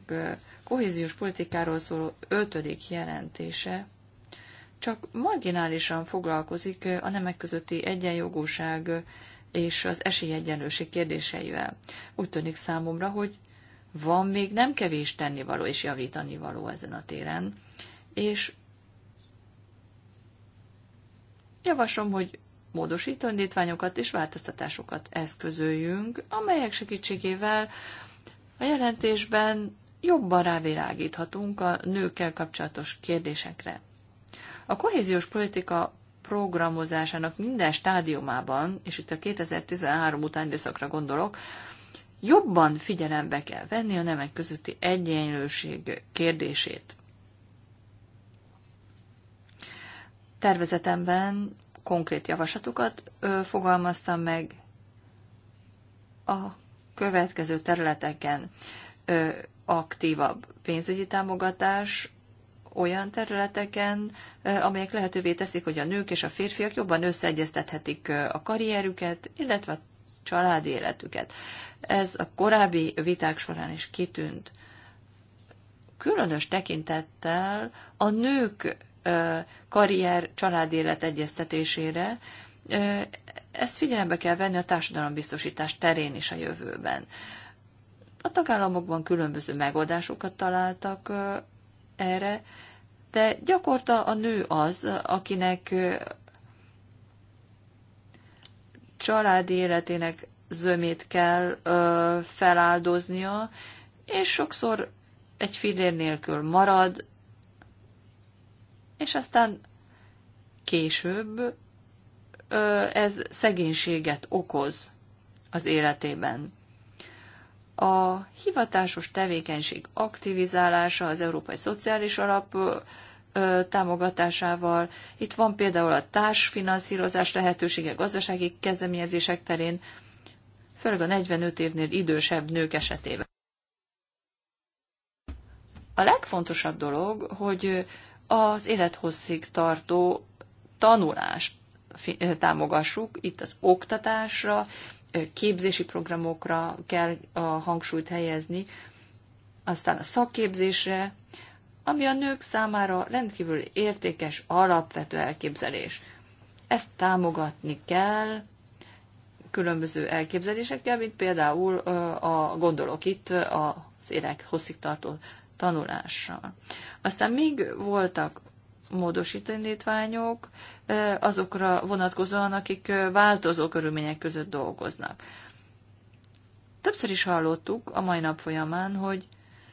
kohéziós politikáról szóló ötödik jelentése csak marginálisan foglalkozik a nemek közötti egyenjogúság és az esélyegyenlőség kérdéseivel. Úgy tűnik számomra, hogy van még nem kevés tennivaló és javítani való ezen a téren, és javaslom, hogy módosító indítványokat és változtatásokat eszközöljünk, amelyek segítségével a jelentésben jobban rávilágíthatunk a nőkkel kapcsolatos kérdésekre. A kohéziós politika programozásának minden stádiumában, és itt a 2013 után időszakra gondolok, jobban figyelembe kell venni a nemek közötti egyenlőség kérdését. Tervezetemben konkrét javaslatokat ö, fogalmaztam meg a következő területeken aktívabb pénzügyi támogatás olyan területeken, amelyek lehetővé teszik, hogy a nők és a férfiak jobban összeegyeztethetik a karrierüket, illetve a családi életüket. Ez a korábbi viták során is kitűnt. Különös tekintettel a nők karrier család élet egyeztetésére, ezt figyelembe kell venni a társadalombiztosítás terén is a jövőben. A tagállamokban különböző megoldásokat találtak erre, de gyakorta a nő az, akinek családi életének zömét kell feláldoznia, és sokszor egy fillér nélkül marad, és aztán később ez szegénységet okoz az életében. A hivatásos tevékenység aktivizálása az Európai Szociális Alap támogatásával. Itt van például a társfinanszírozás lehetősége gazdasági kezdeményezések terén, főleg a 45 évnél idősebb nők esetében. A legfontosabb dolog, hogy az élethosszig tartó tanulást támogassuk. Itt az oktatásra, képzési programokra kell a hangsúlyt helyezni, aztán a szakképzésre, ami a nők számára rendkívül értékes, alapvető elképzelés. Ezt támogatni kell különböző elképzelésekkel, mint például a, gondolok itt az élek hosszígtartó tanulással. Aztán még voltak módosítanítványok azokra vonatkozóan, akik változó körülmények között dolgoznak. Többször is hallottuk a mai nap folyamán, hogy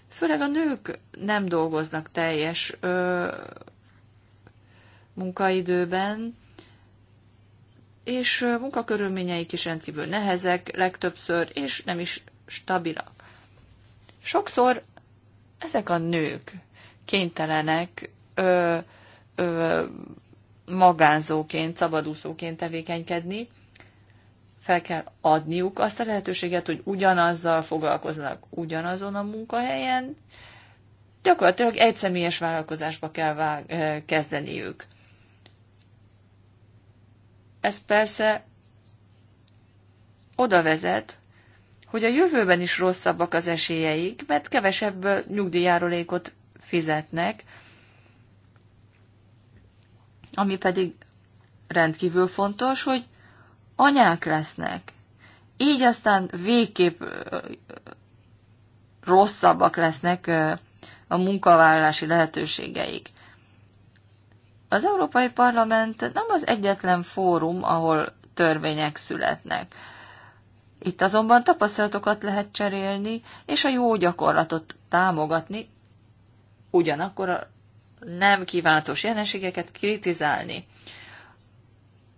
főleg a nők nem dolgoznak teljes ö, munkaidőben, és munkakörülményeik is rendkívül nehezek legtöbbször, és nem is stabilak. Sokszor ezek a nők kénytelenek ö, ö, magánzóként, szabadúszóként tevékenykedni, fel kell adniuk azt a lehetőséget, hogy ugyanazzal foglalkoznak ugyanazon a munkahelyen, gyakorlatilag egy személyes vállalkozásba kell vág, kezdeniük. Ez persze oda vezet, hogy a jövőben is rosszabbak az esélyeik, mert kevesebb nyugdíjárulékot fizetnek, ami pedig rendkívül fontos, hogy anyák lesznek. Így aztán végképp rosszabbak lesznek a munkavállalási lehetőségeik. Az Európai Parlament nem az egyetlen fórum, ahol törvények születnek. Itt azonban tapasztalatokat lehet cserélni, és a jó gyakorlatot támogatni, ugyanakkor a nem kívántos jelenségeket kritizálni.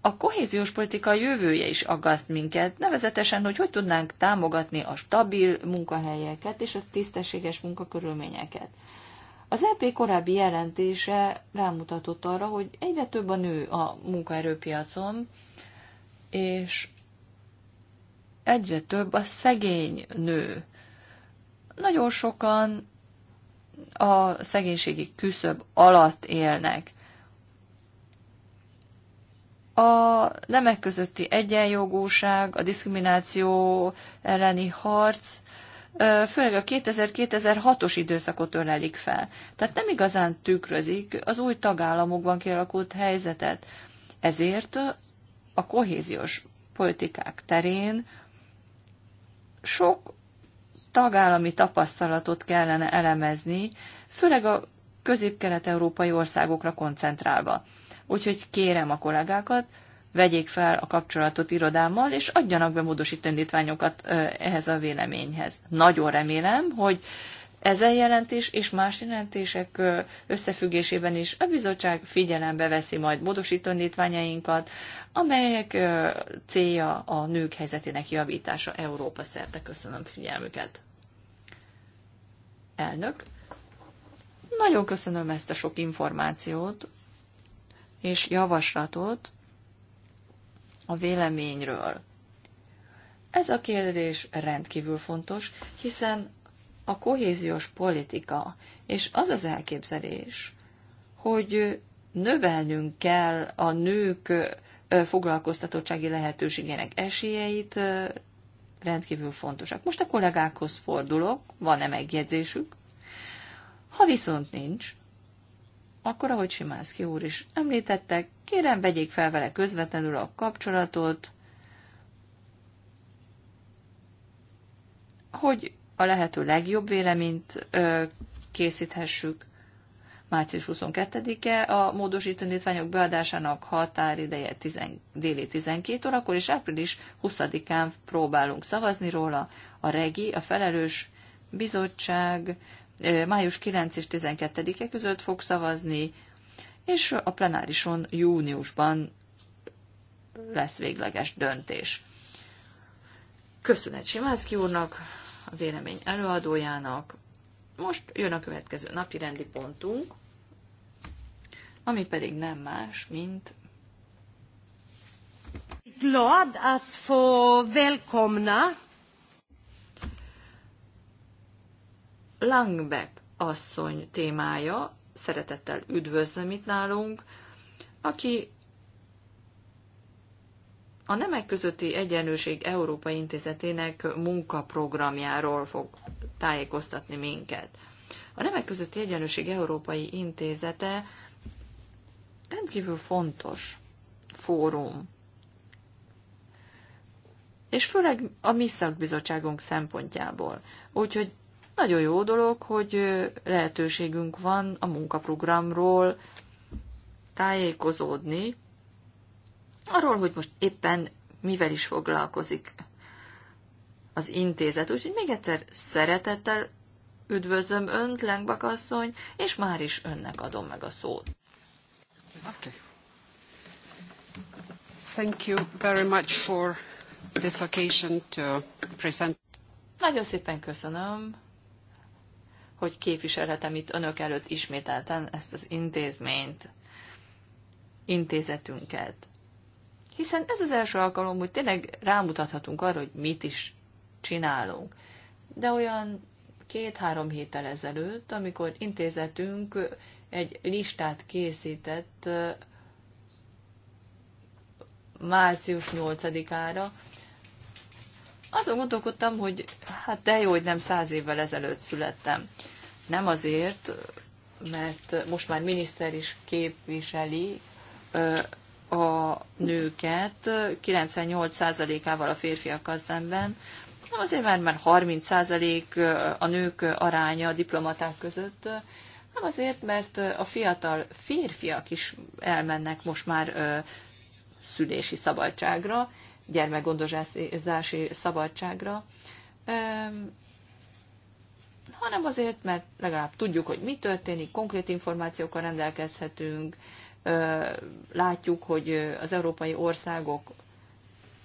A kohéziós politika jövője is aggaszt minket, nevezetesen, hogy hogy tudnánk támogatni a stabil munkahelyeket és a tisztességes munkakörülményeket. Az EP korábbi jelentése rámutatott arra, hogy egyre több a nő a munkaerőpiacon, és egyre több a szegény nő. Nagyon sokan a szegénységi küszöb alatt élnek. A nemek közötti egyenjogúság, a diszkrimináció elleni harc, főleg a 2000-2006-os időszakot ölelik fel. Tehát nem igazán tükrözik az új tagállamokban kialakult helyzetet. Ezért a kohéziós politikák terén sok tagállami tapasztalatot kellene elemezni, főleg a közép-kelet-európai országokra koncentrálva. Úgyhogy kérem a kollégákat, vegyék fel a kapcsolatot irodámmal, és adjanak be módosítendítványokat ehhez a véleményhez. Nagyon remélem, hogy ezen jelentés és más jelentések összefüggésében is a bizottság figyelembe veszi majd módosítanítványainkat, amelyek célja a nők helyzetének javítása Európa szerte. Köszönöm figyelmüket. Elnök, nagyon köszönöm ezt a sok információt és javaslatot a véleményről. Ez a kérdés rendkívül fontos, hiszen a kohéziós politika, és az az elképzelés, hogy növelnünk kell a nők foglalkoztatottsági lehetőségének esélyeit, rendkívül fontosak. Most a kollégákhoz fordulok, van-e megjegyzésük? Ha viszont nincs, akkor, ahogy Simánszki úr is említette, kérem, vegyék fel vele közvetlenül a kapcsolatot, hogy a lehető legjobb véleményt készíthessük. Március 22-e a módosítanítványok beadásának határideje 10, déli 12 órakor, és április 20-án próbálunk szavazni róla. A REGI, a felelős bizottság május 9 és 12-e között fog szavazni, és a plenárison júniusban lesz végleges döntés. Köszönet Simánszki úrnak! a vélemény előadójának. Most jön a következő napi rendi pontunk, ami pedig nem más, mint glad att få välkomna Langbeck asszony témája, szeretettel üdvözlöm itt nálunk, aki a Nemek közötti Egyenlőség Európai Intézetének munkaprogramjáról fog tájékoztatni minket. A Nemek közötti Egyenlőség Európai Intézete rendkívül fontos fórum. És főleg a mi szakbizottságunk szempontjából. Úgyhogy nagyon jó dolog, hogy lehetőségünk van a munkaprogramról tájékozódni, arról, hogy most éppen mivel is foglalkozik az intézet. Úgyhogy még egyszer szeretettel üdvözlöm Önt, Lengbak asszony, és már is Önnek adom meg a szót. Okay. Thank you very much for this occasion to present. Nagyon szépen köszönöm, hogy képviselhetem itt Önök előtt ismételten ezt az intézményt, intézetünket. Hiszen ez az első alkalom, hogy tényleg rámutathatunk arra, hogy mit is csinálunk. De olyan két-három héttel ezelőtt, amikor intézetünk egy listát készített március 8-ára, azon gondolkodtam, hogy hát de jó, hogy nem száz évvel ezelőtt születtem. Nem azért, mert most már miniszter is képviseli a nőket 98%-ával a az szemben, azért már, már 30% a nők aránya a diplomaták között, nem azért, mert a fiatal férfiak is elmennek most már szülési szabadságra, gyermekgondozási szabadságra, hanem azért, mert legalább tudjuk, hogy mi történik, konkrét információkkal rendelkezhetünk, látjuk, hogy az európai országok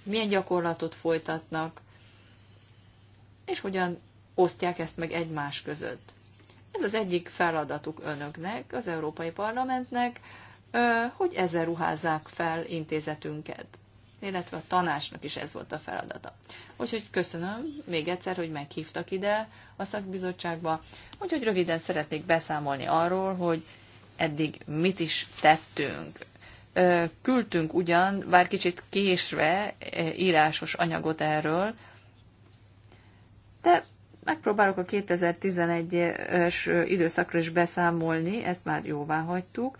milyen gyakorlatot folytatnak, és hogyan osztják ezt meg egymás között. Ez az egyik feladatuk önöknek, az Európai Parlamentnek, hogy ezzel ruházzák fel intézetünket, illetve a tanácsnak is ez volt a feladata. Úgyhogy köszönöm még egyszer, hogy meghívtak ide a szakbizottságba, úgyhogy röviden szeretnék beszámolni arról, hogy eddig mit is tettünk. Küldtünk ugyan, bár kicsit késve írásos anyagot erről, de megpróbálok a 2011-es időszakra is beszámolni, ezt már jóvá hagytuk.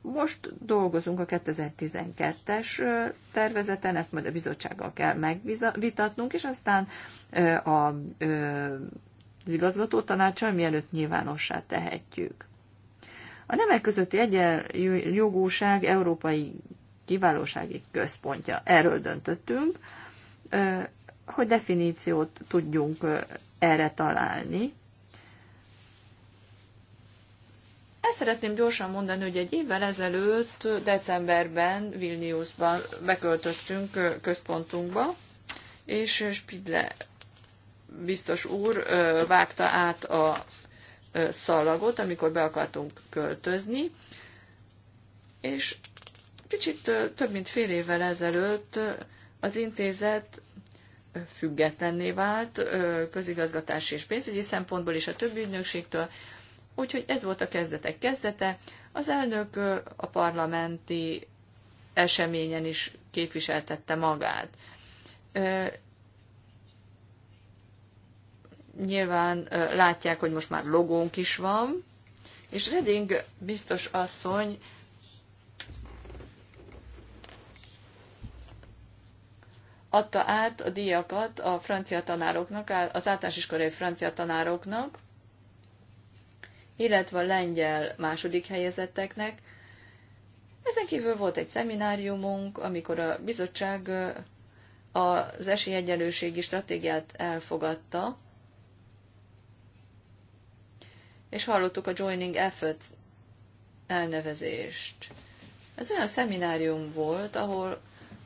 Most dolgozunk a 2012-es tervezeten, ezt majd a bizottsággal kell megvitatnunk, és aztán a, az igazgató tanácsal mielőtt nyilvánossá tehetjük. A nemek közötti egyenjogúság Európai Kiválósági Központja. Erről döntöttünk, hogy definíciót tudjunk erre találni. Ezt szeretném gyorsan mondani, hogy egy évvel ezelőtt, decemberben Vilniusban beköltöztünk központunkba, és Spidle biztos úr vágta át a szalagot, amikor be akartunk költözni, és kicsit több mint fél évvel ezelőtt az intézet függetlenné vált közigazgatási és pénzügyi szempontból is a többi ügynökségtől, úgyhogy ez volt a kezdetek kezdete. Az elnök a parlamenti eseményen is képviseltette magát. Nyilván látják, hogy most már logónk is van, és Reding biztos asszony adta át a díjakat a francia tanároknak, az általános iskolai francia tanároknak, illetve a lengyel második helyezetteknek. Ezen kívül volt egy szemináriumunk, amikor a bizottság az esélyegyenlőségi stratégiát elfogadta, és hallottuk a Joining Effort elnevezést. Ez olyan szeminárium volt, ahol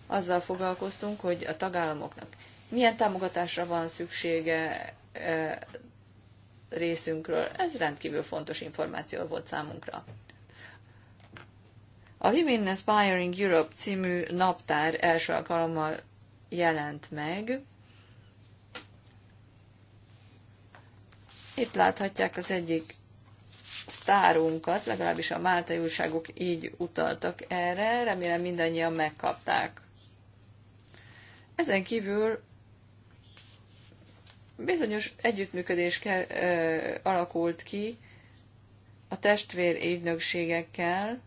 azzal foglalkoztunk, hogy a tagállamoknak milyen támogatásra van szüksége e, részünkről. Ez rendkívül fontos információ volt számunkra. A Women Inspiring Europe című naptár első alkalommal jelent meg. Itt láthatják az egyik sztárunkat, legalábbis a máltai újságok így utaltak erre, remélem mindannyian megkapták. Ezen kívül bizonyos együttműködés kell, ö, alakult ki a testvér ügynökségekkel.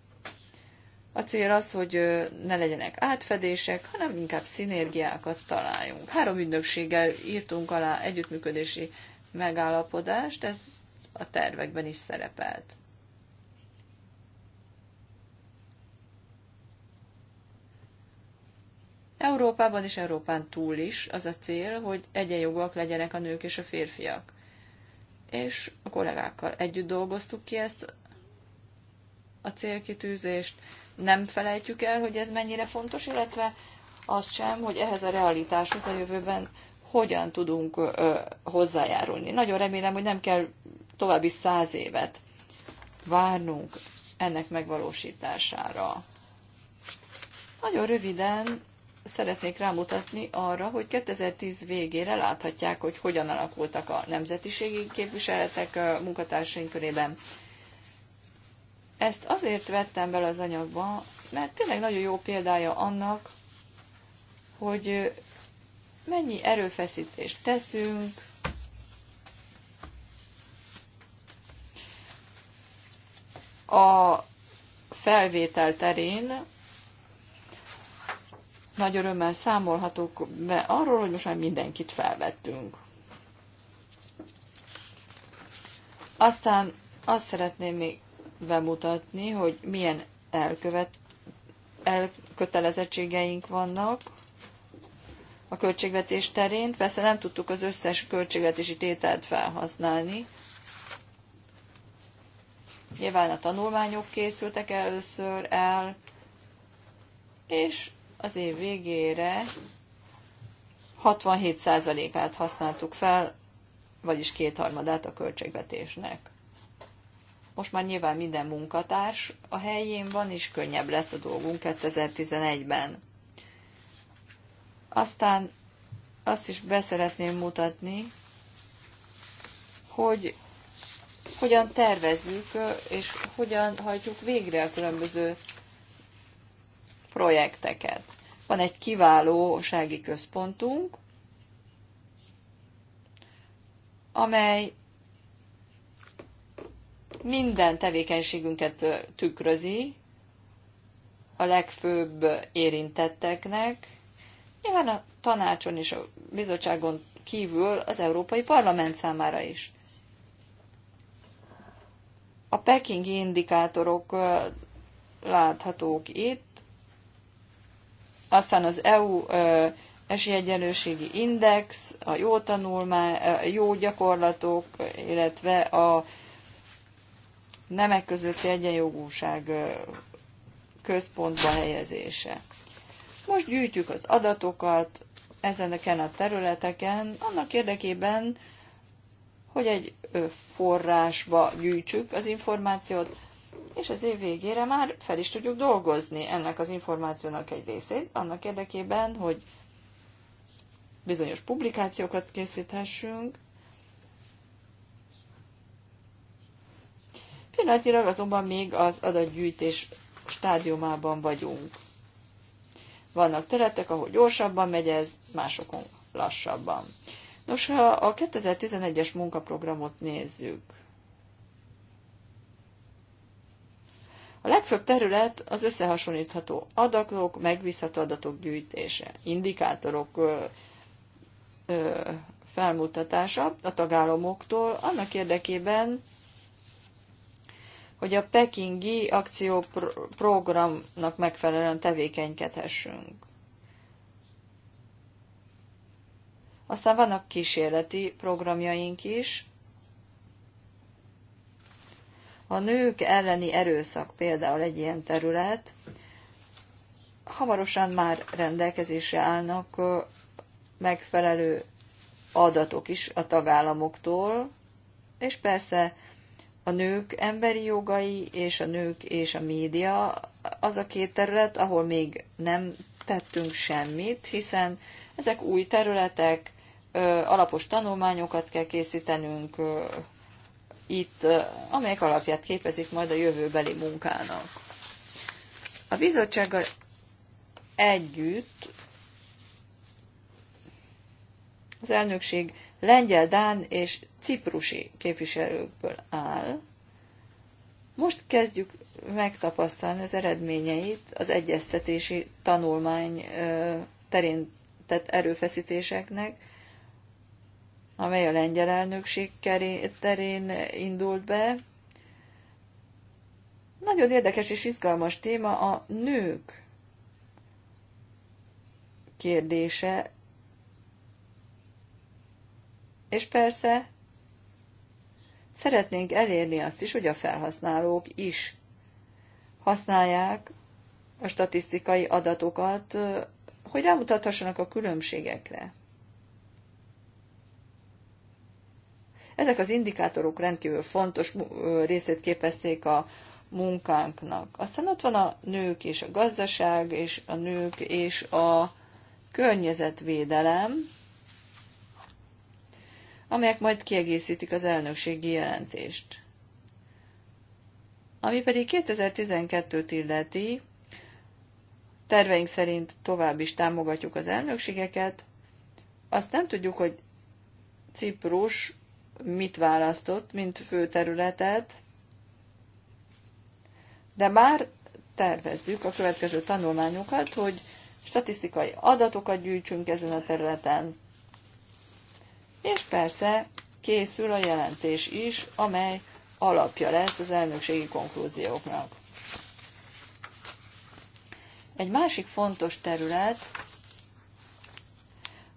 A cél az, hogy ö, ne legyenek átfedések, hanem inkább szinergiákat találjunk. Három ügynökséggel írtunk alá együttműködési megállapodást, ez a tervekben is szerepelt. Európában és Európán túl is az a cél, hogy egyenjogúak legyenek a nők és a férfiak. És a kollégákkal együtt dolgoztuk ki ezt a célkitűzést. Nem felejtjük el, hogy ez mennyire fontos, illetve azt sem, hogy ehhez a realitáshoz a jövőben hogyan tudunk ö, hozzájárulni. Nagyon remélem, hogy nem kell további száz évet várnunk ennek megvalósítására. Nagyon röviden szeretnék rámutatni arra, hogy 2010 végére láthatják, hogy hogyan alakultak a nemzetiségi képviseletek munkatársaink körében. Ezt azért vettem bele az anyagba, mert tényleg nagyon jó példája annak, hogy mennyi erőfeszítést teszünk, a felvétel terén nagy örömmel számolhatok be arról, hogy most már mindenkit felvettünk. Aztán azt szeretném még bemutatni, hogy milyen elkövet, elkötelezettségeink vannak a költségvetés terén. Persze nem tudtuk az összes költségvetési tételt felhasználni, Nyilván a tanulmányok készültek először el, és az év végére 67%-át használtuk fel, vagyis kétharmadát a költségvetésnek. Most már nyilván minden munkatárs a helyén van, és könnyebb lesz a dolgunk 2011-ben. Aztán azt is beszeretném mutatni, hogy hogyan tervezzük és hogyan hajtjuk végre a különböző projekteket. Van egy kiválósági központunk, amely minden tevékenységünket tükrözi a legfőbb érintetteknek, nyilván a tanácson és a bizottságon kívül az Európai Parlament számára is. A pekingi indikátorok láthatók itt, aztán az EU esélyegyenlőségi index, a jó tanulmány, jó gyakorlatok, illetve a nemek közötti egyenjogúság központba helyezése. Most gyűjtjük az adatokat ezeneken a területeken, annak érdekében, hogy egy forrásba gyűjtsük az információt, és az év végére már fel is tudjuk dolgozni ennek az információnak egy részét, annak érdekében, hogy bizonyos publikációkat készíthessünk. Pillanatilag azonban még az adatgyűjtés stádiumában vagyunk. Vannak területek, ahol gyorsabban megy ez, másokon lassabban. Nos, ha a 2011-es munkaprogramot nézzük, A legfőbb terület az összehasonlítható adatok, megbízható adatok gyűjtése, indikátorok ö, ö, felmutatása a tagállamoktól annak érdekében, hogy a pekingi akcióprogramnak megfelelően tevékenykedhessünk. Aztán vannak kísérleti programjaink is. A nők elleni erőszak például egy ilyen terület. Hamarosan már rendelkezésre állnak megfelelő adatok is a tagállamoktól, és persze a nők emberi jogai és a nők és a média az a két terület, ahol még nem tettünk semmit, hiszen ezek új területek, alapos tanulmányokat kell készítenünk itt, amelyek alapját képezik majd a jövőbeli munkának. A bizottsággal együtt az elnökség lengyel, dán és ciprusi képviselőkből áll. Most kezdjük megtapasztalni az eredményeit az egyeztetési tanulmány terén tett erőfeszítéseknek, amely a lengyel elnökség terén indult be. Nagyon érdekes és izgalmas téma a nők kérdése. És persze szeretnénk elérni azt is, hogy a felhasználók is használják a statisztikai adatokat, hogy rámutathassanak a különbségekre. Ezek az indikátorok rendkívül fontos részét képezték a munkánknak. Aztán ott van a nők és a gazdaság, és a nők és a környezetvédelem, amelyek majd kiegészítik az elnökségi jelentést. Ami pedig 2012-t illeti, terveink szerint tovább is támogatjuk az elnökségeket. Azt nem tudjuk, hogy Ciprus mit választott, mint fő területet, de már tervezzük a következő tanulmányokat, hogy statisztikai adatokat gyűjtsünk ezen a területen, és persze készül a jelentés is, amely alapja lesz az elnökségi konklúzióknak. Egy másik fontos terület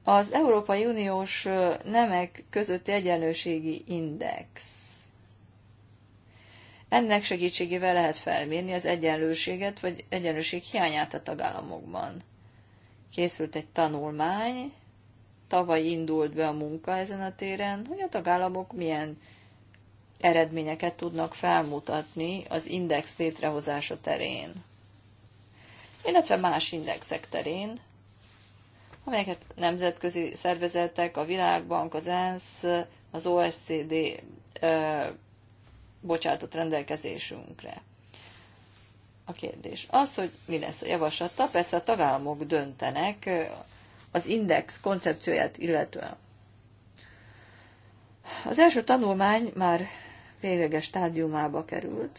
az Európai Uniós nemek közötti egyenlőségi index. Ennek segítségével lehet felmérni az egyenlőséget, vagy egyenlőség hiányát a tagállamokban. Készült egy tanulmány, tavaly indult be a munka ezen a téren, hogy a tagállamok milyen eredményeket tudnak felmutatni az index létrehozása terén, illetve más indexek terén, amelyeket nemzetközi szervezetek, a Világbank, az ENSZ, az OSCD bocsátott rendelkezésünkre. A kérdés az, hogy mi lesz a javaslata, persze a tagállamok döntenek az index koncepcióját illetően. Az első tanulmány már végleges stádiumába került,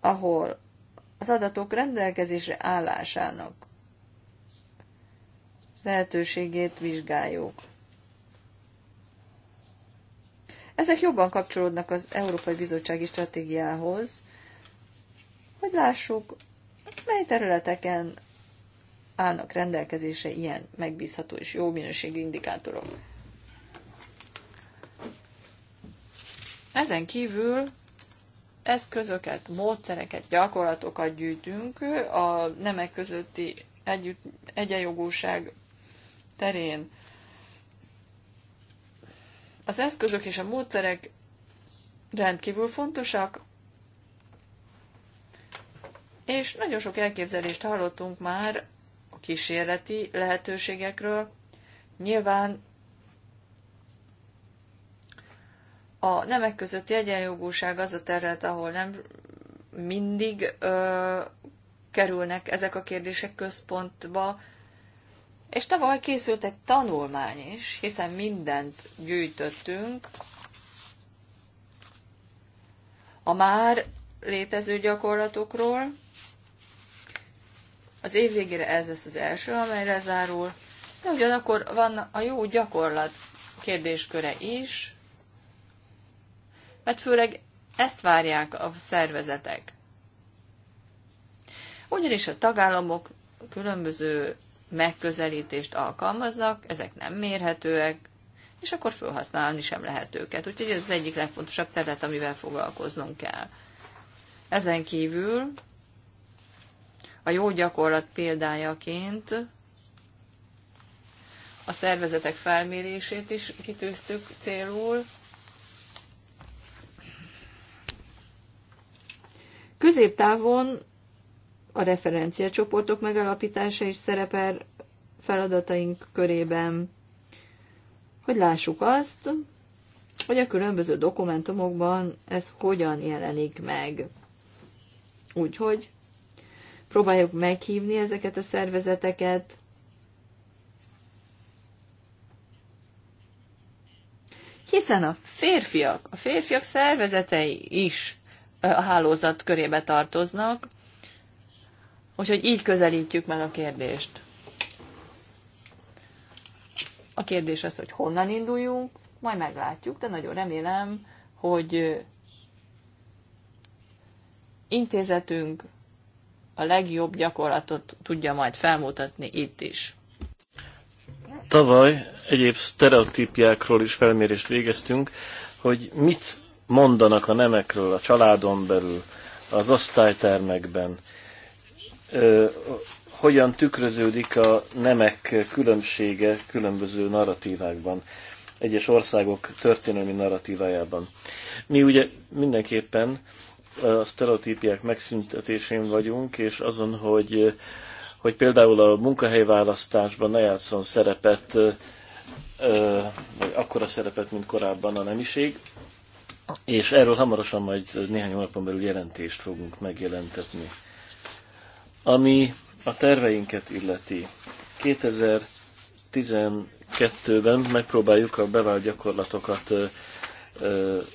ahol az adatok rendelkezésre állásának lehetőségét vizsgáljuk. Ezek jobban kapcsolódnak az Európai Bizottsági Stratégiához, hogy lássuk, mely területeken állnak rendelkezése ilyen megbízható és jó minőségű indikátorok. Ezen kívül eszközöket, módszereket, gyakorlatokat gyűjtünk a nemek közötti együtt, egyenjogúság terén. Az eszközök és a módszerek rendkívül fontosak, és nagyon sok elképzelést hallottunk már a kísérleti lehetőségekről. Nyilván a nemek közötti egyenjogúság az a terület, ahol nem mindig ö, kerülnek ezek a kérdések központba, és tavaly készült egy tanulmány is, hiszen mindent gyűjtöttünk a már létező gyakorlatokról. Az év végére ez lesz az első, amelyre zárul, de ugyanakkor van a jó gyakorlat kérdésköre is, mert főleg ezt várják a szervezetek. Ugyanis a tagállamok különböző megközelítést alkalmaznak, ezek nem mérhetőek, és akkor felhasználni sem lehet őket. Úgyhogy ez az egyik legfontosabb terület, amivel foglalkoznunk kell. Ezen kívül a jó gyakorlat példájaként a szervezetek felmérését is kitűztük célul. Középtávon a referenciacsoportok megalapítása is szerepel feladataink körében, hogy lássuk azt, hogy a különböző dokumentumokban ez hogyan jelenik meg. Úgyhogy próbáljuk meghívni ezeket a szervezeteket, hiszen a férfiak, a férfiak szervezetei is a hálózat körébe tartoznak, Úgyhogy így közelítjük meg a kérdést. A kérdés az, hogy honnan induljunk, majd meglátjuk, de nagyon remélem, hogy intézetünk a legjobb gyakorlatot tudja majd felmutatni itt is. Tavaly egyéb sztereotípiákról is felmérést végeztünk, hogy mit mondanak a nemekről a családon belül, az osztálytermekben, hogyan tükröződik a nemek különbsége különböző narratívákban, egyes országok történelmi narratívájában. Mi ugye mindenképpen a sztereotípiák megszüntetésén vagyunk, és azon, hogy, hogy például a munkahelyválasztásban ne játszon szerepet, vagy akkora szerepet, mint korábban a nemiség, és erről hamarosan majd néhány hónapon belül jelentést fogunk megjelentetni. Ami a terveinket illeti, 2012-ben megpróbáljuk a bevált gyakorlatokat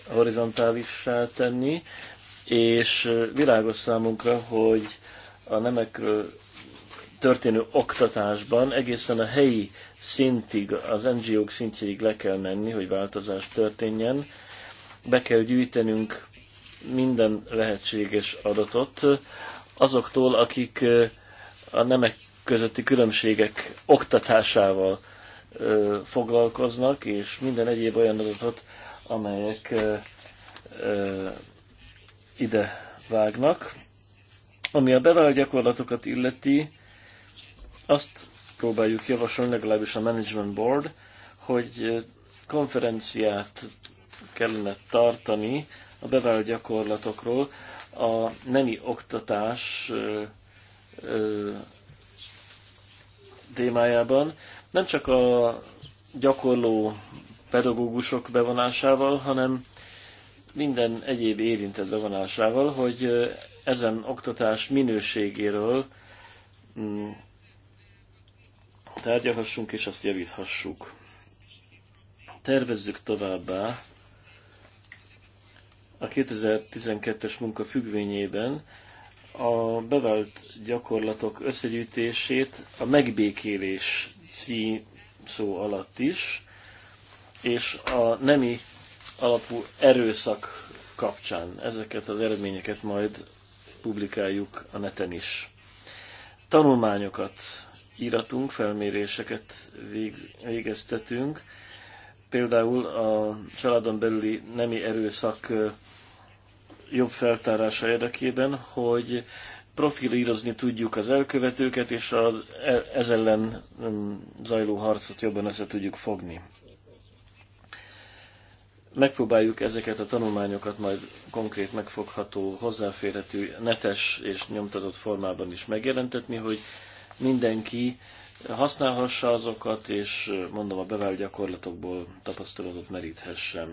horizontálissá tenni, és világos számunkra, hogy a nemekről történő oktatásban egészen a helyi szintig, az NGO-k szintjéig le kell menni, hogy változás történjen. Be kell gyűjtenünk minden lehetséges adatot azoktól, akik a nemek közötti különbségek oktatásával foglalkoznak, és minden egyéb olyan adatot, amelyek ide vágnak. Ami a bevált gyakorlatokat illeti, azt próbáljuk javasolni, legalábbis a Management Board, hogy konferenciát kellene tartani a bevált gyakorlatokról, a nemi oktatás témájában nem csak a gyakorló pedagógusok bevonásával, hanem minden egyéb érintett bevonásával, hogy ezen oktatás minőségéről mm, tárgyalhassunk és azt javíthassuk. Tervezzük továbbá a 2012-es munka függvényében a bevált gyakorlatok összegyűjtését a megbékélés cím szó alatt is, és a nemi alapú erőszak kapcsán. Ezeket az eredményeket majd publikáljuk a neten is. Tanulmányokat íratunk, felméréseket végeztetünk Például a családon belüli nemi erőszak jobb feltárása érdekében, hogy profilírozni tudjuk az elkövetőket, és az e, ez ellen zajló harcot jobban össze tudjuk fogni. Megpróbáljuk ezeket a tanulmányokat majd konkrét, megfogható, hozzáférhető, netes és nyomtatott formában is megjelentetni, hogy mindenki használhassa azokat, és mondom a bevált gyakorlatokból tapasztalatot meríthessem.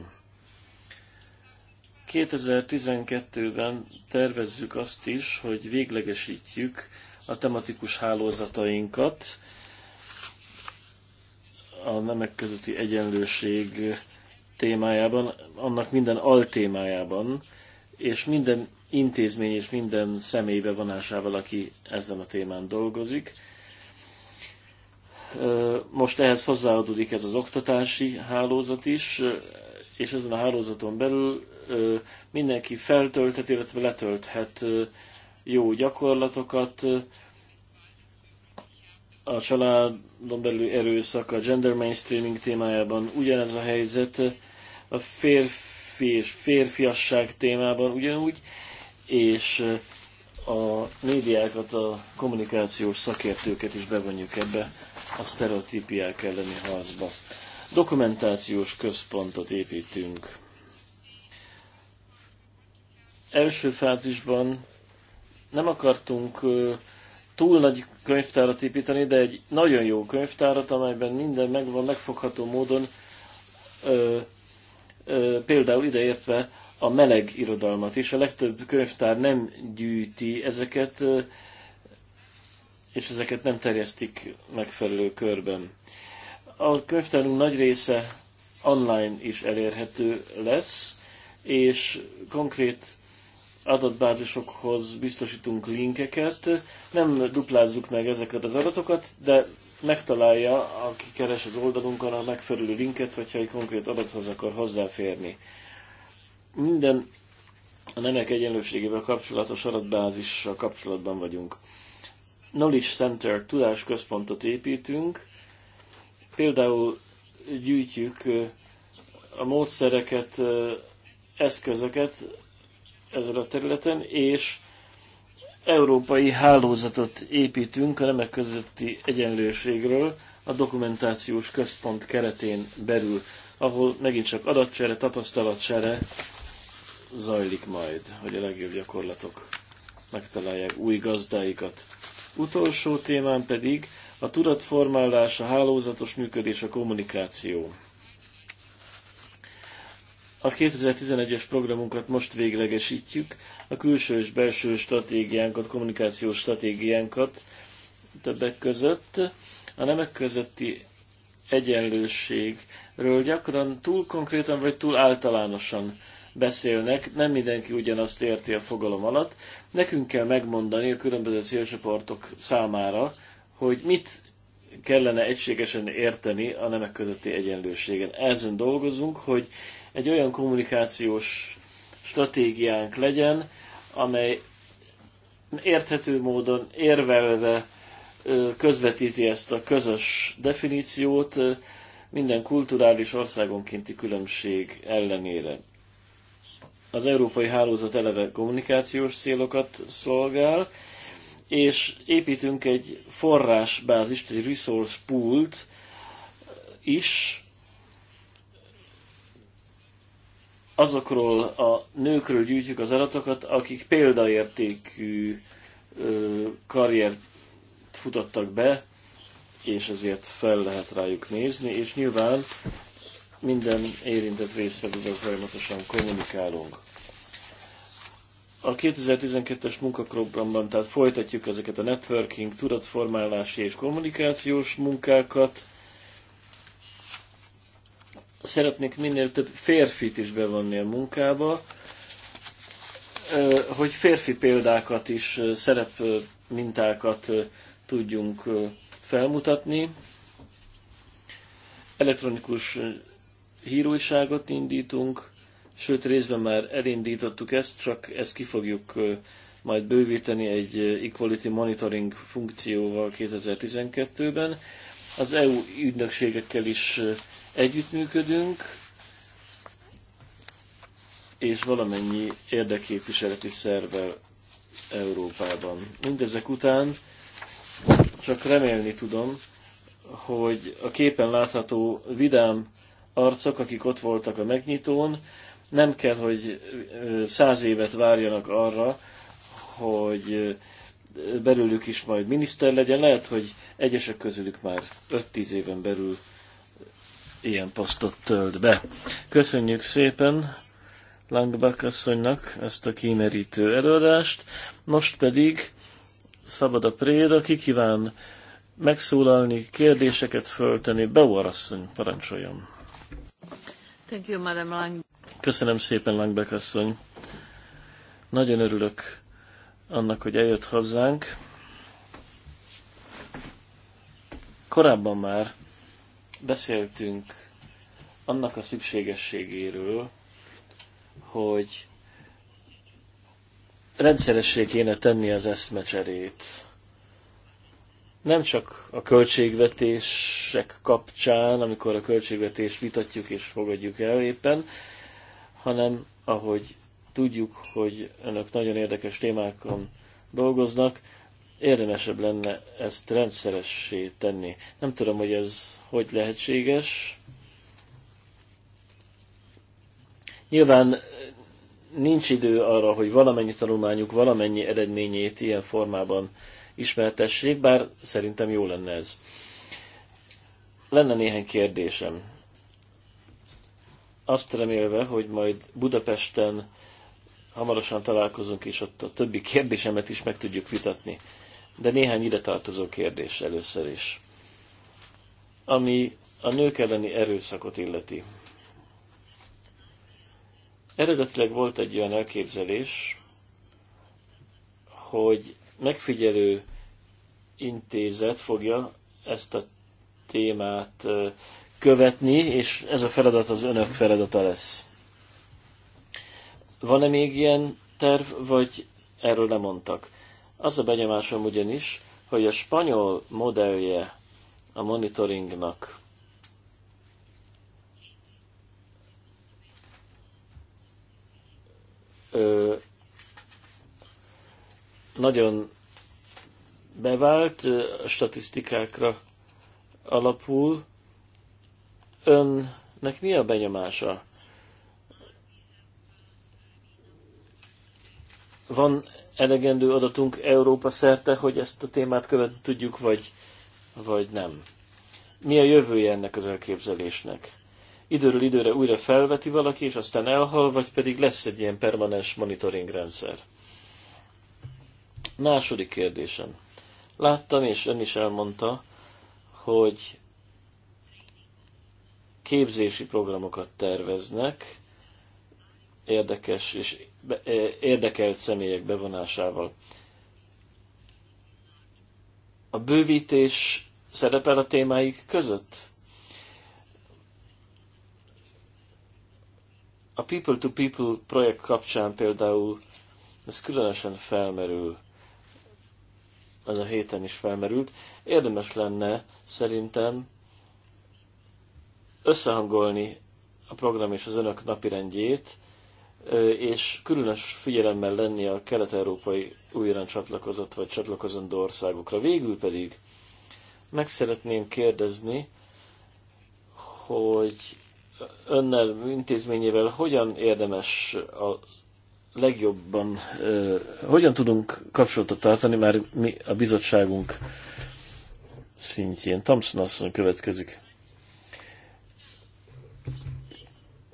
2012-ben tervezzük azt is, hogy véglegesítjük a tematikus hálózatainkat, a nemek közötti egyenlőség témájában, annak minden altémájában, és minden intézmény és minden személybe vonásával, aki ezen a témán dolgozik. Most ehhez hozzáadódik ez az oktatási hálózat is, és ezen a hálózaton belül mindenki feltölthet, illetve letölthet jó gyakorlatokat, a családon belül erőszak, a gender mainstreaming témájában ugyanez a helyzet, a férfi és férfiasság témában ugyanúgy, és a médiákat, a kommunikációs szakértőket is bevonjuk ebbe a sztereotípiák elleni harcba. Dokumentációs központot építünk. Első fázisban nem akartunk túl nagy könyvtárat építeni, de egy nagyon jó könyvtárat, amelyben minden megvan megfogható módon, ö, ö, például ideértve a meleg irodalmat is. A legtöbb könyvtár nem gyűjti ezeket, és ezeket nem terjesztik megfelelő körben. A könyvtárunk nagy része online is elérhető lesz, és konkrét adatbázisokhoz biztosítunk linkeket. Nem duplázzuk meg ezeket az adatokat, de megtalálja, aki keres az oldalunkon a megfelelő linket, hogyha egy konkrét adathoz akar hozzáférni. Minden a nemek egyenlőségével kapcsolatos adatbázissal kapcsolatban vagyunk. Knowledge Center tudásközpontot építünk, például gyűjtjük a módszereket, eszközöket ezen a területen, és európai hálózatot építünk a nemek közötti egyenlőségről a dokumentációs központ keretén belül, ahol megint csak adatcsere, tapasztalatcsere zajlik majd, hogy a legjobb gyakorlatok megtalálják új gazdáikat. Utolsó témán pedig a tudatformálás, a hálózatos működés, a kommunikáció. A 2011-es programunkat most véglegesítjük, a külső és belső stratégiánkat, kommunikációs stratégiánkat többek között. A nemek közötti egyenlőségről gyakran túl konkrétan vagy túl általánosan beszélnek, nem mindenki ugyanazt érti a fogalom alatt. Nekünk kell megmondani a különböző célcsoportok számára, hogy mit kellene egységesen érteni a nemek közötti egyenlőségen. Ezen dolgozunk, hogy egy olyan kommunikációs stratégiánk legyen, amely érthető módon érvelve közvetíti ezt a közös definíciót minden kulturális országonkénti különbség ellenére. Az európai hálózat eleve kommunikációs célokat szolgál, és építünk egy forrásbázist, egy resource poolt is, azokról a nőkről gyűjtjük az adatokat, akik példaértékű karriert futottak be, és ezért fel lehet rájuk nézni, és nyilván minden érintett részfelől folyamatosan kommunikálunk. A 2012-es munkaprogramban tehát folytatjuk ezeket a networking, tudatformálási és kommunikációs munkákat. Szeretnék minél több férfit is bevonni a munkába, hogy férfi példákat is, szerep mintákat tudjunk felmutatni. Elektronikus hírújságot indítunk, sőt részben már elindítottuk ezt, csak ezt ki fogjuk majd bővíteni egy Equality Monitoring funkcióval 2012-ben. Az EU ügynökségekkel is együttműködünk, és valamennyi érdekképviseleti szervvel Európában. Mindezek után csak remélni tudom, hogy a képen látható vidám arcok, akik ott voltak a megnyitón, nem kell, hogy száz évet várjanak arra, hogy belőlük is majd miniszter legyen. Lehet, hogy egyesek közülük már 5-10 éven belül ilyen posztot tölt be. Köszönjük szépen Langbach asszonynak ezt a kimerítő előadást. Most pedig szabad a préda, aki kíván megszólalni, kérdéseket fölteni. Bauer asszony, parancsoljon! Thank you, Madam Lang. Köszönöm szépen, Langbek asszony. Nagyon örülök annak, hogy eljött hozzánk. Korábban már beszéltünk annak a szükségességéről, hogy rendszeressé kéne tenni az eszmecserét nem csak a költségvetések kapcsán, amikor a költségvetést vitatjuk és fogadjuk el éppen, hanem ahogy tudjuk, hogy önök nagyon érdekes témákon dolgoznak, érdemesebb lenne ezt rendszeressé tenni. Nem tudom, hogy ez hogy lehetséges. Nyilván nincs idő arra, hogy valamennyi tanulmányuk valamennyi eredményét ilyen formában ismertessék, bár szerintem jó lenne ez. Lenne néhány kérdésem. Azt remélve, hogy majd Budapesten hamarosan találkozunk, és ott a többi kérdésemet is meg tudjuk vitatni. De néhány ide tartozó kérdés először is. Ami a nők elleni erőszakot illeti. Eredetileg volt egy olyan elképzelés, hogy megfigyelő intézet fogja ezt a témát követni, és ez a feladat az önök feladata lesz. Van-e még ilyen terv, vagy erről nem mondtak? Az a benyomásom ugyanis, hogy a spanyol modellje a monitoringnak ö, nagyon bevált, a statisztikákra alapul. Önnek mi a benyomása? Van elegendő adatunk Európa szerte, hogy ezt a témát követni tudjuk, vagy, vagy nem? Mi a jövője ennek az elképzelésnek? Időről időre újra felveti valaki, és aztán elhal, vagy pedig lesz egy ilyen permanens monitoring rendszer? Második kérdésem. Láttam, és ön is elmondta, hogy képzési programokat terveznek érdekes és eh, érdekelt személyek bevonásával. A bővítés szerepel a témáik között? A People to People projekt kapcsán például ez különösen felmerül ez a héten is felmerült. Érdemes lenne szerintem összehangolni a program és az önök napirendjét, és különös figyelemmel lenni a kelet-európai újra csatlakozott vagy csatlakozandó országokra. Végül pedig meg szeretném kérdezni, hogy önnel intézményével hogyan érdemes a legjobban, hogyan tudunk kapcsolatot tartani már mi a bizottságunk szintjén. Thompson asszony következik.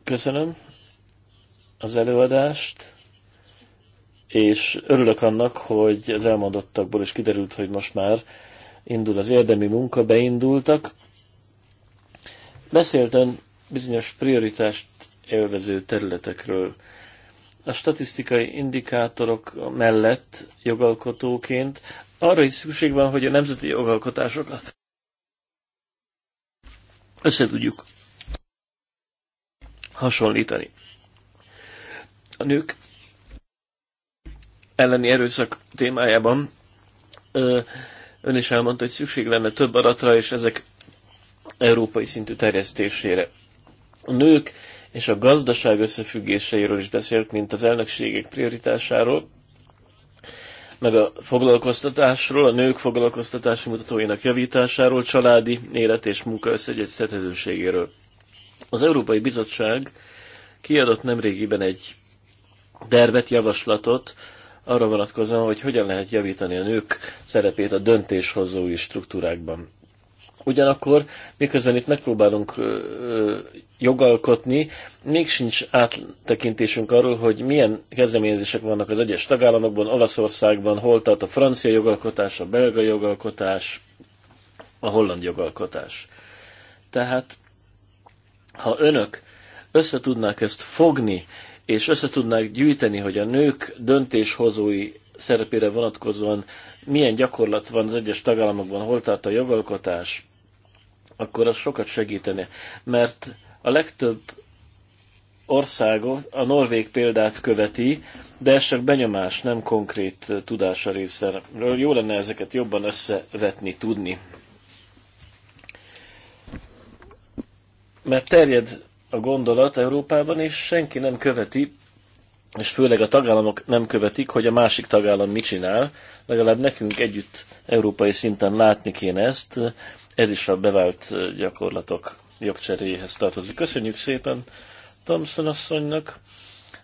Köszönöm az előadást, és örülök annak, hogy az elmondottakból is kiderült, hogy most már indul az érdemi munka, beindultak. Beszéltem bizonyos prioritást élvező területekről a statisztikai indikátorok mellett jogalkotóként arra is szükség van, hogy a nemzeti jogalkotásokat össze tudjuk hasonlítani. A nők elleni erőszak témájában ön is elmondta, hogy szükség lenne több adatra, és ezek európai szintű terjesztésére. A nők és a gazdaság összefüggéseiről is beszélt, mint az elnökségek prioritásáról, meg a foglalkoztatásról, a nők foglalkoztatási mutatóinak javításáról, családi élet és munka összeegyeztethetőségéről. Az Európai Bizottság kiadott nemrégiben egy tervet, javaslatot arra vonatkozóan, hogy hogyan lehet javítani a nők szerepét a döntéshozói struktúrákban. Ugyanakkor, miközben itt megpróbálunk jogalkotni, még sincs áttekintésünk arról, hogy milyen kezdeményezések vannak az egyes tagállamokban, Olaszországban, hol tart a francia jogalkotás, a belga jogalkotás, a holland jogalkotás. Tehát, ha önök összetudnák ezt fogni, és összetudnák gyűjteni, hogy a nők döntéshozói szerepére vonatkozóan milyen gyakorlat van az egyes tagállamokban, hol tart a jogalkotás, akkor az sokat segítene. Mert a legtöbb országot a Norvég példát követi, de ez csak benyomás, nem konkrét tudása része. Jó lenne ezeket jobban összevetni, tudni. Mert terjed a gondolat Európában, és senki nem követi, és főleg a tagállamok nem követik, hogy a másik tagállam mit csinál. Legalább nekünk együtt európai szinten látni kéne ezt, ez is a bevált gyakorlatok jobb cseréhez tartozik. Köszönjük szépen Thompson asszonynak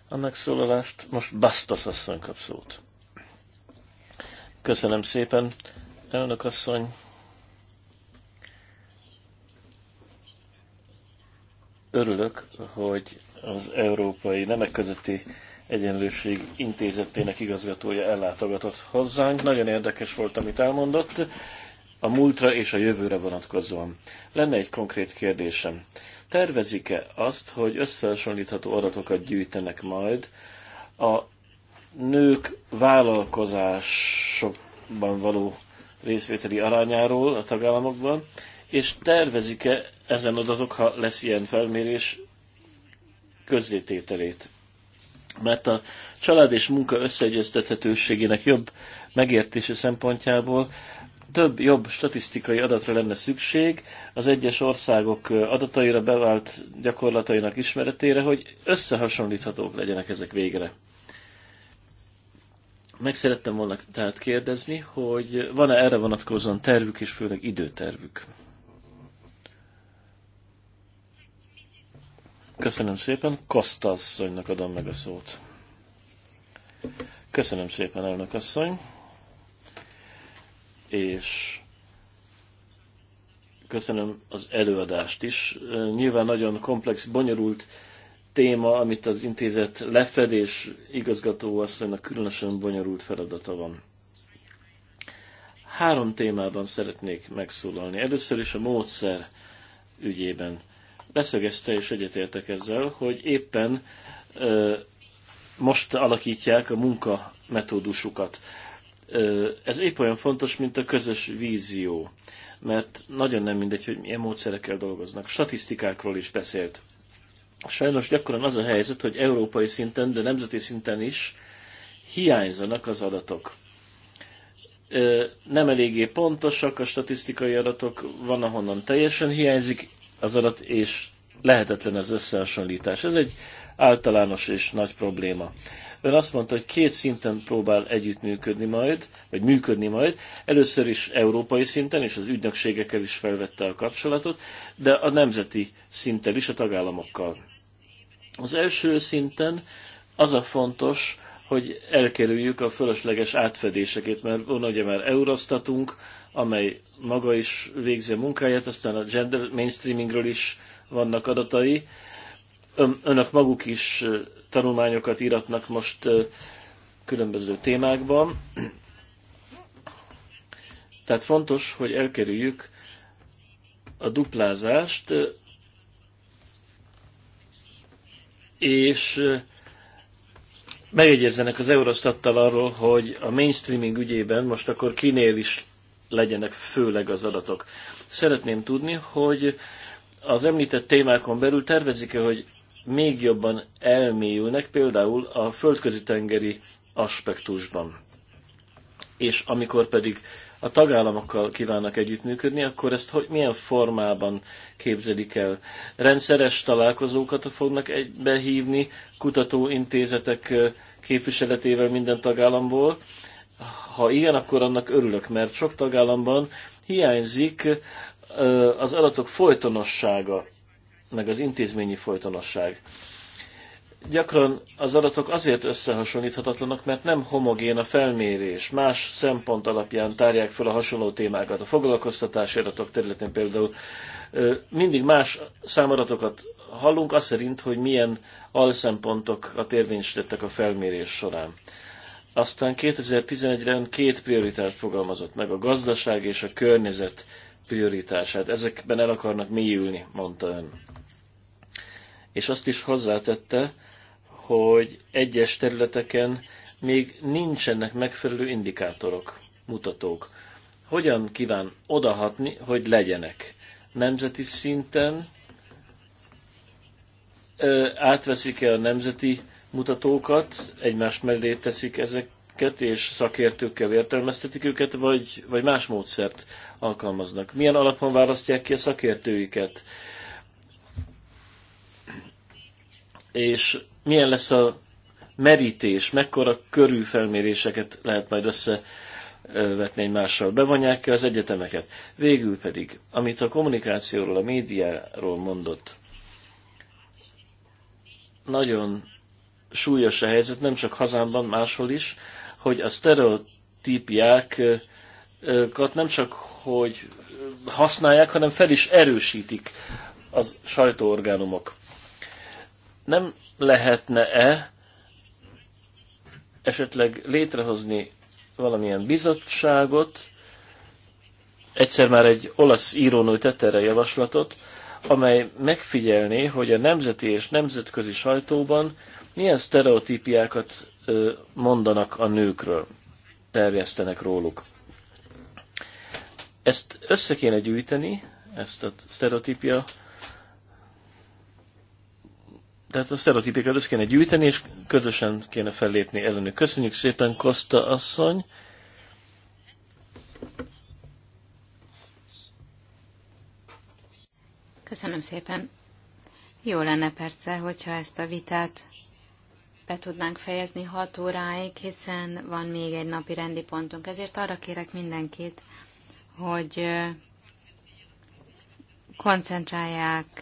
a megszólalást. Most Bastos asszony kap szót. Köszönöm szépen, elnök asszony. Örülök, hogy az Európai Nemek Közötti Egyenlőség Intézetének igazgatója ellátogatott hozzánk. Nagyon érdekes volt, amit elmondott, a múltra és a jövőre vonatkozóan. Lenne egy konkrét kérdésem. Tervezik-e azt, hogy összehasonlítható adatokat gyűjtenek majd a nők vállalkozásokban való részvételi arányáról a tagállamokban, és tervezik-e ezen adatok, ha lesz ilyen felmérés, közzétételét? Mert a család és munka összeegyeztethetőségének jobb megértése szempontjából több jobb statisztikai adatra lenne szükség az egyes országok adataira, bevált gyakorlatainak ismeretére, hogy összehasonlíthatók legyenek ezek végre. Meg szerettem volna tehát kérdezni, hogy van-e erre vonatkozóan tervük és főleg időtervük? Köszönöm szépen, Kostasszonynak adom meg a szót. Köszönöm szépen, elnök asszony és köszönöm az előadást is. Nyilván nagyon komplex, bonyolult téma, amit az intézet lefed, és igazgató asszonynak különösen bonyolult feladata van. Három témában szeretnék megszólalni. Először is a módszer ügyében. Leszögezte és egyetértek ezzel, hogy éppen ö, most alakítják a munkametódusukat. Ez épp olyan fontos, mint a közös vízió, mert nagyon nem mindegy, hogy milyen módszerekkel dolgoznak. Statisztikákról is beszélt. Sajnos gyakran az a helyzet, hogy európai szinten, de nemzeti szinten is hiányzanak az adatok nem eléggé pontosak a statisztikai adatok, van ahonnan teljesen hiányzik az adat, és lehetetlen az összehasonlítás. Ez egy általános és nagy probléma. Ön azt mondta, hogy két szinten próbál együttműködni majd, vagy működni majd. Először is európai szinten, és az ügynökségekkel is felvette a kapcsolatot, de a nemzeti szinten is, a tagállamokkal. Az első szinten az a fontos, hogy elkerüljük a fölösleges átfedéseket, mert van ugye már Eurostatunk, amely maga is végzi a munkáját, aztán a gender mainstreamingről is vannak adatai. Önök maguk is tanulmányokat íratnak most különböző témákban. Tehát fontos, hogy elkerüljük a duplázást, és megegyezzenek az Eurostattal arról, hogy a mainstreaming ügyében most akkor kinél is legyenek főleg az adatok. Szeretném tudni, hogy az említett témákon belül tervezik-e, hogy még jobban elmélyülnek, például a földközi-tengeri aspektusban. És amikor pedig a tagállamokkal kívánnak együttműködni, akkor ezt hogy milyen formában képzelik el? Rendszeres találkozókat fognak egybehívni kutatóintézetek képviseletével minden tagállamból? Ha igen, akkor annak örülök, mert sok tagállamban hiányzik az adatok folytonossága meg az intézményi folytonosság. Gyakran az adatok azért összehasonlíthatatlanak, mert nem homogén a felmérés. Más szempont alapján tárják fel a hasonló témákat. A foglalkoztatási adatok területén például mindig más számadatokat hallunk, az szerint, hogy milyen alszempontokat érvényesítettek a felmérés során. Aztán 2011-ben két prioritást fogalmazott meg, a gazdaság és a környezet prioritását. Ezekben el akarnak mélyülni, mondta ön és azt is hozzátette, hogy egyes területeken még nincsenek megfelelő indikátorok, mutatók. Hogyan kíván odahatni, hogy legyenek? Nemzeti szinten ö, átveszik-e a nemzeti mutatókat, egymás mellé teszik ezeket, és szakértőkkel értelmeztetik őket, vagy, vagy más módszert alkalmaznak? Milyen alapon választják ki a szakértőiket? Ö, és milyen lesz a merítés, mekkora körű felméréseket lehet majd összevetni egymással, bevonják ki az egyetemeket. Végül pedig, amit a kommunikációról, a médiáról mondott, nagyon súlyos a helyzet, nem csak hazámban, máshol is, hogy a sztereotípiákat nem csak, hogy használják, hanem fel is erősítik az sajtóorgánumok nem lehetne-e esetleg létrehozni valamilyen bizottságot, egyszer már egy olasz írónő tette erre javaslatot, amely megfigyelné, hogy a nemzeti és nemzetközi sajtóban milyen sztereotípiákat mondanak a nőkről, terjesztenek róluk. Ezt össze kéne gyűjteni, ezt a sztereotípia tehát a sztereotípéket össze kéne gyűjteni, és közösen kéne fellépni ellenük. Köszönjük szépen, Kosta asszony! Köszönöm szépen. Jó lenne persze, hogyha ezt a vitát be tudnánk fejezni 6 óráig, hiszen van még egy napi rendi pontunk. Ezért arra kérek mindenkit, hogy koncentrálják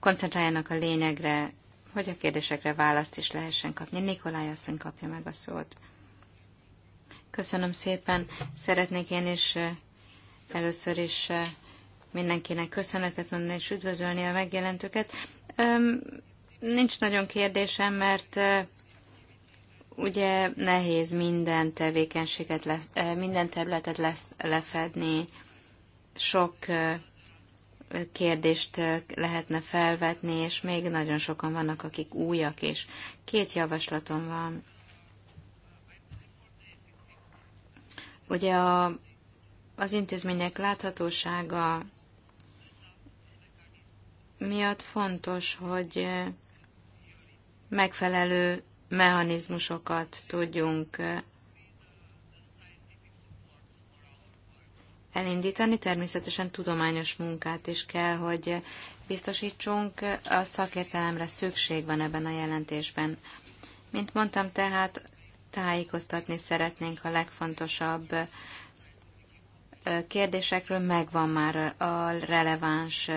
koncentráljanak a lényegre, hogy a kérdésekre választ is lehessen kapni. Nikolaj asszony kapja meg a szót. Köszönöm szépen. Szeretnék én is eh, először is eh, mindenkinek köszönetet mondani és üdvözölni a megjelentőket. Nincs nagyon kérdésem, mert eh, ugye nehéz minden tevékenységet, minden területet lesz, lefedni, sok kérdést lehetne felvetni, és még nagyon sokan vannak, akik újak és Két javaslatom van. Ugye a, az intézmények láthatósága miatt fontos, hogy megfelelő mechanizmusokat tudjunk elindítani. Természetesen tudományos munkát is kell, hogy biztosítsunk. A szakértelemre szükség van ebben a jelentésben. Mint mondtam, tehát tájékoztatni szeretnénk a legfontosabb kérdésekről, megvan már a releváns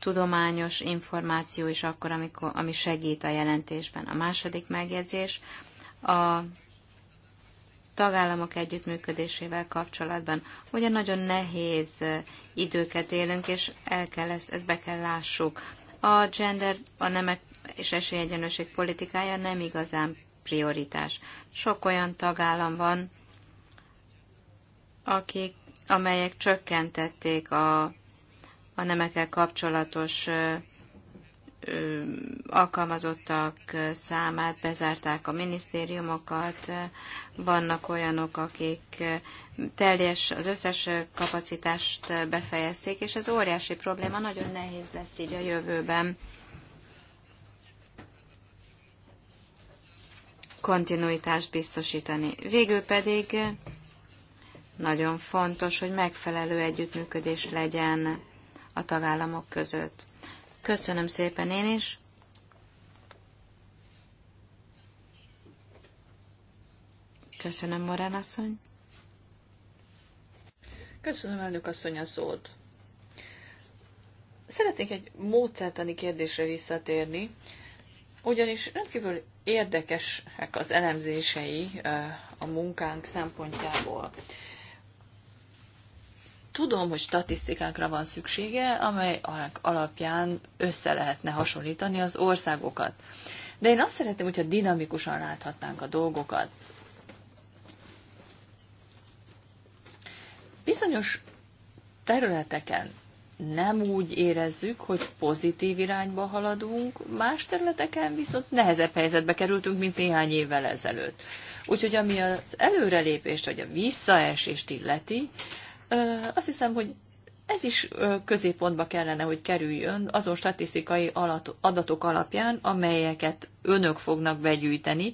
tudományos információ is akkor, amikor, ami segít a jelentésben. A második megjegyzés a tagállamok együttműködésével kapcsolatban. Ugye nagyon nehéz időket élünk, és el kell ezt, ezt be kell lássuk. A gender, a nemek és esélyegyenlőség politikája nem igazán prioritás. Sok olyan tagállam van, akik, amelyek csökkentették a, a nemekkel kapcsolatos alkalmazottak számát, bezárták a minisztériumokat, vannak olyanok, akik teljes, az összes kapacitást befejezték, és ez óriási probléma, nagyon nehéz lesz így a jövőben. kontinuitást biztosítani. Végül pedig nagyon fontos, hogy megfelelő együttműködés legyen a tagállamok között. Köszönöm szépen én is. Köszönöm, Morán asszony. Köszönöm, elnök asszony, a szót. Szeretnék egy módszertani kérdésre visszatérni, ugyanis rendkívül érdekesek az elemzései eh, a munkánk szempontjából. Tudom, hogy statisztikákra van szüksége, amely alapján össze lehetne hasonlítani az országokat. De én azt szeretném, hogyha dinamikusan láthatnánk a dolgokat. Bizonyos területeken nem úgy érezzük, hogy pozitív irányba haladunk, más területeken viszont nehezebb helyzetbe kerültünk, mint néhány évvel ezelőtt. Úgyhogy ami az előrelépést vagy a visszaesést illeti, azt hiszem, hogy ez is középpontba kellene, hogy kerüljön azon statisztikai adatok alapján, amelyeket önök fognak begyűjteni,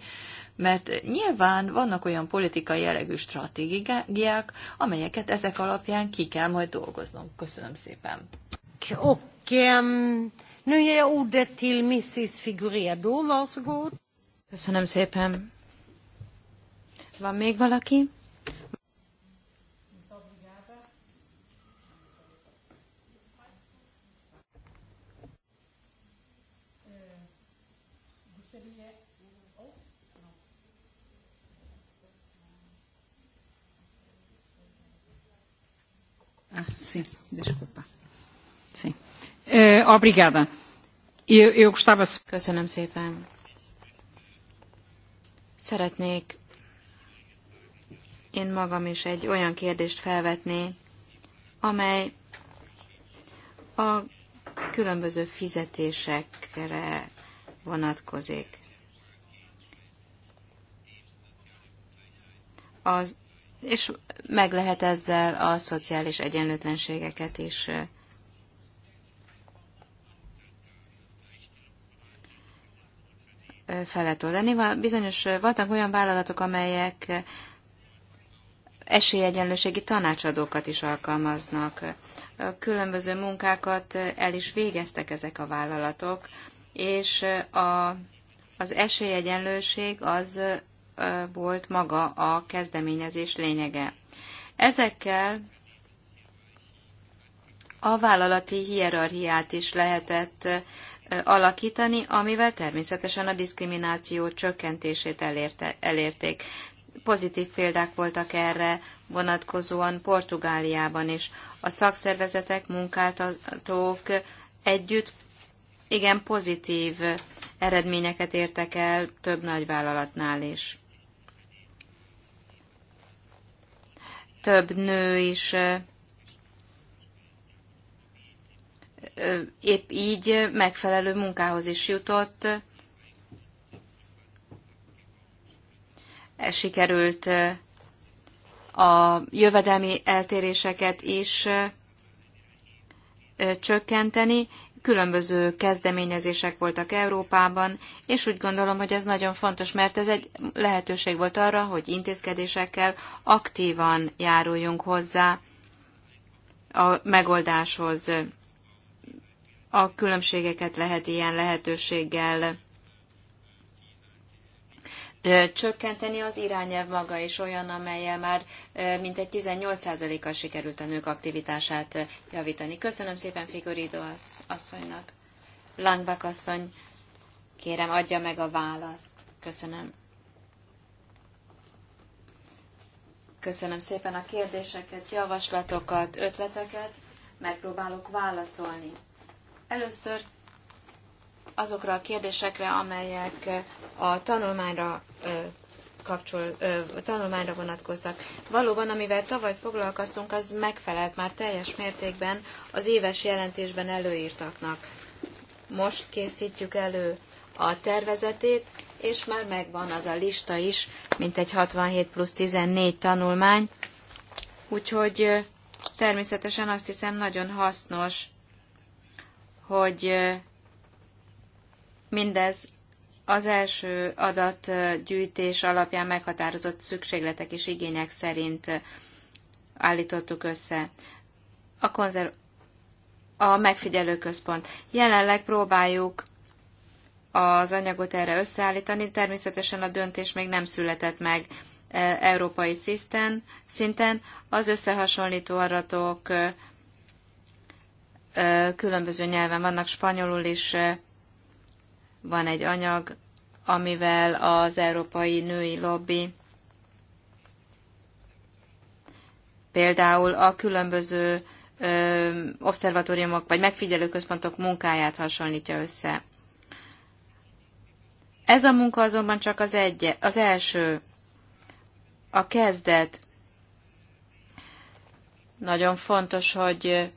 mert nyilván vannak olyan politikai jellegű stratégiák, amelyeket ezek alapján ki kell majd dolgoznom. Köszönöm szépen. Ehm, ordet Köszönöm szépen. Van még valaki? Ah, desculpa. Sim. Uh, obrigada. Eu, eu gostava... Köszönöm szépen. Szeretnék én magam is egy olyan kérdést felvetni, amely a különböző fizetésekre vonatkozik. Az és meg lehet ezzel a szociális egyenlőtlenségeket is feletoldani. Bizonyos voltak olyan vállalatok, amelyek esélyegyenlőségi tanácsadókat is alkalmaznak. Különböző munkákat el is végeztek ezek a vállalatok, és a, az esélyegyenlőség az volt maga a kezdeményezés lényege. Ezekkel a vállalati hierarchiát is lehetett alakítani, amivel természetesen a diszkrimináció csökkentését elérte, elérték. Pozitív példák voltak erre vonatkozóan Portugáliában is. A szakszervezetek, munkáltatók együtt igen pozitív eredményeket értek el több nagyvállalatnál is. több nő is épp így megfelelő munkához is jutott. Sikerült a jövedelmi eltéréseket is csökkenteni, Különböző kezdeményezések voltak Európában, és úgy gondolom, hogy ez nagyon fontos, mert ez egy lehetőség volt arra, hogy intézkedésekkel aktívan járuljunk hozzá a megoldáshoz. A különbségeket lehet ilyen lehetőséggel csökkenteni az irányelv maga is olyan, amelyel már mintegy 18%-kal sikerült a nők aktivitását javítani. Köszönöm szépen Figurido asszonynak. Langbak asszony, kérem adja meg a választ. Köszönöm. Köszönöm szépen a kérdéseket, javaslatokat, ötleteket. Megpróbálok válaszolni. Először azokra a kérdésekre, amelyek eh, a tanulmányra eh, kapcsol, eh, tanulmányra vonatkoztak. Valóban, amivel tavaly foglalkoztunk, az megfelelt már teljes mértékben az éves jelentésben előírtaknak. Most készítjük elő a tervezetét, és már megvan az a lista is, mint egy 67 plusz 14 tanulmány, úgyhogy természetesen azt hiszem nagyon hasznos, hogy Mindez az első adatgyűjtés alapján meghatározott szükségletek és igények szerint állítottuk össze. A, konzerv a megfigyelőközpont. Jelenleg próbáljuk az anyagot erre összeállítani. Természetesen a döntés még nem született meg e, európai szinten. szinten az összehasonlító adatok e, különböző nyelven vannak, spanyolul is, e, van egy anyag, amivel az európai női lobby például a különböző ö, obszervatóriumok vagy megfigyelőközpontok munkáját hasonlítja össze. Ez a munka azonban csak az, egy, az első, a kezdet. Nagyon fontos, hogy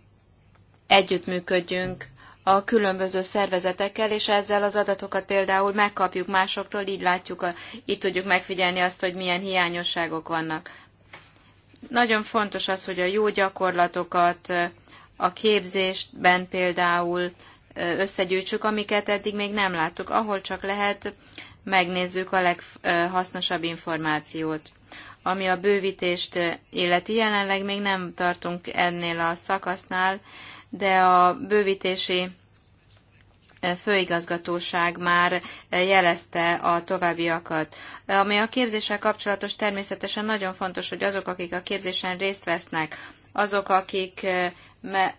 együttműködjünk a különböző szervezetekkel, és ezzel az adatokat például megkapjuk másoktól, így látjuk, így tudjuk megfigyelni azt, hogy milyen hiányosságok vannak. Nagyon fontos az, hogy a jó gyakorlatokat a képzésben például összegyűjtsük, amiket eddig még nem láttuk, ahol csak lehet, megnézzük a leghasznosabb információt. Ami a bővítést illeti, jelenleg még nem tartunk ennél a szakasznál, de a bővítési eh, főigazgatóság már eh, jelezte a továbbiakat. Ami a képzéssel kapcsolatos, természetesen nagyon fontos, hogy azok, akik a képzésen részt vesznek, azok, akik eh, me,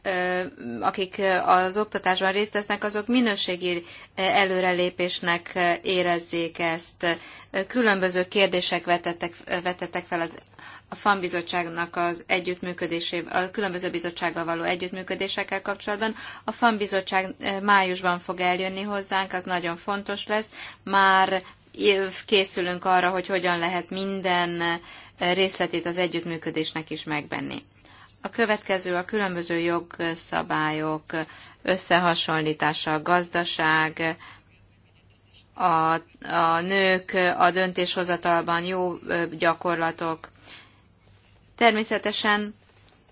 akik az oktatásban részt vesznek, azok minőségi előrelépésnek érezzék ezt. Különböző kérdések vetettek, vetettek fel az a FAM bizottságnak az együttműködésével, a különböző bizottsággal való együttműködésekkel kapcsolatban. A FAM bizottság eh, májusban fog eljönni hozzánk, az nagyon fontos lesz. Már készülünk arra, hogy hogyan lehet minden eh, részletét az együttműködésnek is megbenni. A következő a különböző jogszabályok összehasonlítása a gazdaság, a, a nők a döntéshozatalban jó eh, gyakorlatok. Természetesen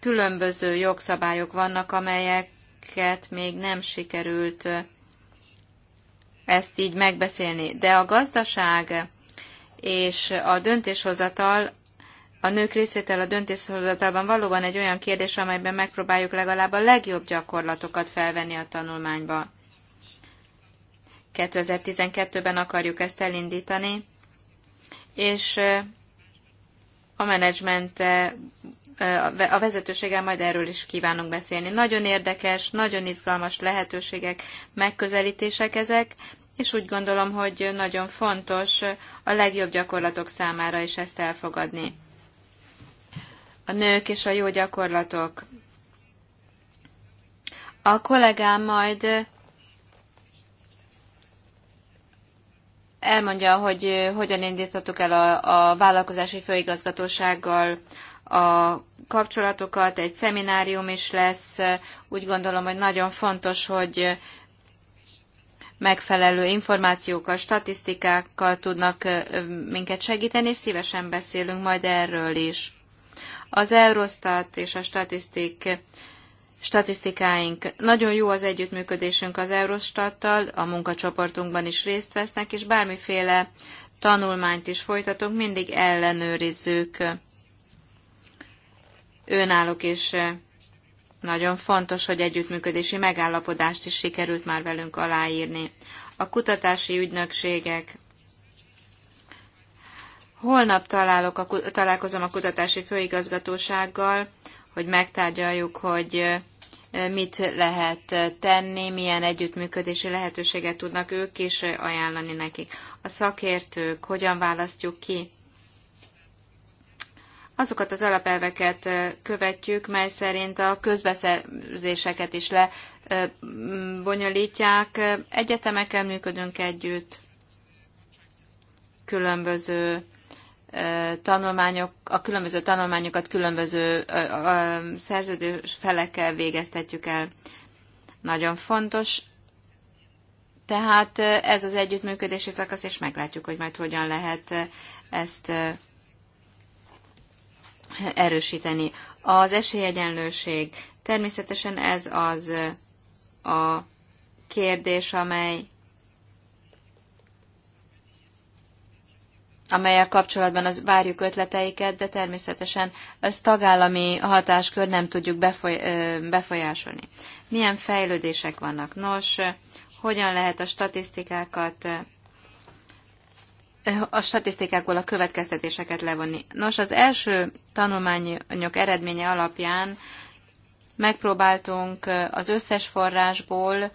különböző jogszabályok vannak, amelyeket még nem sikerült ezt így megbeszélni. De a gazdaság és a döntéshozatal, a nők részvétel a döntéshozatalban valóban egy olyan kérdés, amelyben megpróbáljuk legalább a legjobb gyakorlatokat felvenni a tanulmányba. 2012-ben akarjuk ezt elindítani, és a menedzsment, a vezetőséggel majd erről is kívánunk beszélni. Nagyon érdekes, nagyon izgalmas lehetőségek, megközelítések ezek, és úgy gondolom, hogy nagyon fontos a legjobb gyakorlatok számára is ezt elfogadni. A nők és a jó gyakorlatok. A kollégám majd elmondja, hogy hogyan indítottuk el a, a vállalkozási főigazgatósággal a kapcsolatokat, egy szeminárium is lesz. Úgy gondolom, hogy nagyon fontos, hogy megfelelő információkkal, statisztikákkal tudnak minket segíteni, és szívesen beszélünk majd erről is. Az Eurostat és a statisztik statisztikáink. Nagyon jó az együttműködésünk az Eurostattal, a munkacsoportunkban is részt vesznek, és bármiféle tanulmányt is folytatunk, mindig ellenőrizzük önállók, és eh, nagyon fontos, hogy együttműködési megállapodást is sikerült már velünk aláírni. A kutatási ügynökségek Holnap találok a, találkozom a kutatási főigazgatósággal, hogy megtárgyaljuk, hogy eh, mit lehet tenni, milyen együttműködési lehetőséget tudnak ők is ajánlani nekik. A szakértők, hogyan választjuk ki? Azokat az alapelveket követjük, mely szerint a közbeszerzéseket is lebonyolítják. Egyetemekkel működünk együtt, különböző tanulmányok, a különböző tanulmányokat különböző szerződés felekkel végeztetjük el. Nagyon fontos. Tehát ez az együttműködési szakasz, és meglátjuk, hogy majd hogyan lehet ezt erősíteni. Az esélyegyenlőség. Természetesen ez az a kérdés, amely amelyek kapcsolatban az várjuk ötleteiket, de természetesen ez tagállami hatáskör nem tudjuk befoly, befolyásolni. Milyen fejlődések vannak? Nos, hogyan lehet a statisztikákat a statisztikákból a következtetéseket levonni. Nos, az első tanulmányok eredménye alapján megpróbáltunk az összes forrásból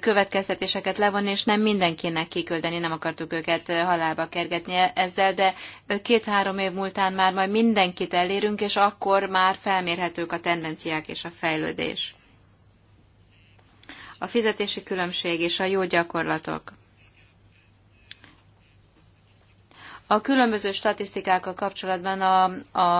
következtetéseket levonni, és nem mindenkinek kiküldeni, nem akartuk őket halálba kergetni ezzel, de két-három év múltán már majd mindenkit elérünk, és akkor már felmérhetők a tendenciák és a fejlődés. A fizetési különbség és a jó gyakorlatok. A különböző statisztikákkal kapcsolatban a,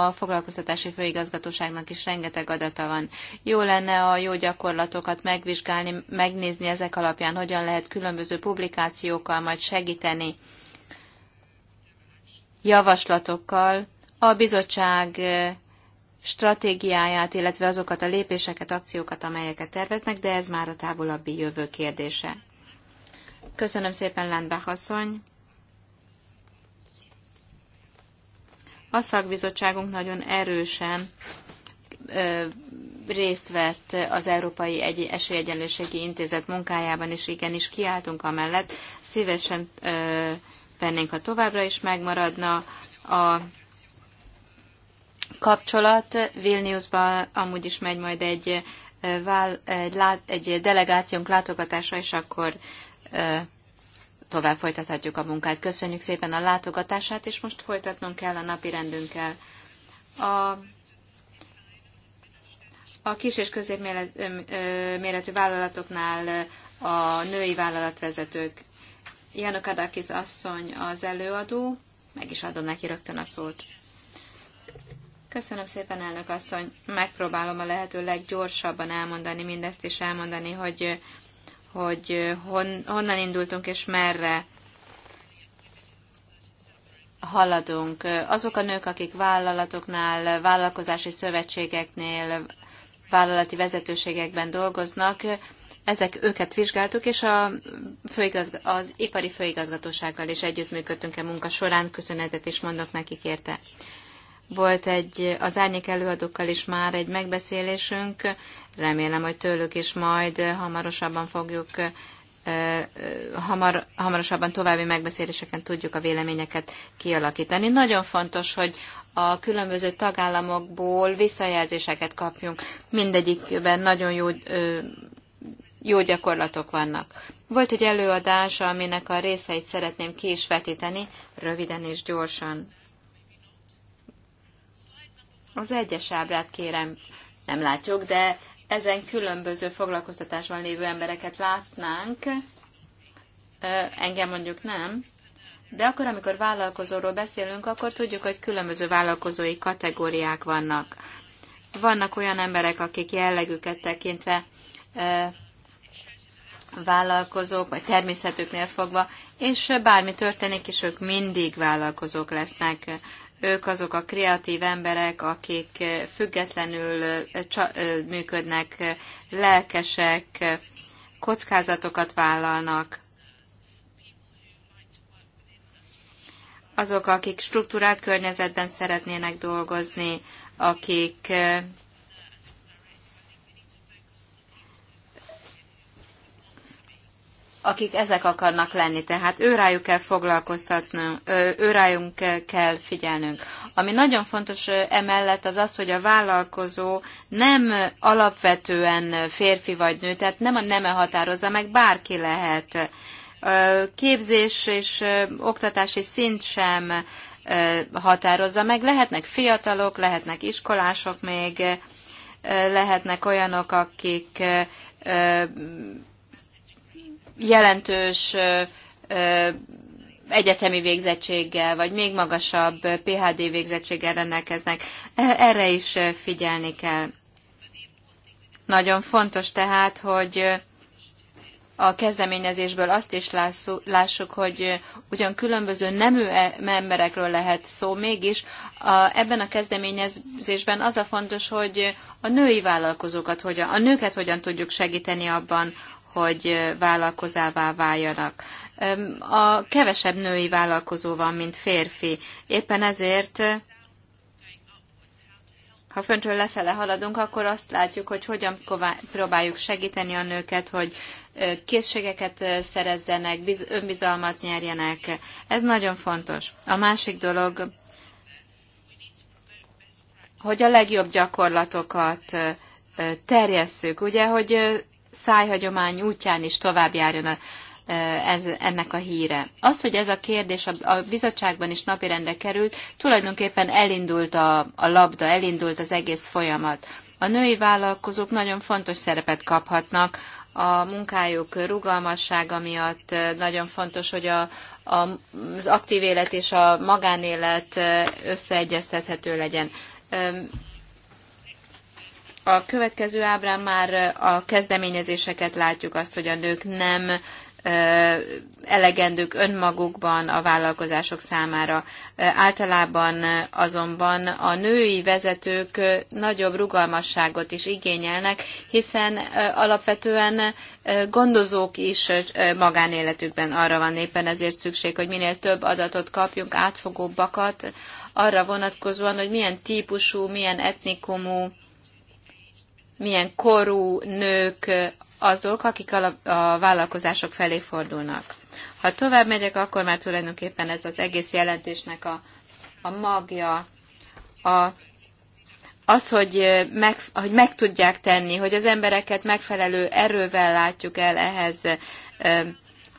a foglalkoztatási főigazgatóságnak is rengeteg adata van. Jó lenne a jó gyakorlatokat megvizsgálni, megnézni ezek alapján, hogyan lehet különböző publikációkkal majd segíteni, javaslatokkal a bizottság stratégiáját, illetve azokat a lépéseket, akciókat, amelyeket terveznek, de ez már a távolabbi jövő kérdése. Köszönöm szépen, Lendbach asszony! A szakbizottságunk nagyon erősen részt vett az Európai Esélyegyenlőségi Intézet munkájában, és igenis kiálltunk amellett. Szívesen vennénk, ha továbbra is megmaradna a kapcsolat. Vilniusban amúgy is megy majd egy, egy, egy delegációnk látogatása, és akkor tovább folytathatjuk a munkát. Köszönjük szépen a látogatását, és most folytatnunk kell a napi rendünkkel. A a kis és középméretű vállalatoknál a női vállalatvezetők. Janok Adakis asszony az előadó, meg is adom neki rögtön a szót. Köszönöm szépen, elnök asszony. Megpróbálom a lehető leggyorsabban elmondani mindezt, és elmondani, hogy hogy hon, honnan indultunk és merre haladunk. Azok a nők, akik vállalatoknál, vállalkozási szövetségeknél, vállalati vezetőségekben dolgoznak, ezek őket vizsgáltuk, és a főigazg- az ipari főigazgatósággal is együttműködtünk a e munka során, köszönetet is mondok nekik érte. Volt egy, az árnyék előadókkal is már egy megbeszélésünk, Remélem, hogy tőlük is majd eh, hamarosabban fogjuk eh, eh, hamar, hamarosabban további megbeszéléseken tudjuk a véleményeket kialakítani. Nagyon fontos, hogy a különböző tagállamokból visszajelzéseket kapjunk. Mindegyikben nagyon jó, jó gyakorlatok vannak. Volt egy előadás, aminek a részeit szeretném ki is vetíteni, röviden és gyorsan. Az egyes ábrát kérem, nem látjuk, de ezen különböző foglalkoztatásban lévő embereket látnánk, engem mondjuk nem, de akkor, amikor vállalkozóról beszélünk, akkor tudjuk, hogy különböző vállalkozói kategóriák vannak. Vannak olyan emberek, akik jellegüket tekintve vállalkozók, vagy természetüknél fogva, és bármi történik, és ők mindig vállalkozók lesznek. Ők azok a kreatív emberek, akik függetlenül működnek, lelkesek, kockázatokat vállalnak. Azok, akik struktúrált környezetben szeretnének dolgozni, akik akik ezek akarnak lenni, tehát őrájuk kell foglalkoztatnunk, őrájunk kell figyelnünk. Ami nagyon fontos emellett az az, hogy a vállalkozó nem alapvetően férfi vagy nő, tehát nem a neme határozza meg, bárki lehet. Képzés és oktatási szint sem határozza meg, lehetnek fiatalok, lehetnek iskolások még, lehetnek olyanok, akik jelentős egyetemi végzettséggel, vagy még magasabb PHD végzettséggel rendelkeznek. Erre is figyelni kell. Nagyon fontos tehát, hogy a kezdeményezésből azt is lássuk, hogy ugyan különböző nemű e, emberekről lehet szó, mégis ebben a kezdeményezésben az a fontos, hogy a női vállalkozókat, hogyan, a nőket hogyan tudjuk segíteni abban, hogy vállalkozává váljanak. A kevesebb női vállalkozó van, mint férfi. Éppen ezért ha föntről lefele haladunk, akkor azt látjuk, hogy hogyan próbáljuk segíteni a nőket, hogy készségeket szerezzenek, önbizalmat nyerjenek. Ez nagyon fontos. A másik dolog, hogy a legjobb gyakorlatokat terjesszük. Ugye, hogy szájhagyomány útján is tovább járjon a, e, ez, ennek a híre. Az, hogy ez a kérdés a, a bizottságban is napirendre került, tulajdonképpen elindult a, a labda, elindult az egész folyamat. A női vállalkozók nagyon fontos szerepet kaphatnak a munkájuk rugalmassága miatt e, nagyon fontos, hogy a, a, az aktív élet és a magánélet e, összeegyeztethető legyen. A következő ábrán már a kezdeményezéseket látjuk azt, hogy a nők nem elegendők önmagukban a vállalkozások számára. Általában azonban a női vezetők nagyobb rugalmasságot is igényelnek, hiszen alapvetően gondozók is magánéletükben arra van éppen ezért szükség, hogy minél több adatot kapjunk, átfogóbbakat arra vonatkozóan, hogy milyen típusú, milyen etnikumú, milyen korú nők azok, akik a, a vállalkozások felé fordulnak. Ha tovább megyek, akkor már tulajdonképpen ez az egész jelentésnek a, a magja, a, az, hogy meg, hogy meg tudják tenni, hogy az embereket megfelelő erővel látjuk el ehhez,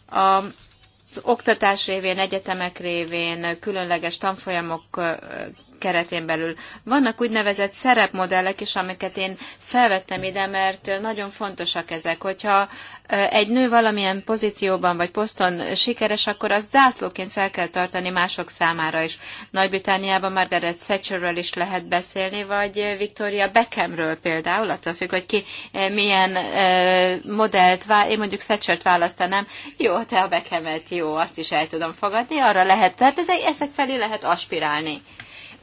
a, az oktatás révén, egyetemek révén, különleges tanfolyamok keretén belül. Vannak úgynevezett szerepmodellek is, amiket én felvettem ide, mert nagyon fontosak ezek. Hogyha egy nő valamilyen pozícióban vagy poszton sikeres, akkor azt zászlóként fel kell tartani mások számára is. Nagy-Britániában Margaret Thatcherről is lehet beszélni, vagy Victoria Beckhamről például, attól függ, hogy ki milyen modellt, én mondjuk Thatchert választanám, jó, te a Beckhamet, jó, azt is el tudom fogadni, arra lehet, tehát ezek felé lehet aspirálni.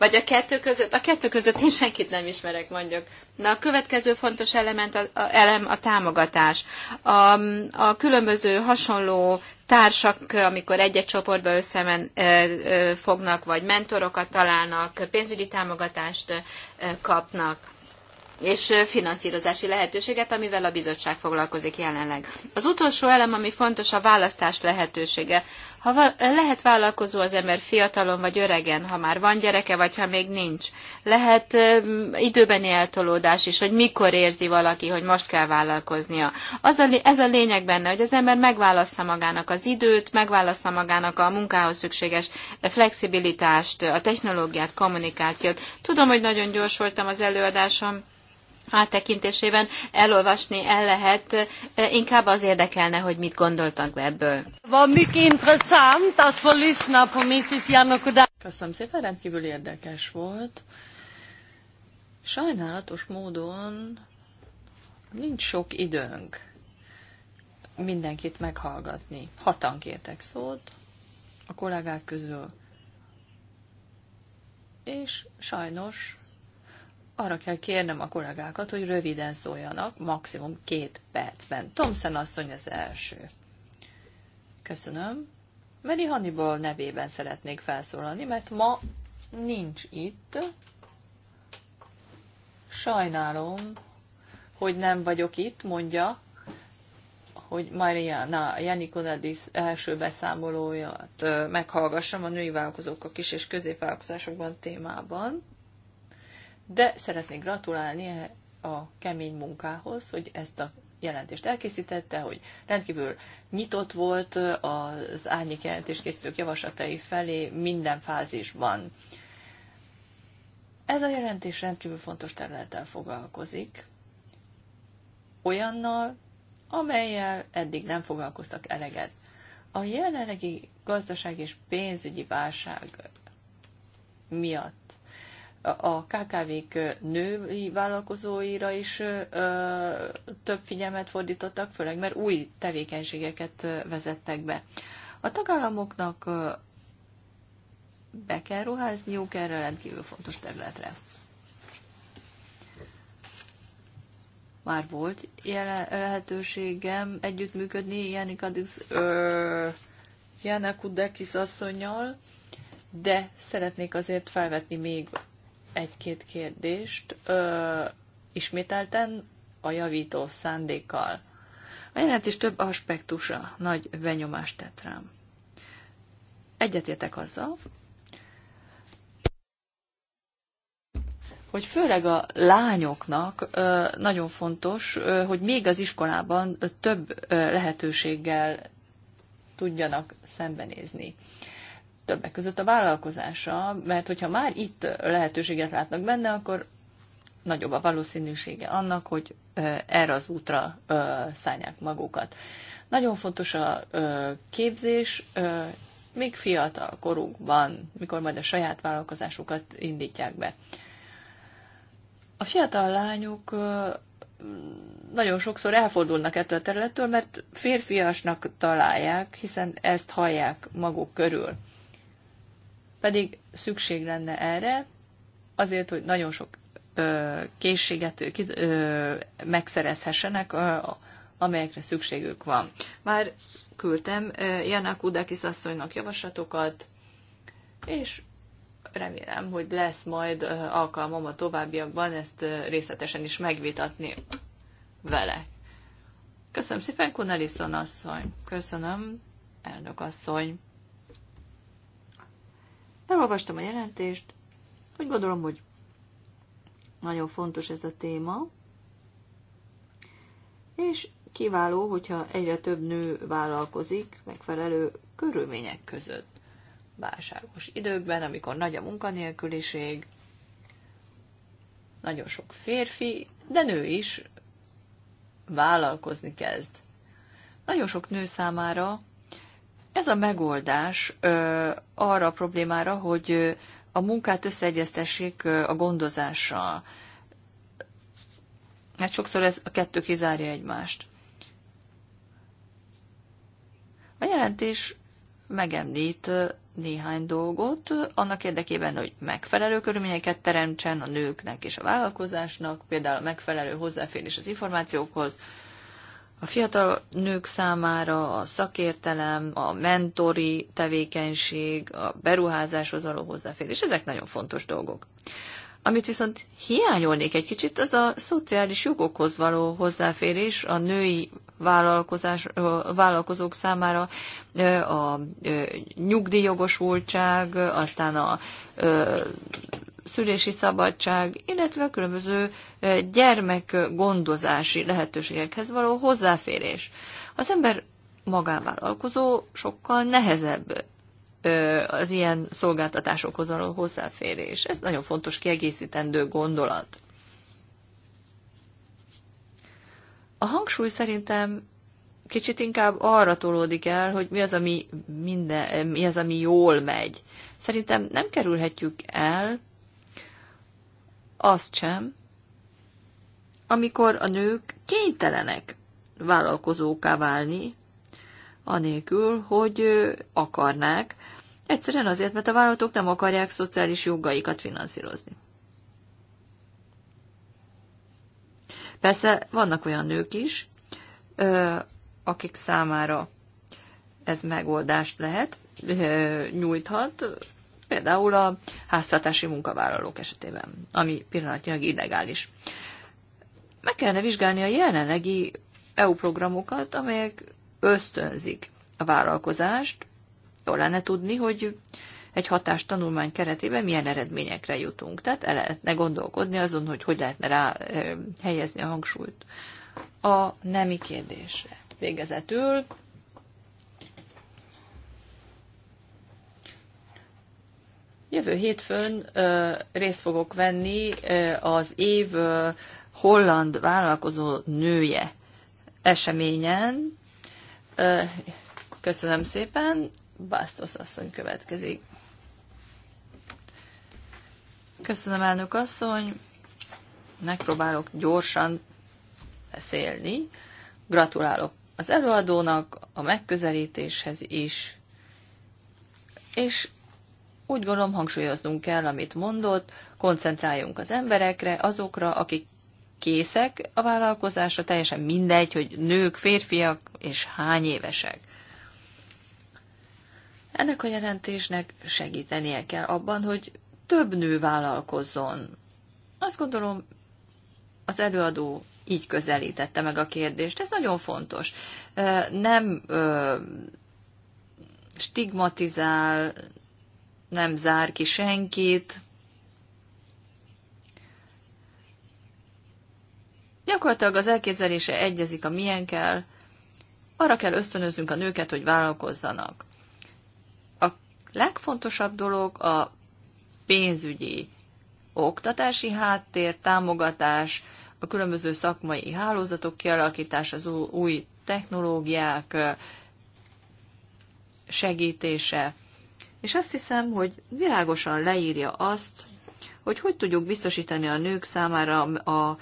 Vagy a kettő között? A kettő között én senkit nem ismerek, mondjuk. Na, a következő fontos element, a, a, elem a támogatás. A, a különböző hasonló társak, amikor egy-egy csoportba összemen fognak, vagy mentorokat találnak, pénzügyi támogatást kapnak és finanszírozási lehetőséget, amivel a bizottság foglalkozik jelenleg. Az utolsó elem, ami fontos, a választás lehetősége. Ha va- lehet vállalkozó az ember fiatalon vagy öregen, ha már van gyereke, vagy ha még nincs. Lehet um, időbeni eltolódás is, hogy mikor érzi valaki, hogy most kell vállalkoznia. Az a, ez a lényeg benne, hogy az ember megválassza magának az időt, megválassza magának a munkához szükséges flexibilitást, a technológiát, kommunikációt. Tudom, hogy nagyon gyors voltam az előadásom áttekintésében elolvasni el lehet, eh, inkább az érdekelne, hogy mit gondoltak ebből. Köszönöm szépen, rendkívül érdekes volt. Sajnálatos módon nincs sok időnk mindenkit meghallgatni. Hatan kértek szót a kollégák közül. És sajnos arra kell kérnem a kollégákat, hogy röviden szóljanak, maximum két percben. Tomszen asszony az első. Köszönöm. Mary Hannibal nevében szeretnék felszólalni, mert ma nincs itt. Sajnálom, hogy nem vagyok itt, mondja, hogy Mariana Janikonadis első beszámolóját meghallgassam a női vállalkozók a kis- és középvállalkozásokban témában de szeretnék gratulálni a kemény munkához, hogy ezt a jelentést elkészítette, hogy rendkívül nyitott volt az árnyék jelentéskészítők javaslatai felé minden fázisban. Ez a jelentés rendkívül fontos területtel foglalkozik, olyannal, amelyel eddig nem foglalkoztak eleget. A jelenlegi gazdaság és pénzügyi válság miatt a KKV-k női vállalkozóira is több figyelmet fordítottak, főleg mert új tevékenységeket vezettek be. A tagállamoknak be kell ruházniuk erre rendkívül fontos területre. Már volt lehetőségem együttműködni Janik Adix Jana Kudakis asszonynal, de szeretnék azért felvetni még egy-két kérdést ö, ismételten a javító szándékkal. A is több aspektusa nagy benyomást tett rám. Egyetértek azzal, hogy főleg a lányoknak nagyon fontos, hogy még az iskolában több lehetőséggel tudjanak szembenézni többek között a vállalkozása, mert hogyha már itt lehetőséget látnak benne, akkor nagyobb a valószínűsége annak, hogy erre az útra szállják magukat. Nagyon fontos a képzés, még fiatal korukban, mikor majd a saját vállalkozásukat indítják be. A fiatal lányok nagyon sokszor elfordulnak ettől a területtől, mert férfiasnak találják, hiszen ezt hallják maguk körül pedig szükség lenne erre, azért, hogy nagyon sok ö, készséget ö, megszerezhessenek, ö, amelyekre szükségük van. Már küldtem Janak Udakis asszonynak javaslatokat, és remélem, hogy lesz majd alkalmam a továbbiakban ezt részletesen is megvitatni vele. Köszönöm szépen, Kunelison asszony. Köszönöm, elnök asszony. Elolvastam a jelentést, úgy gondolom, hogy nagyon fontos ez a téma, és kiváló, hogyha egyre több nő vállalkozik megfelelő körülmények között. Válságos időkben, amikor nagy a munkanélküliség, nagyon sok férfi, de nő is vállalkozni kezd. Nagyon sok nő számára ez a megoldás arra a problémára, hogy a munkát összeegyeztessék a gondozással. Hát sokszor ez a kettő kizárja egymást. A jelentés megemlít néhány dolgot, annak érdekében, hogy megfelelő körülményeket teremtsen a nőknek és a vállalkozásnak, például a megfelelő hozzáférés az információkhoz, a fiatal nők számára a szakértelem, a mentori tevékenység, a beruházáshoz való hozzáférés, ezek nagyon fontos dolgok. Amit viszont hiányolnék egy kicsit, az a szociális jogokhoz való hozzáférés a női vállalkozás, vállalkozók számára, a nyugdíjjogosultság, aztán a szülési szabadság, illetve a különböző gyermekgondozási lehetőségekhez való hozzáférés. Az ember magánvállalkozó sokkal nehezebb az ilyen szolgáltatásokhoz való hozzáférés. Ez nagyon fontos kiegészítendő gondolat. A hangsúly szerintem kicsit inkább arra tolódik el, hogy mi az, ami, minden, mi az, ami jól megy. Szerintem nem kerülhetjük el, azt sem, amikor a nők kénytelenek vállalkozóká válni, anélkül, hogy akarnák, egyszerűen azért, mert a vállalatok nem akarják szociális jogaikat finanszírozni. Persze vannak olyan nők is, akik számára ez megoldást lehet, nyújthat, például a háztartási munkavállalók esetében, ami pillanatnyilag illegális. Meg kellene vizsgálni a jelenlegi EU programokat, amelyek ösztönzik a vállalkozást. Jól lenne tudni, hogy egy hatás tanulmány keretében milyen eredményekre jutunk. Tehát el lehetne gondolkodni azon, hogy hogy lehetne rá helyezni a hangsúlyt a nemi kérdésre. Végezetül Jövő hétfőn részt fogok venni az év holland vállalkozó nője eseményen. Köszönöm szépen, Bastos asszony következik. Köszönöm, elnök asszony. Megpróbálok gyorsan beszélni. Gratulálok az előadónak, a megközelítéshez is, és úgy gondolom hangsúlyoznunk kell, amit mondott, koncentráljunk az emberekre, azokra, akik készek a vállalkozásra, teljesen mindegy, hogy nők, férfiak és hány évesek. Ennek a jelentésnek segítenie kell abban, hogy több nő vállalkozzon. Azt gondolom, az előadó így közelítette meg a kérdést. Ez nagyon fontos. Nem stigmatizál, nem zár ki senkit. Gyakorlatilag az elképzelése egyezik a milyenkel, arra kell ösztönöznünk a nőket, hogy vállalkozzanak. A legfontosabb dolog a pénzügyi oktatási háttér, támogatás, a különböző szakmai hálózatok kialakítása, az új technológiák segítése és azt hiszem, hogy világosan leírja azt, hogy hogy tudjuk biztosítani a nők számára a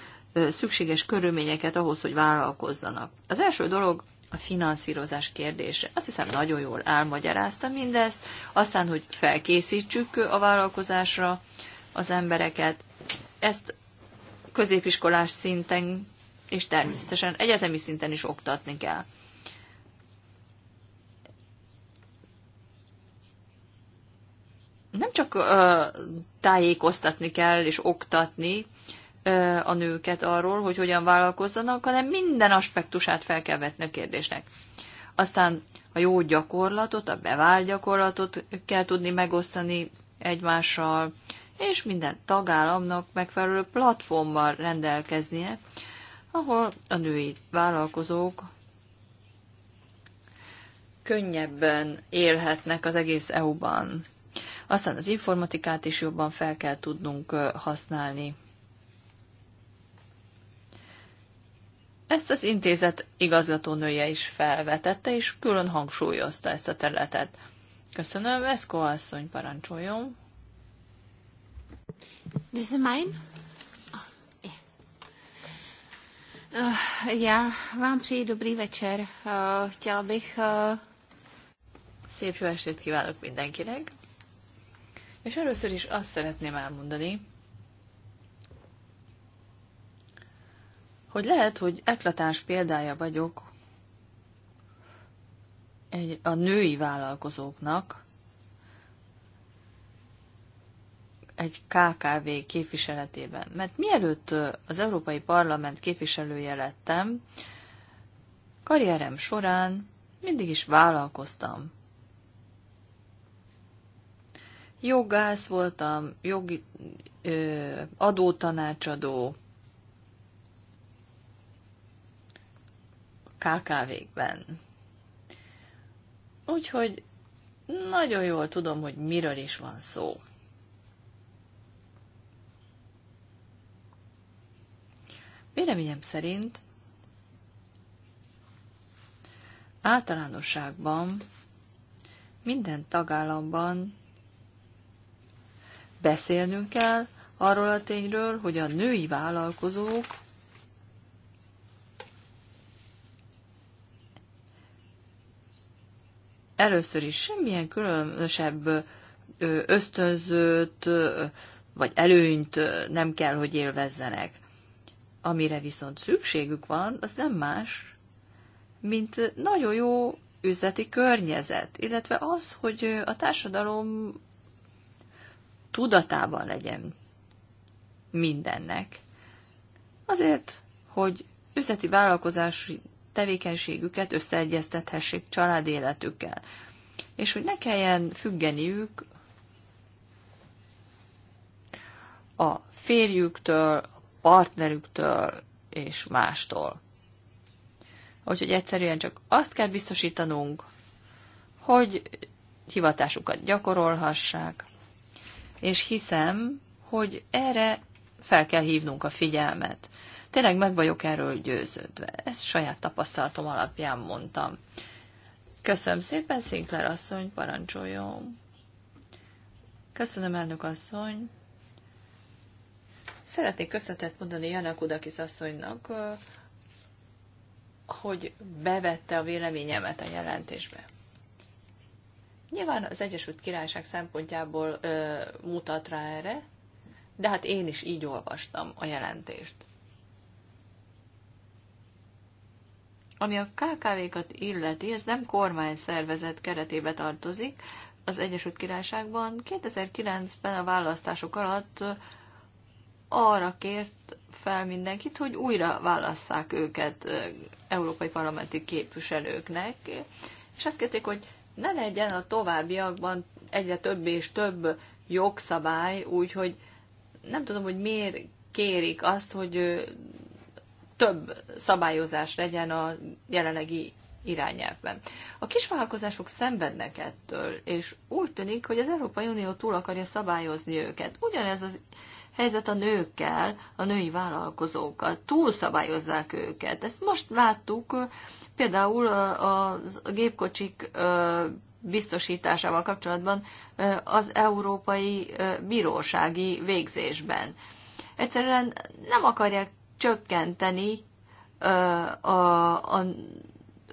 szükséges körülményeket ahhoz, hogy vállalkozzanak. Az első dolog a finanszírozás kérdése. Azt hiszem, nagyon jól elmagyarázta mindezt, aztán, hogy felkészítsük a vállalkozásra az embereket. Ezt középiskolás szinten és természetesen egyetemi szinten is oktatni kell. nem csak ö, tájékoztatni kell és oktatni ö, a nőket arról, hogy hogyan vállalkozzanak, hanem minden aspektusát fel kell vetni a kérdésnek. Aztán a jó gyakorlatot, a bevált gyakorlatot kell tudni megosztani egymással, és minden tagállamnak megfelelő platformmal rendelkeznie, ahol a női vállalkozók könnyebben élhetnek az egész EU-ban. Aztán az informatikát is jobban fel kell tudnunk használni. Ezt az intézet igazgatónője is felvetette, és külön hangsúlyozta ezt a területet. Köszönöm, Eszko asszony, parancsoljon. This is mine? Ah, eh, já vám přeji dobrý večer. Eh, chtěla bych... Eh, Szép jó estét kívánok mindenkinek. És először is azt szeretném elmondani, hogy lehet, hogy eklatás példája vagyok egy, a női vállalkozóknak, egy KKV képviseletében. Mert mielőtt az Európai Parlament képviselője lettem, karrierem során mindig is vállalkoztam jogász voltam, jogi ö, adótanácsadó KKV-kben. Úgyhogy nagyon jól tudom, hogy miről is van szó. Véleményem szerint általánosságban minden tagállamban beszélnünk kell arról a tényről, hogy a női vállalkozók először is semmilyen különösebb ösztönzőt vagy előnyt nem kell, hogy élvezzenek. Amire viszont szükségük van, az nem más, mint nagyon jó üzleti környezet, illetve az, hogy a társadalom tudatában legyen mindennek. Azért, hogy üzleti vállalkozási tevékenységüket összeegyeztethessék család életükkel, és hogy ne kelljen függeniük a férjüktől, a partnerüktől és mástól. Úgyhogy egyszerűen csak azt kell biztosítanunk, hogy hivatásukat gyakorolhassák, és hiszem, hogy erre fel kell hívnunk a figyelmet. Tényleg meg vagyok erről győződve. Ezt saját tapasztalatom alapján mondtam. Köszönöm szépen, Szinkler asszony, parancsoljon. Köszönöm, elnök asszony. Szeretnék köszönetet mondani Janak Udakis asszonynak, hogy bevette a véleményemet a jelentésbe. Nyilván az Egyesült Királyság szempontjából ö, mutat rá erre, de hát én is így olvastam a jelentést. Ami a KKV-kat illeti, ez nem kormányszervezet keretébe tartozik. Az Egyesült Királyságban 2009-ben a választások alatt arra kért fel mindenkit, hogy újra válasszák őket európai parlamenti képviselőknek, és azt kérték, hogy ne legyen a továbbiakban egyre több és több jogszabály, úgyhogy nem tudom, hogy miért kérik azt, hogy több szabályozás legyen a jelenlegi irányelvben. A kisvállalkozások szenvednek ettől, és úgy tűnik, hogy az Európai Unió túl akarja szabályozni őket. Ugyanez az helyzet a nőkkel, a női vállalkozókkal. Túl szabályozzák őket. Ezt most láttuk Például a gépkocsik biztosításával kapcsolatban az Európai Bírósági Végzésben. Egyszerűen nem akarják csökkenteni a, a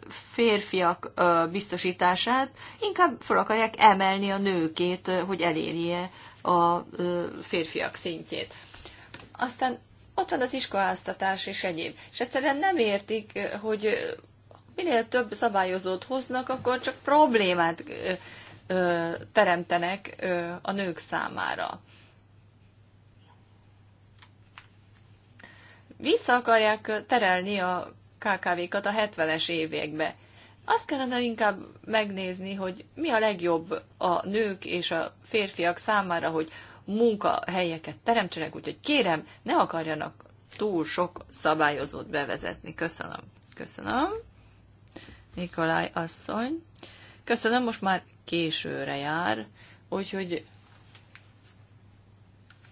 férfiak biztosítását, inkább fel akarják emelni a nőkét, hogy elérje a férfiak szintjét. Aztán ott van az iskoláztatás és egyéb. És egyszerűen nem értik, hogy minél több szabályozót hoznak, akkor csak problémát teremtenek a nők számára. Vissza akarják terelni a KKV-kat a 70-es évekbe. Azt kellene inkább megnézni, hogy mi a legjobb a nők és a férfiak számára, hogy munkahelyeket teremtsenek, úgyhogy kérem, ne akarjanak túl sok szabályozót bevezetni. Köszönöm. Köszönöm. Nikolaj asszony. Köszönöm, most már későre jár, úgyhogy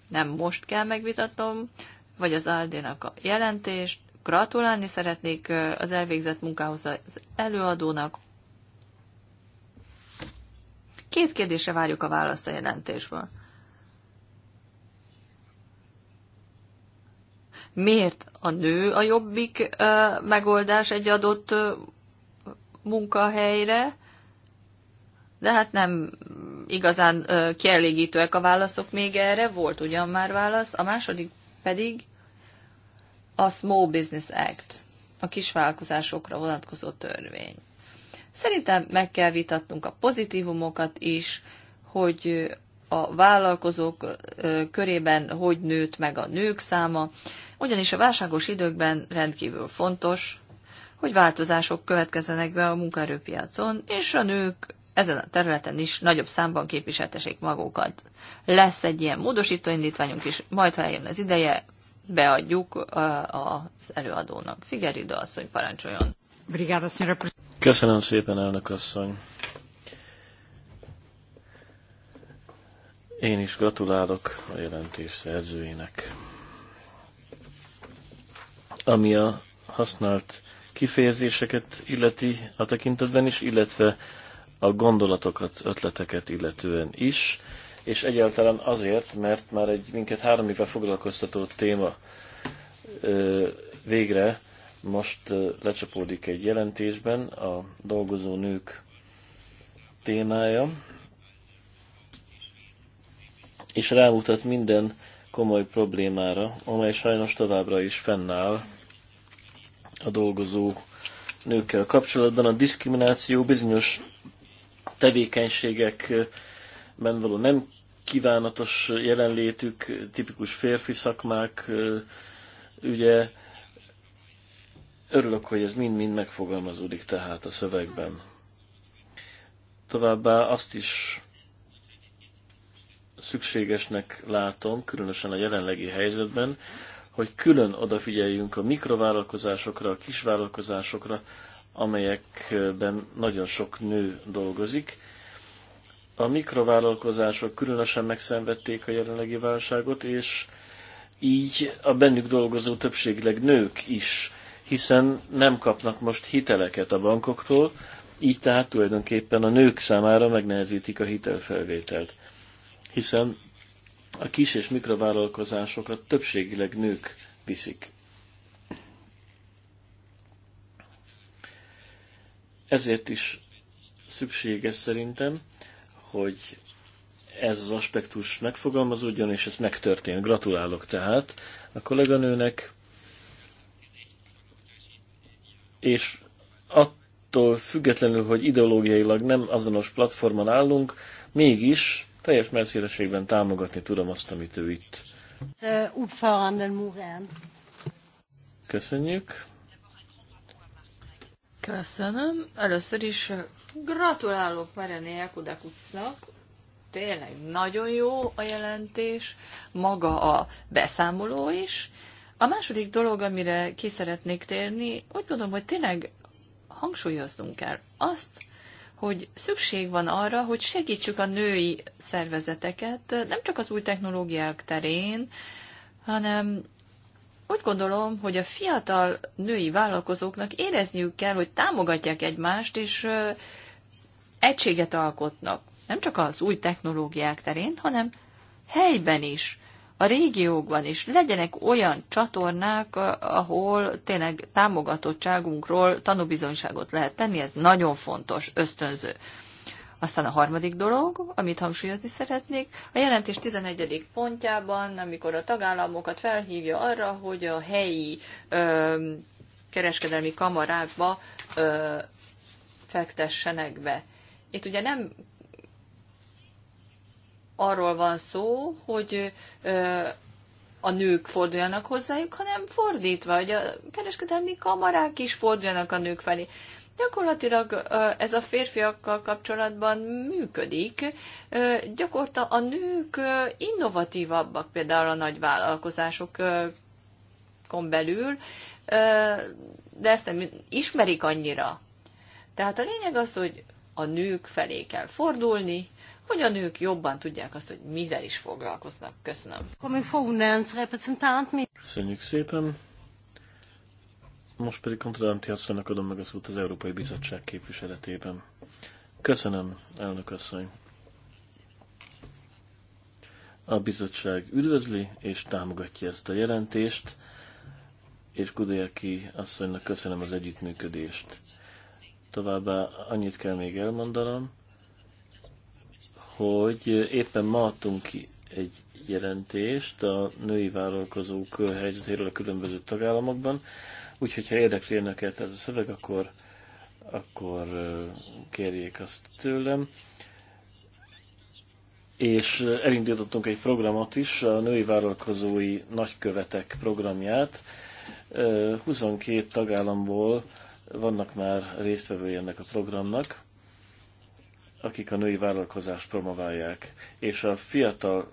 nem most kell megvitatnom, vagy az Aldénak a jelentést. Gratulálni szeretnék az elvégzett munkához az előadónak. Két kérdésre várjuk a választ a jelentésből. Miért a nő a jobbik megoldás egy adott munkahelyre, de hát nem igazán kielégítőek a válaszok még erre, volt ugyan már válasz. A második pedig a Small Business Act, a kisvállalkozásokra vonatkozó törvény. Szerintem meg kell vitatnunk a pozitívumokat is, hogy a vállalkozók körében hogy nőtt meg a nők száma, ugyanis a válságos időkben rendkívül fontos, hogy változások következzenek be a munkaerőpiacon, és a nők ezen a területen is nagyobb számban képviseltesék magukat. Lesz egy ilyen módosító indítványunk is, majd ha eljön az ideje, beadjuk az előadónak. Figyelj ide, asszony, parancsoljon! Köszönöm szépen, elnök asszony! Én is gratulálok a jelentés szerzőjének. Ami a használt kifejezéseket illeti a tekintetben is, illetve a gondolatokat, ötleteket illetően is, és egyáltalán azért, mert már egy minket három évvel foglalkoztató téma végre most lecsapódik egy jelentésben a dolgozó nők témája, és rámutat minden komoly problémára, amely sajnos továbbra is fennáll a dolgozó nőkkel kapcsolatban. A diszkrimináció bizonyos tevékenységekben való nem kívánatos jelenlétük, tipikus férfi szakmák, ugye örülök, hogy ez mind-mind megfogalmazódik tehát a szövegben. Továbbá azt is szükségesnek látom, különösen a jelenlegi helyzetben, hogy külön odafigyeljünk a mikrovállalkozásokra, a kisvállalkozásokra, amelyekben nagyon sok nő dolgozik. A mikrovállalkozások különösen megszenvedték a jelenlegi válságot, és így a bennük dolgozó többségleg nők is, hiszen nem kapnak most hiteleket a bankoktól, így tehát tulajdonképpen a nők számára megnehezítik a hitelfelvételt. Hiszen a kis és mikrovállalkozásokat többségileg nők viszik. Ezért is szükséges szerintem, hogy ez az aspektus megfogalmazódjon, és ez megtörtént. Gratulálok tehát a kolléganőnek, és attól függetlenül, hogy ideológiailag nem azonos platformon állunk, mégis teljes messzélességben támogatni tudom azt, amit ő itt. Köszönjük. Köszönöm. Először is gratulálok Marené Jakudakucnak. Tényleg nagyon jó a jelentés, maga a beszámoló is. A második dolog, amire ki szeretnék térni, úgy gondolom, hogy tényleg hangsúlyoznunk kell azt, hogy szükség van arra, hogy segítsük a női szervezeteket, nem csak az új technológiák terén, hanem úgy gondolom, hogy a fiatal női vállalkozóknak érezniük kell, hogy támogatják egymást, és egységet alkotnak. Nem csak az új technológiák terén, hanem helyben is a régiókban is legyenek olyan csatornák, ahol tényleg támogatottságunkról tanúbizonyságot lehet tenni, ez nagyon fontos, ösztönző. Aztán a harmadik dolog, amit hangsúlyozni szeretnék, a jelentés 11. pontjában, amikor a tagállamokat felhívja arra, hogy a helyi ö, kereskedelmi kamarákba ö, fektessenek be. Itt ugye nem arról van szó, hogy a nők forduljanak hozzájuk, hanem fordítva, hogy a kereskedelmi kamarák is forduljanak a nők felé. Gyakorlatilag ez a férfiakkal kapcsolatban működik. Gyakorta a nők innovatívabbak, például a nagy vállalkozásokon belül, de ezt nem ismerik annyira. Tehát a lényeg az, hogy a nők felé kell fordulni, hogy a nők jobban tudják azt, hogy mivel is foglalkoznak. Köszönöm. Köszönjük szépen. Most pedig Kontradanti asszonynak adom meg a szót az Európai Bizottság képviseletében. Köszönöm, elnök asszony. A bizottság üdvözli és támogatja ezt a jelentést, és Kudelki asszonynak köszönöm az együttműködést. Továbbá annyit kell még elmondanom, hogy éppen ma adtunk ki egy jelentést a női vállalkozók helyzetéről a különböző tagállamokban, úgyhogy ha érdekli önöket ez a szöveg, akkor, akkor kérjék azt tőlem. És elindítottunk egy programot is, a női vállalkozói nagykövetek programját. 22 tagállamból vannak már résztvevői ennek a programnak, akik a női vállalkozást promoválják, és a fiatal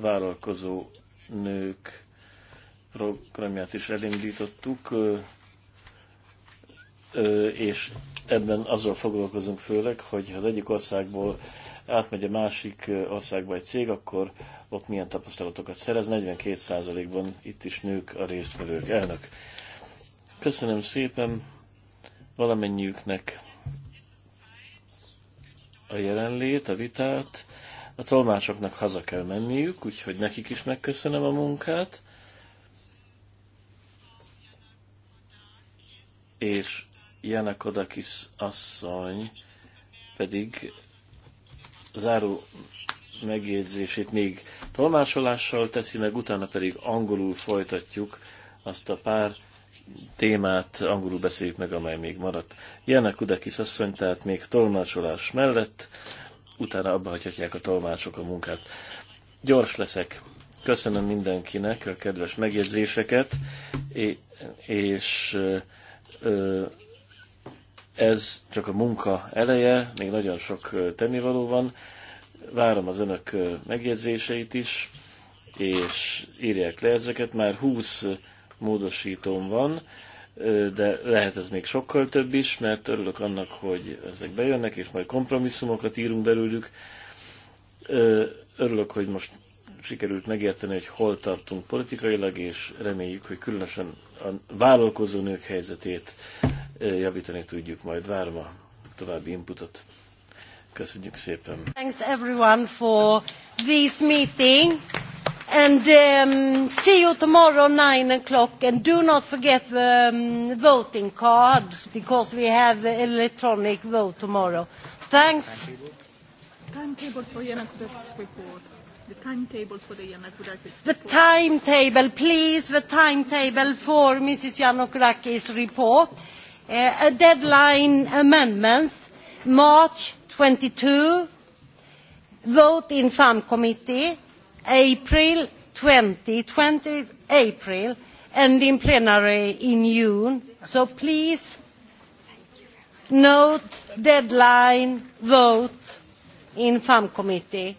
vállalkozó nők programját is elindítottuk, és ebben azzal foglalkozunk főleg, hogy ha az egyik országból átmegy a másik országba egy cég, akkor ott milyen tapasztalatokat szerez. 42%-ban itt is nők a résztvevők. Elnök, köszönöm szépen valamennyiüknek a jelenlét, a vitát. A tolmácsoknak haza kell menniük, úgyhogy nekik is megköszönöm a munkát. És Jana Odakis asszony pedig záró megjegyzését még tolmásolással teszi meg, utána pedig angolul folytatjuk azt a pár témát angolul beszéljük meg, amely még maradt. Jana Kudekis asszony, tehát még tolmácsolás mellett, utána abba hagyhatják a tolmácsok a munkát. Gyors leszek. Köszönöm mindenkinek a kedves megjegyzéseket, és ez csak a munka eleje, még nagyon sok tennivaló van. Várom az önök megjegyzéseit is, és írják le ezeket. Már 20 módosítón van, de lehet ez még sokkal több is, mert örülök annak, hogy ezek bejönnek, és majd kompromisszumokat írunk belőlük. Örülök, hogy most sikerült megérteni, hogy hol tartunk politikailag, és reméljük, hogy különösen a vállalkozó nők helyzetét javítani tudjuk majd. várva további inputot. Köszönjük szépen. Thanks everyone for this meeting. And um, see you tomorrow, 9 o'clock. And do not forget the um, voting cards, because we have electronic vote tomorrow. Thanks. Timetable for Yanakudakis report. The timetable for the Yanakudakis report. The timetable, please, the timetable for Mrs. Yanakudakis report. Uh, a deadline amendments, March 22, vote in farm committee, April 20, 20 April, and in plenary in June. So please note, deadline, vote in FAM committee.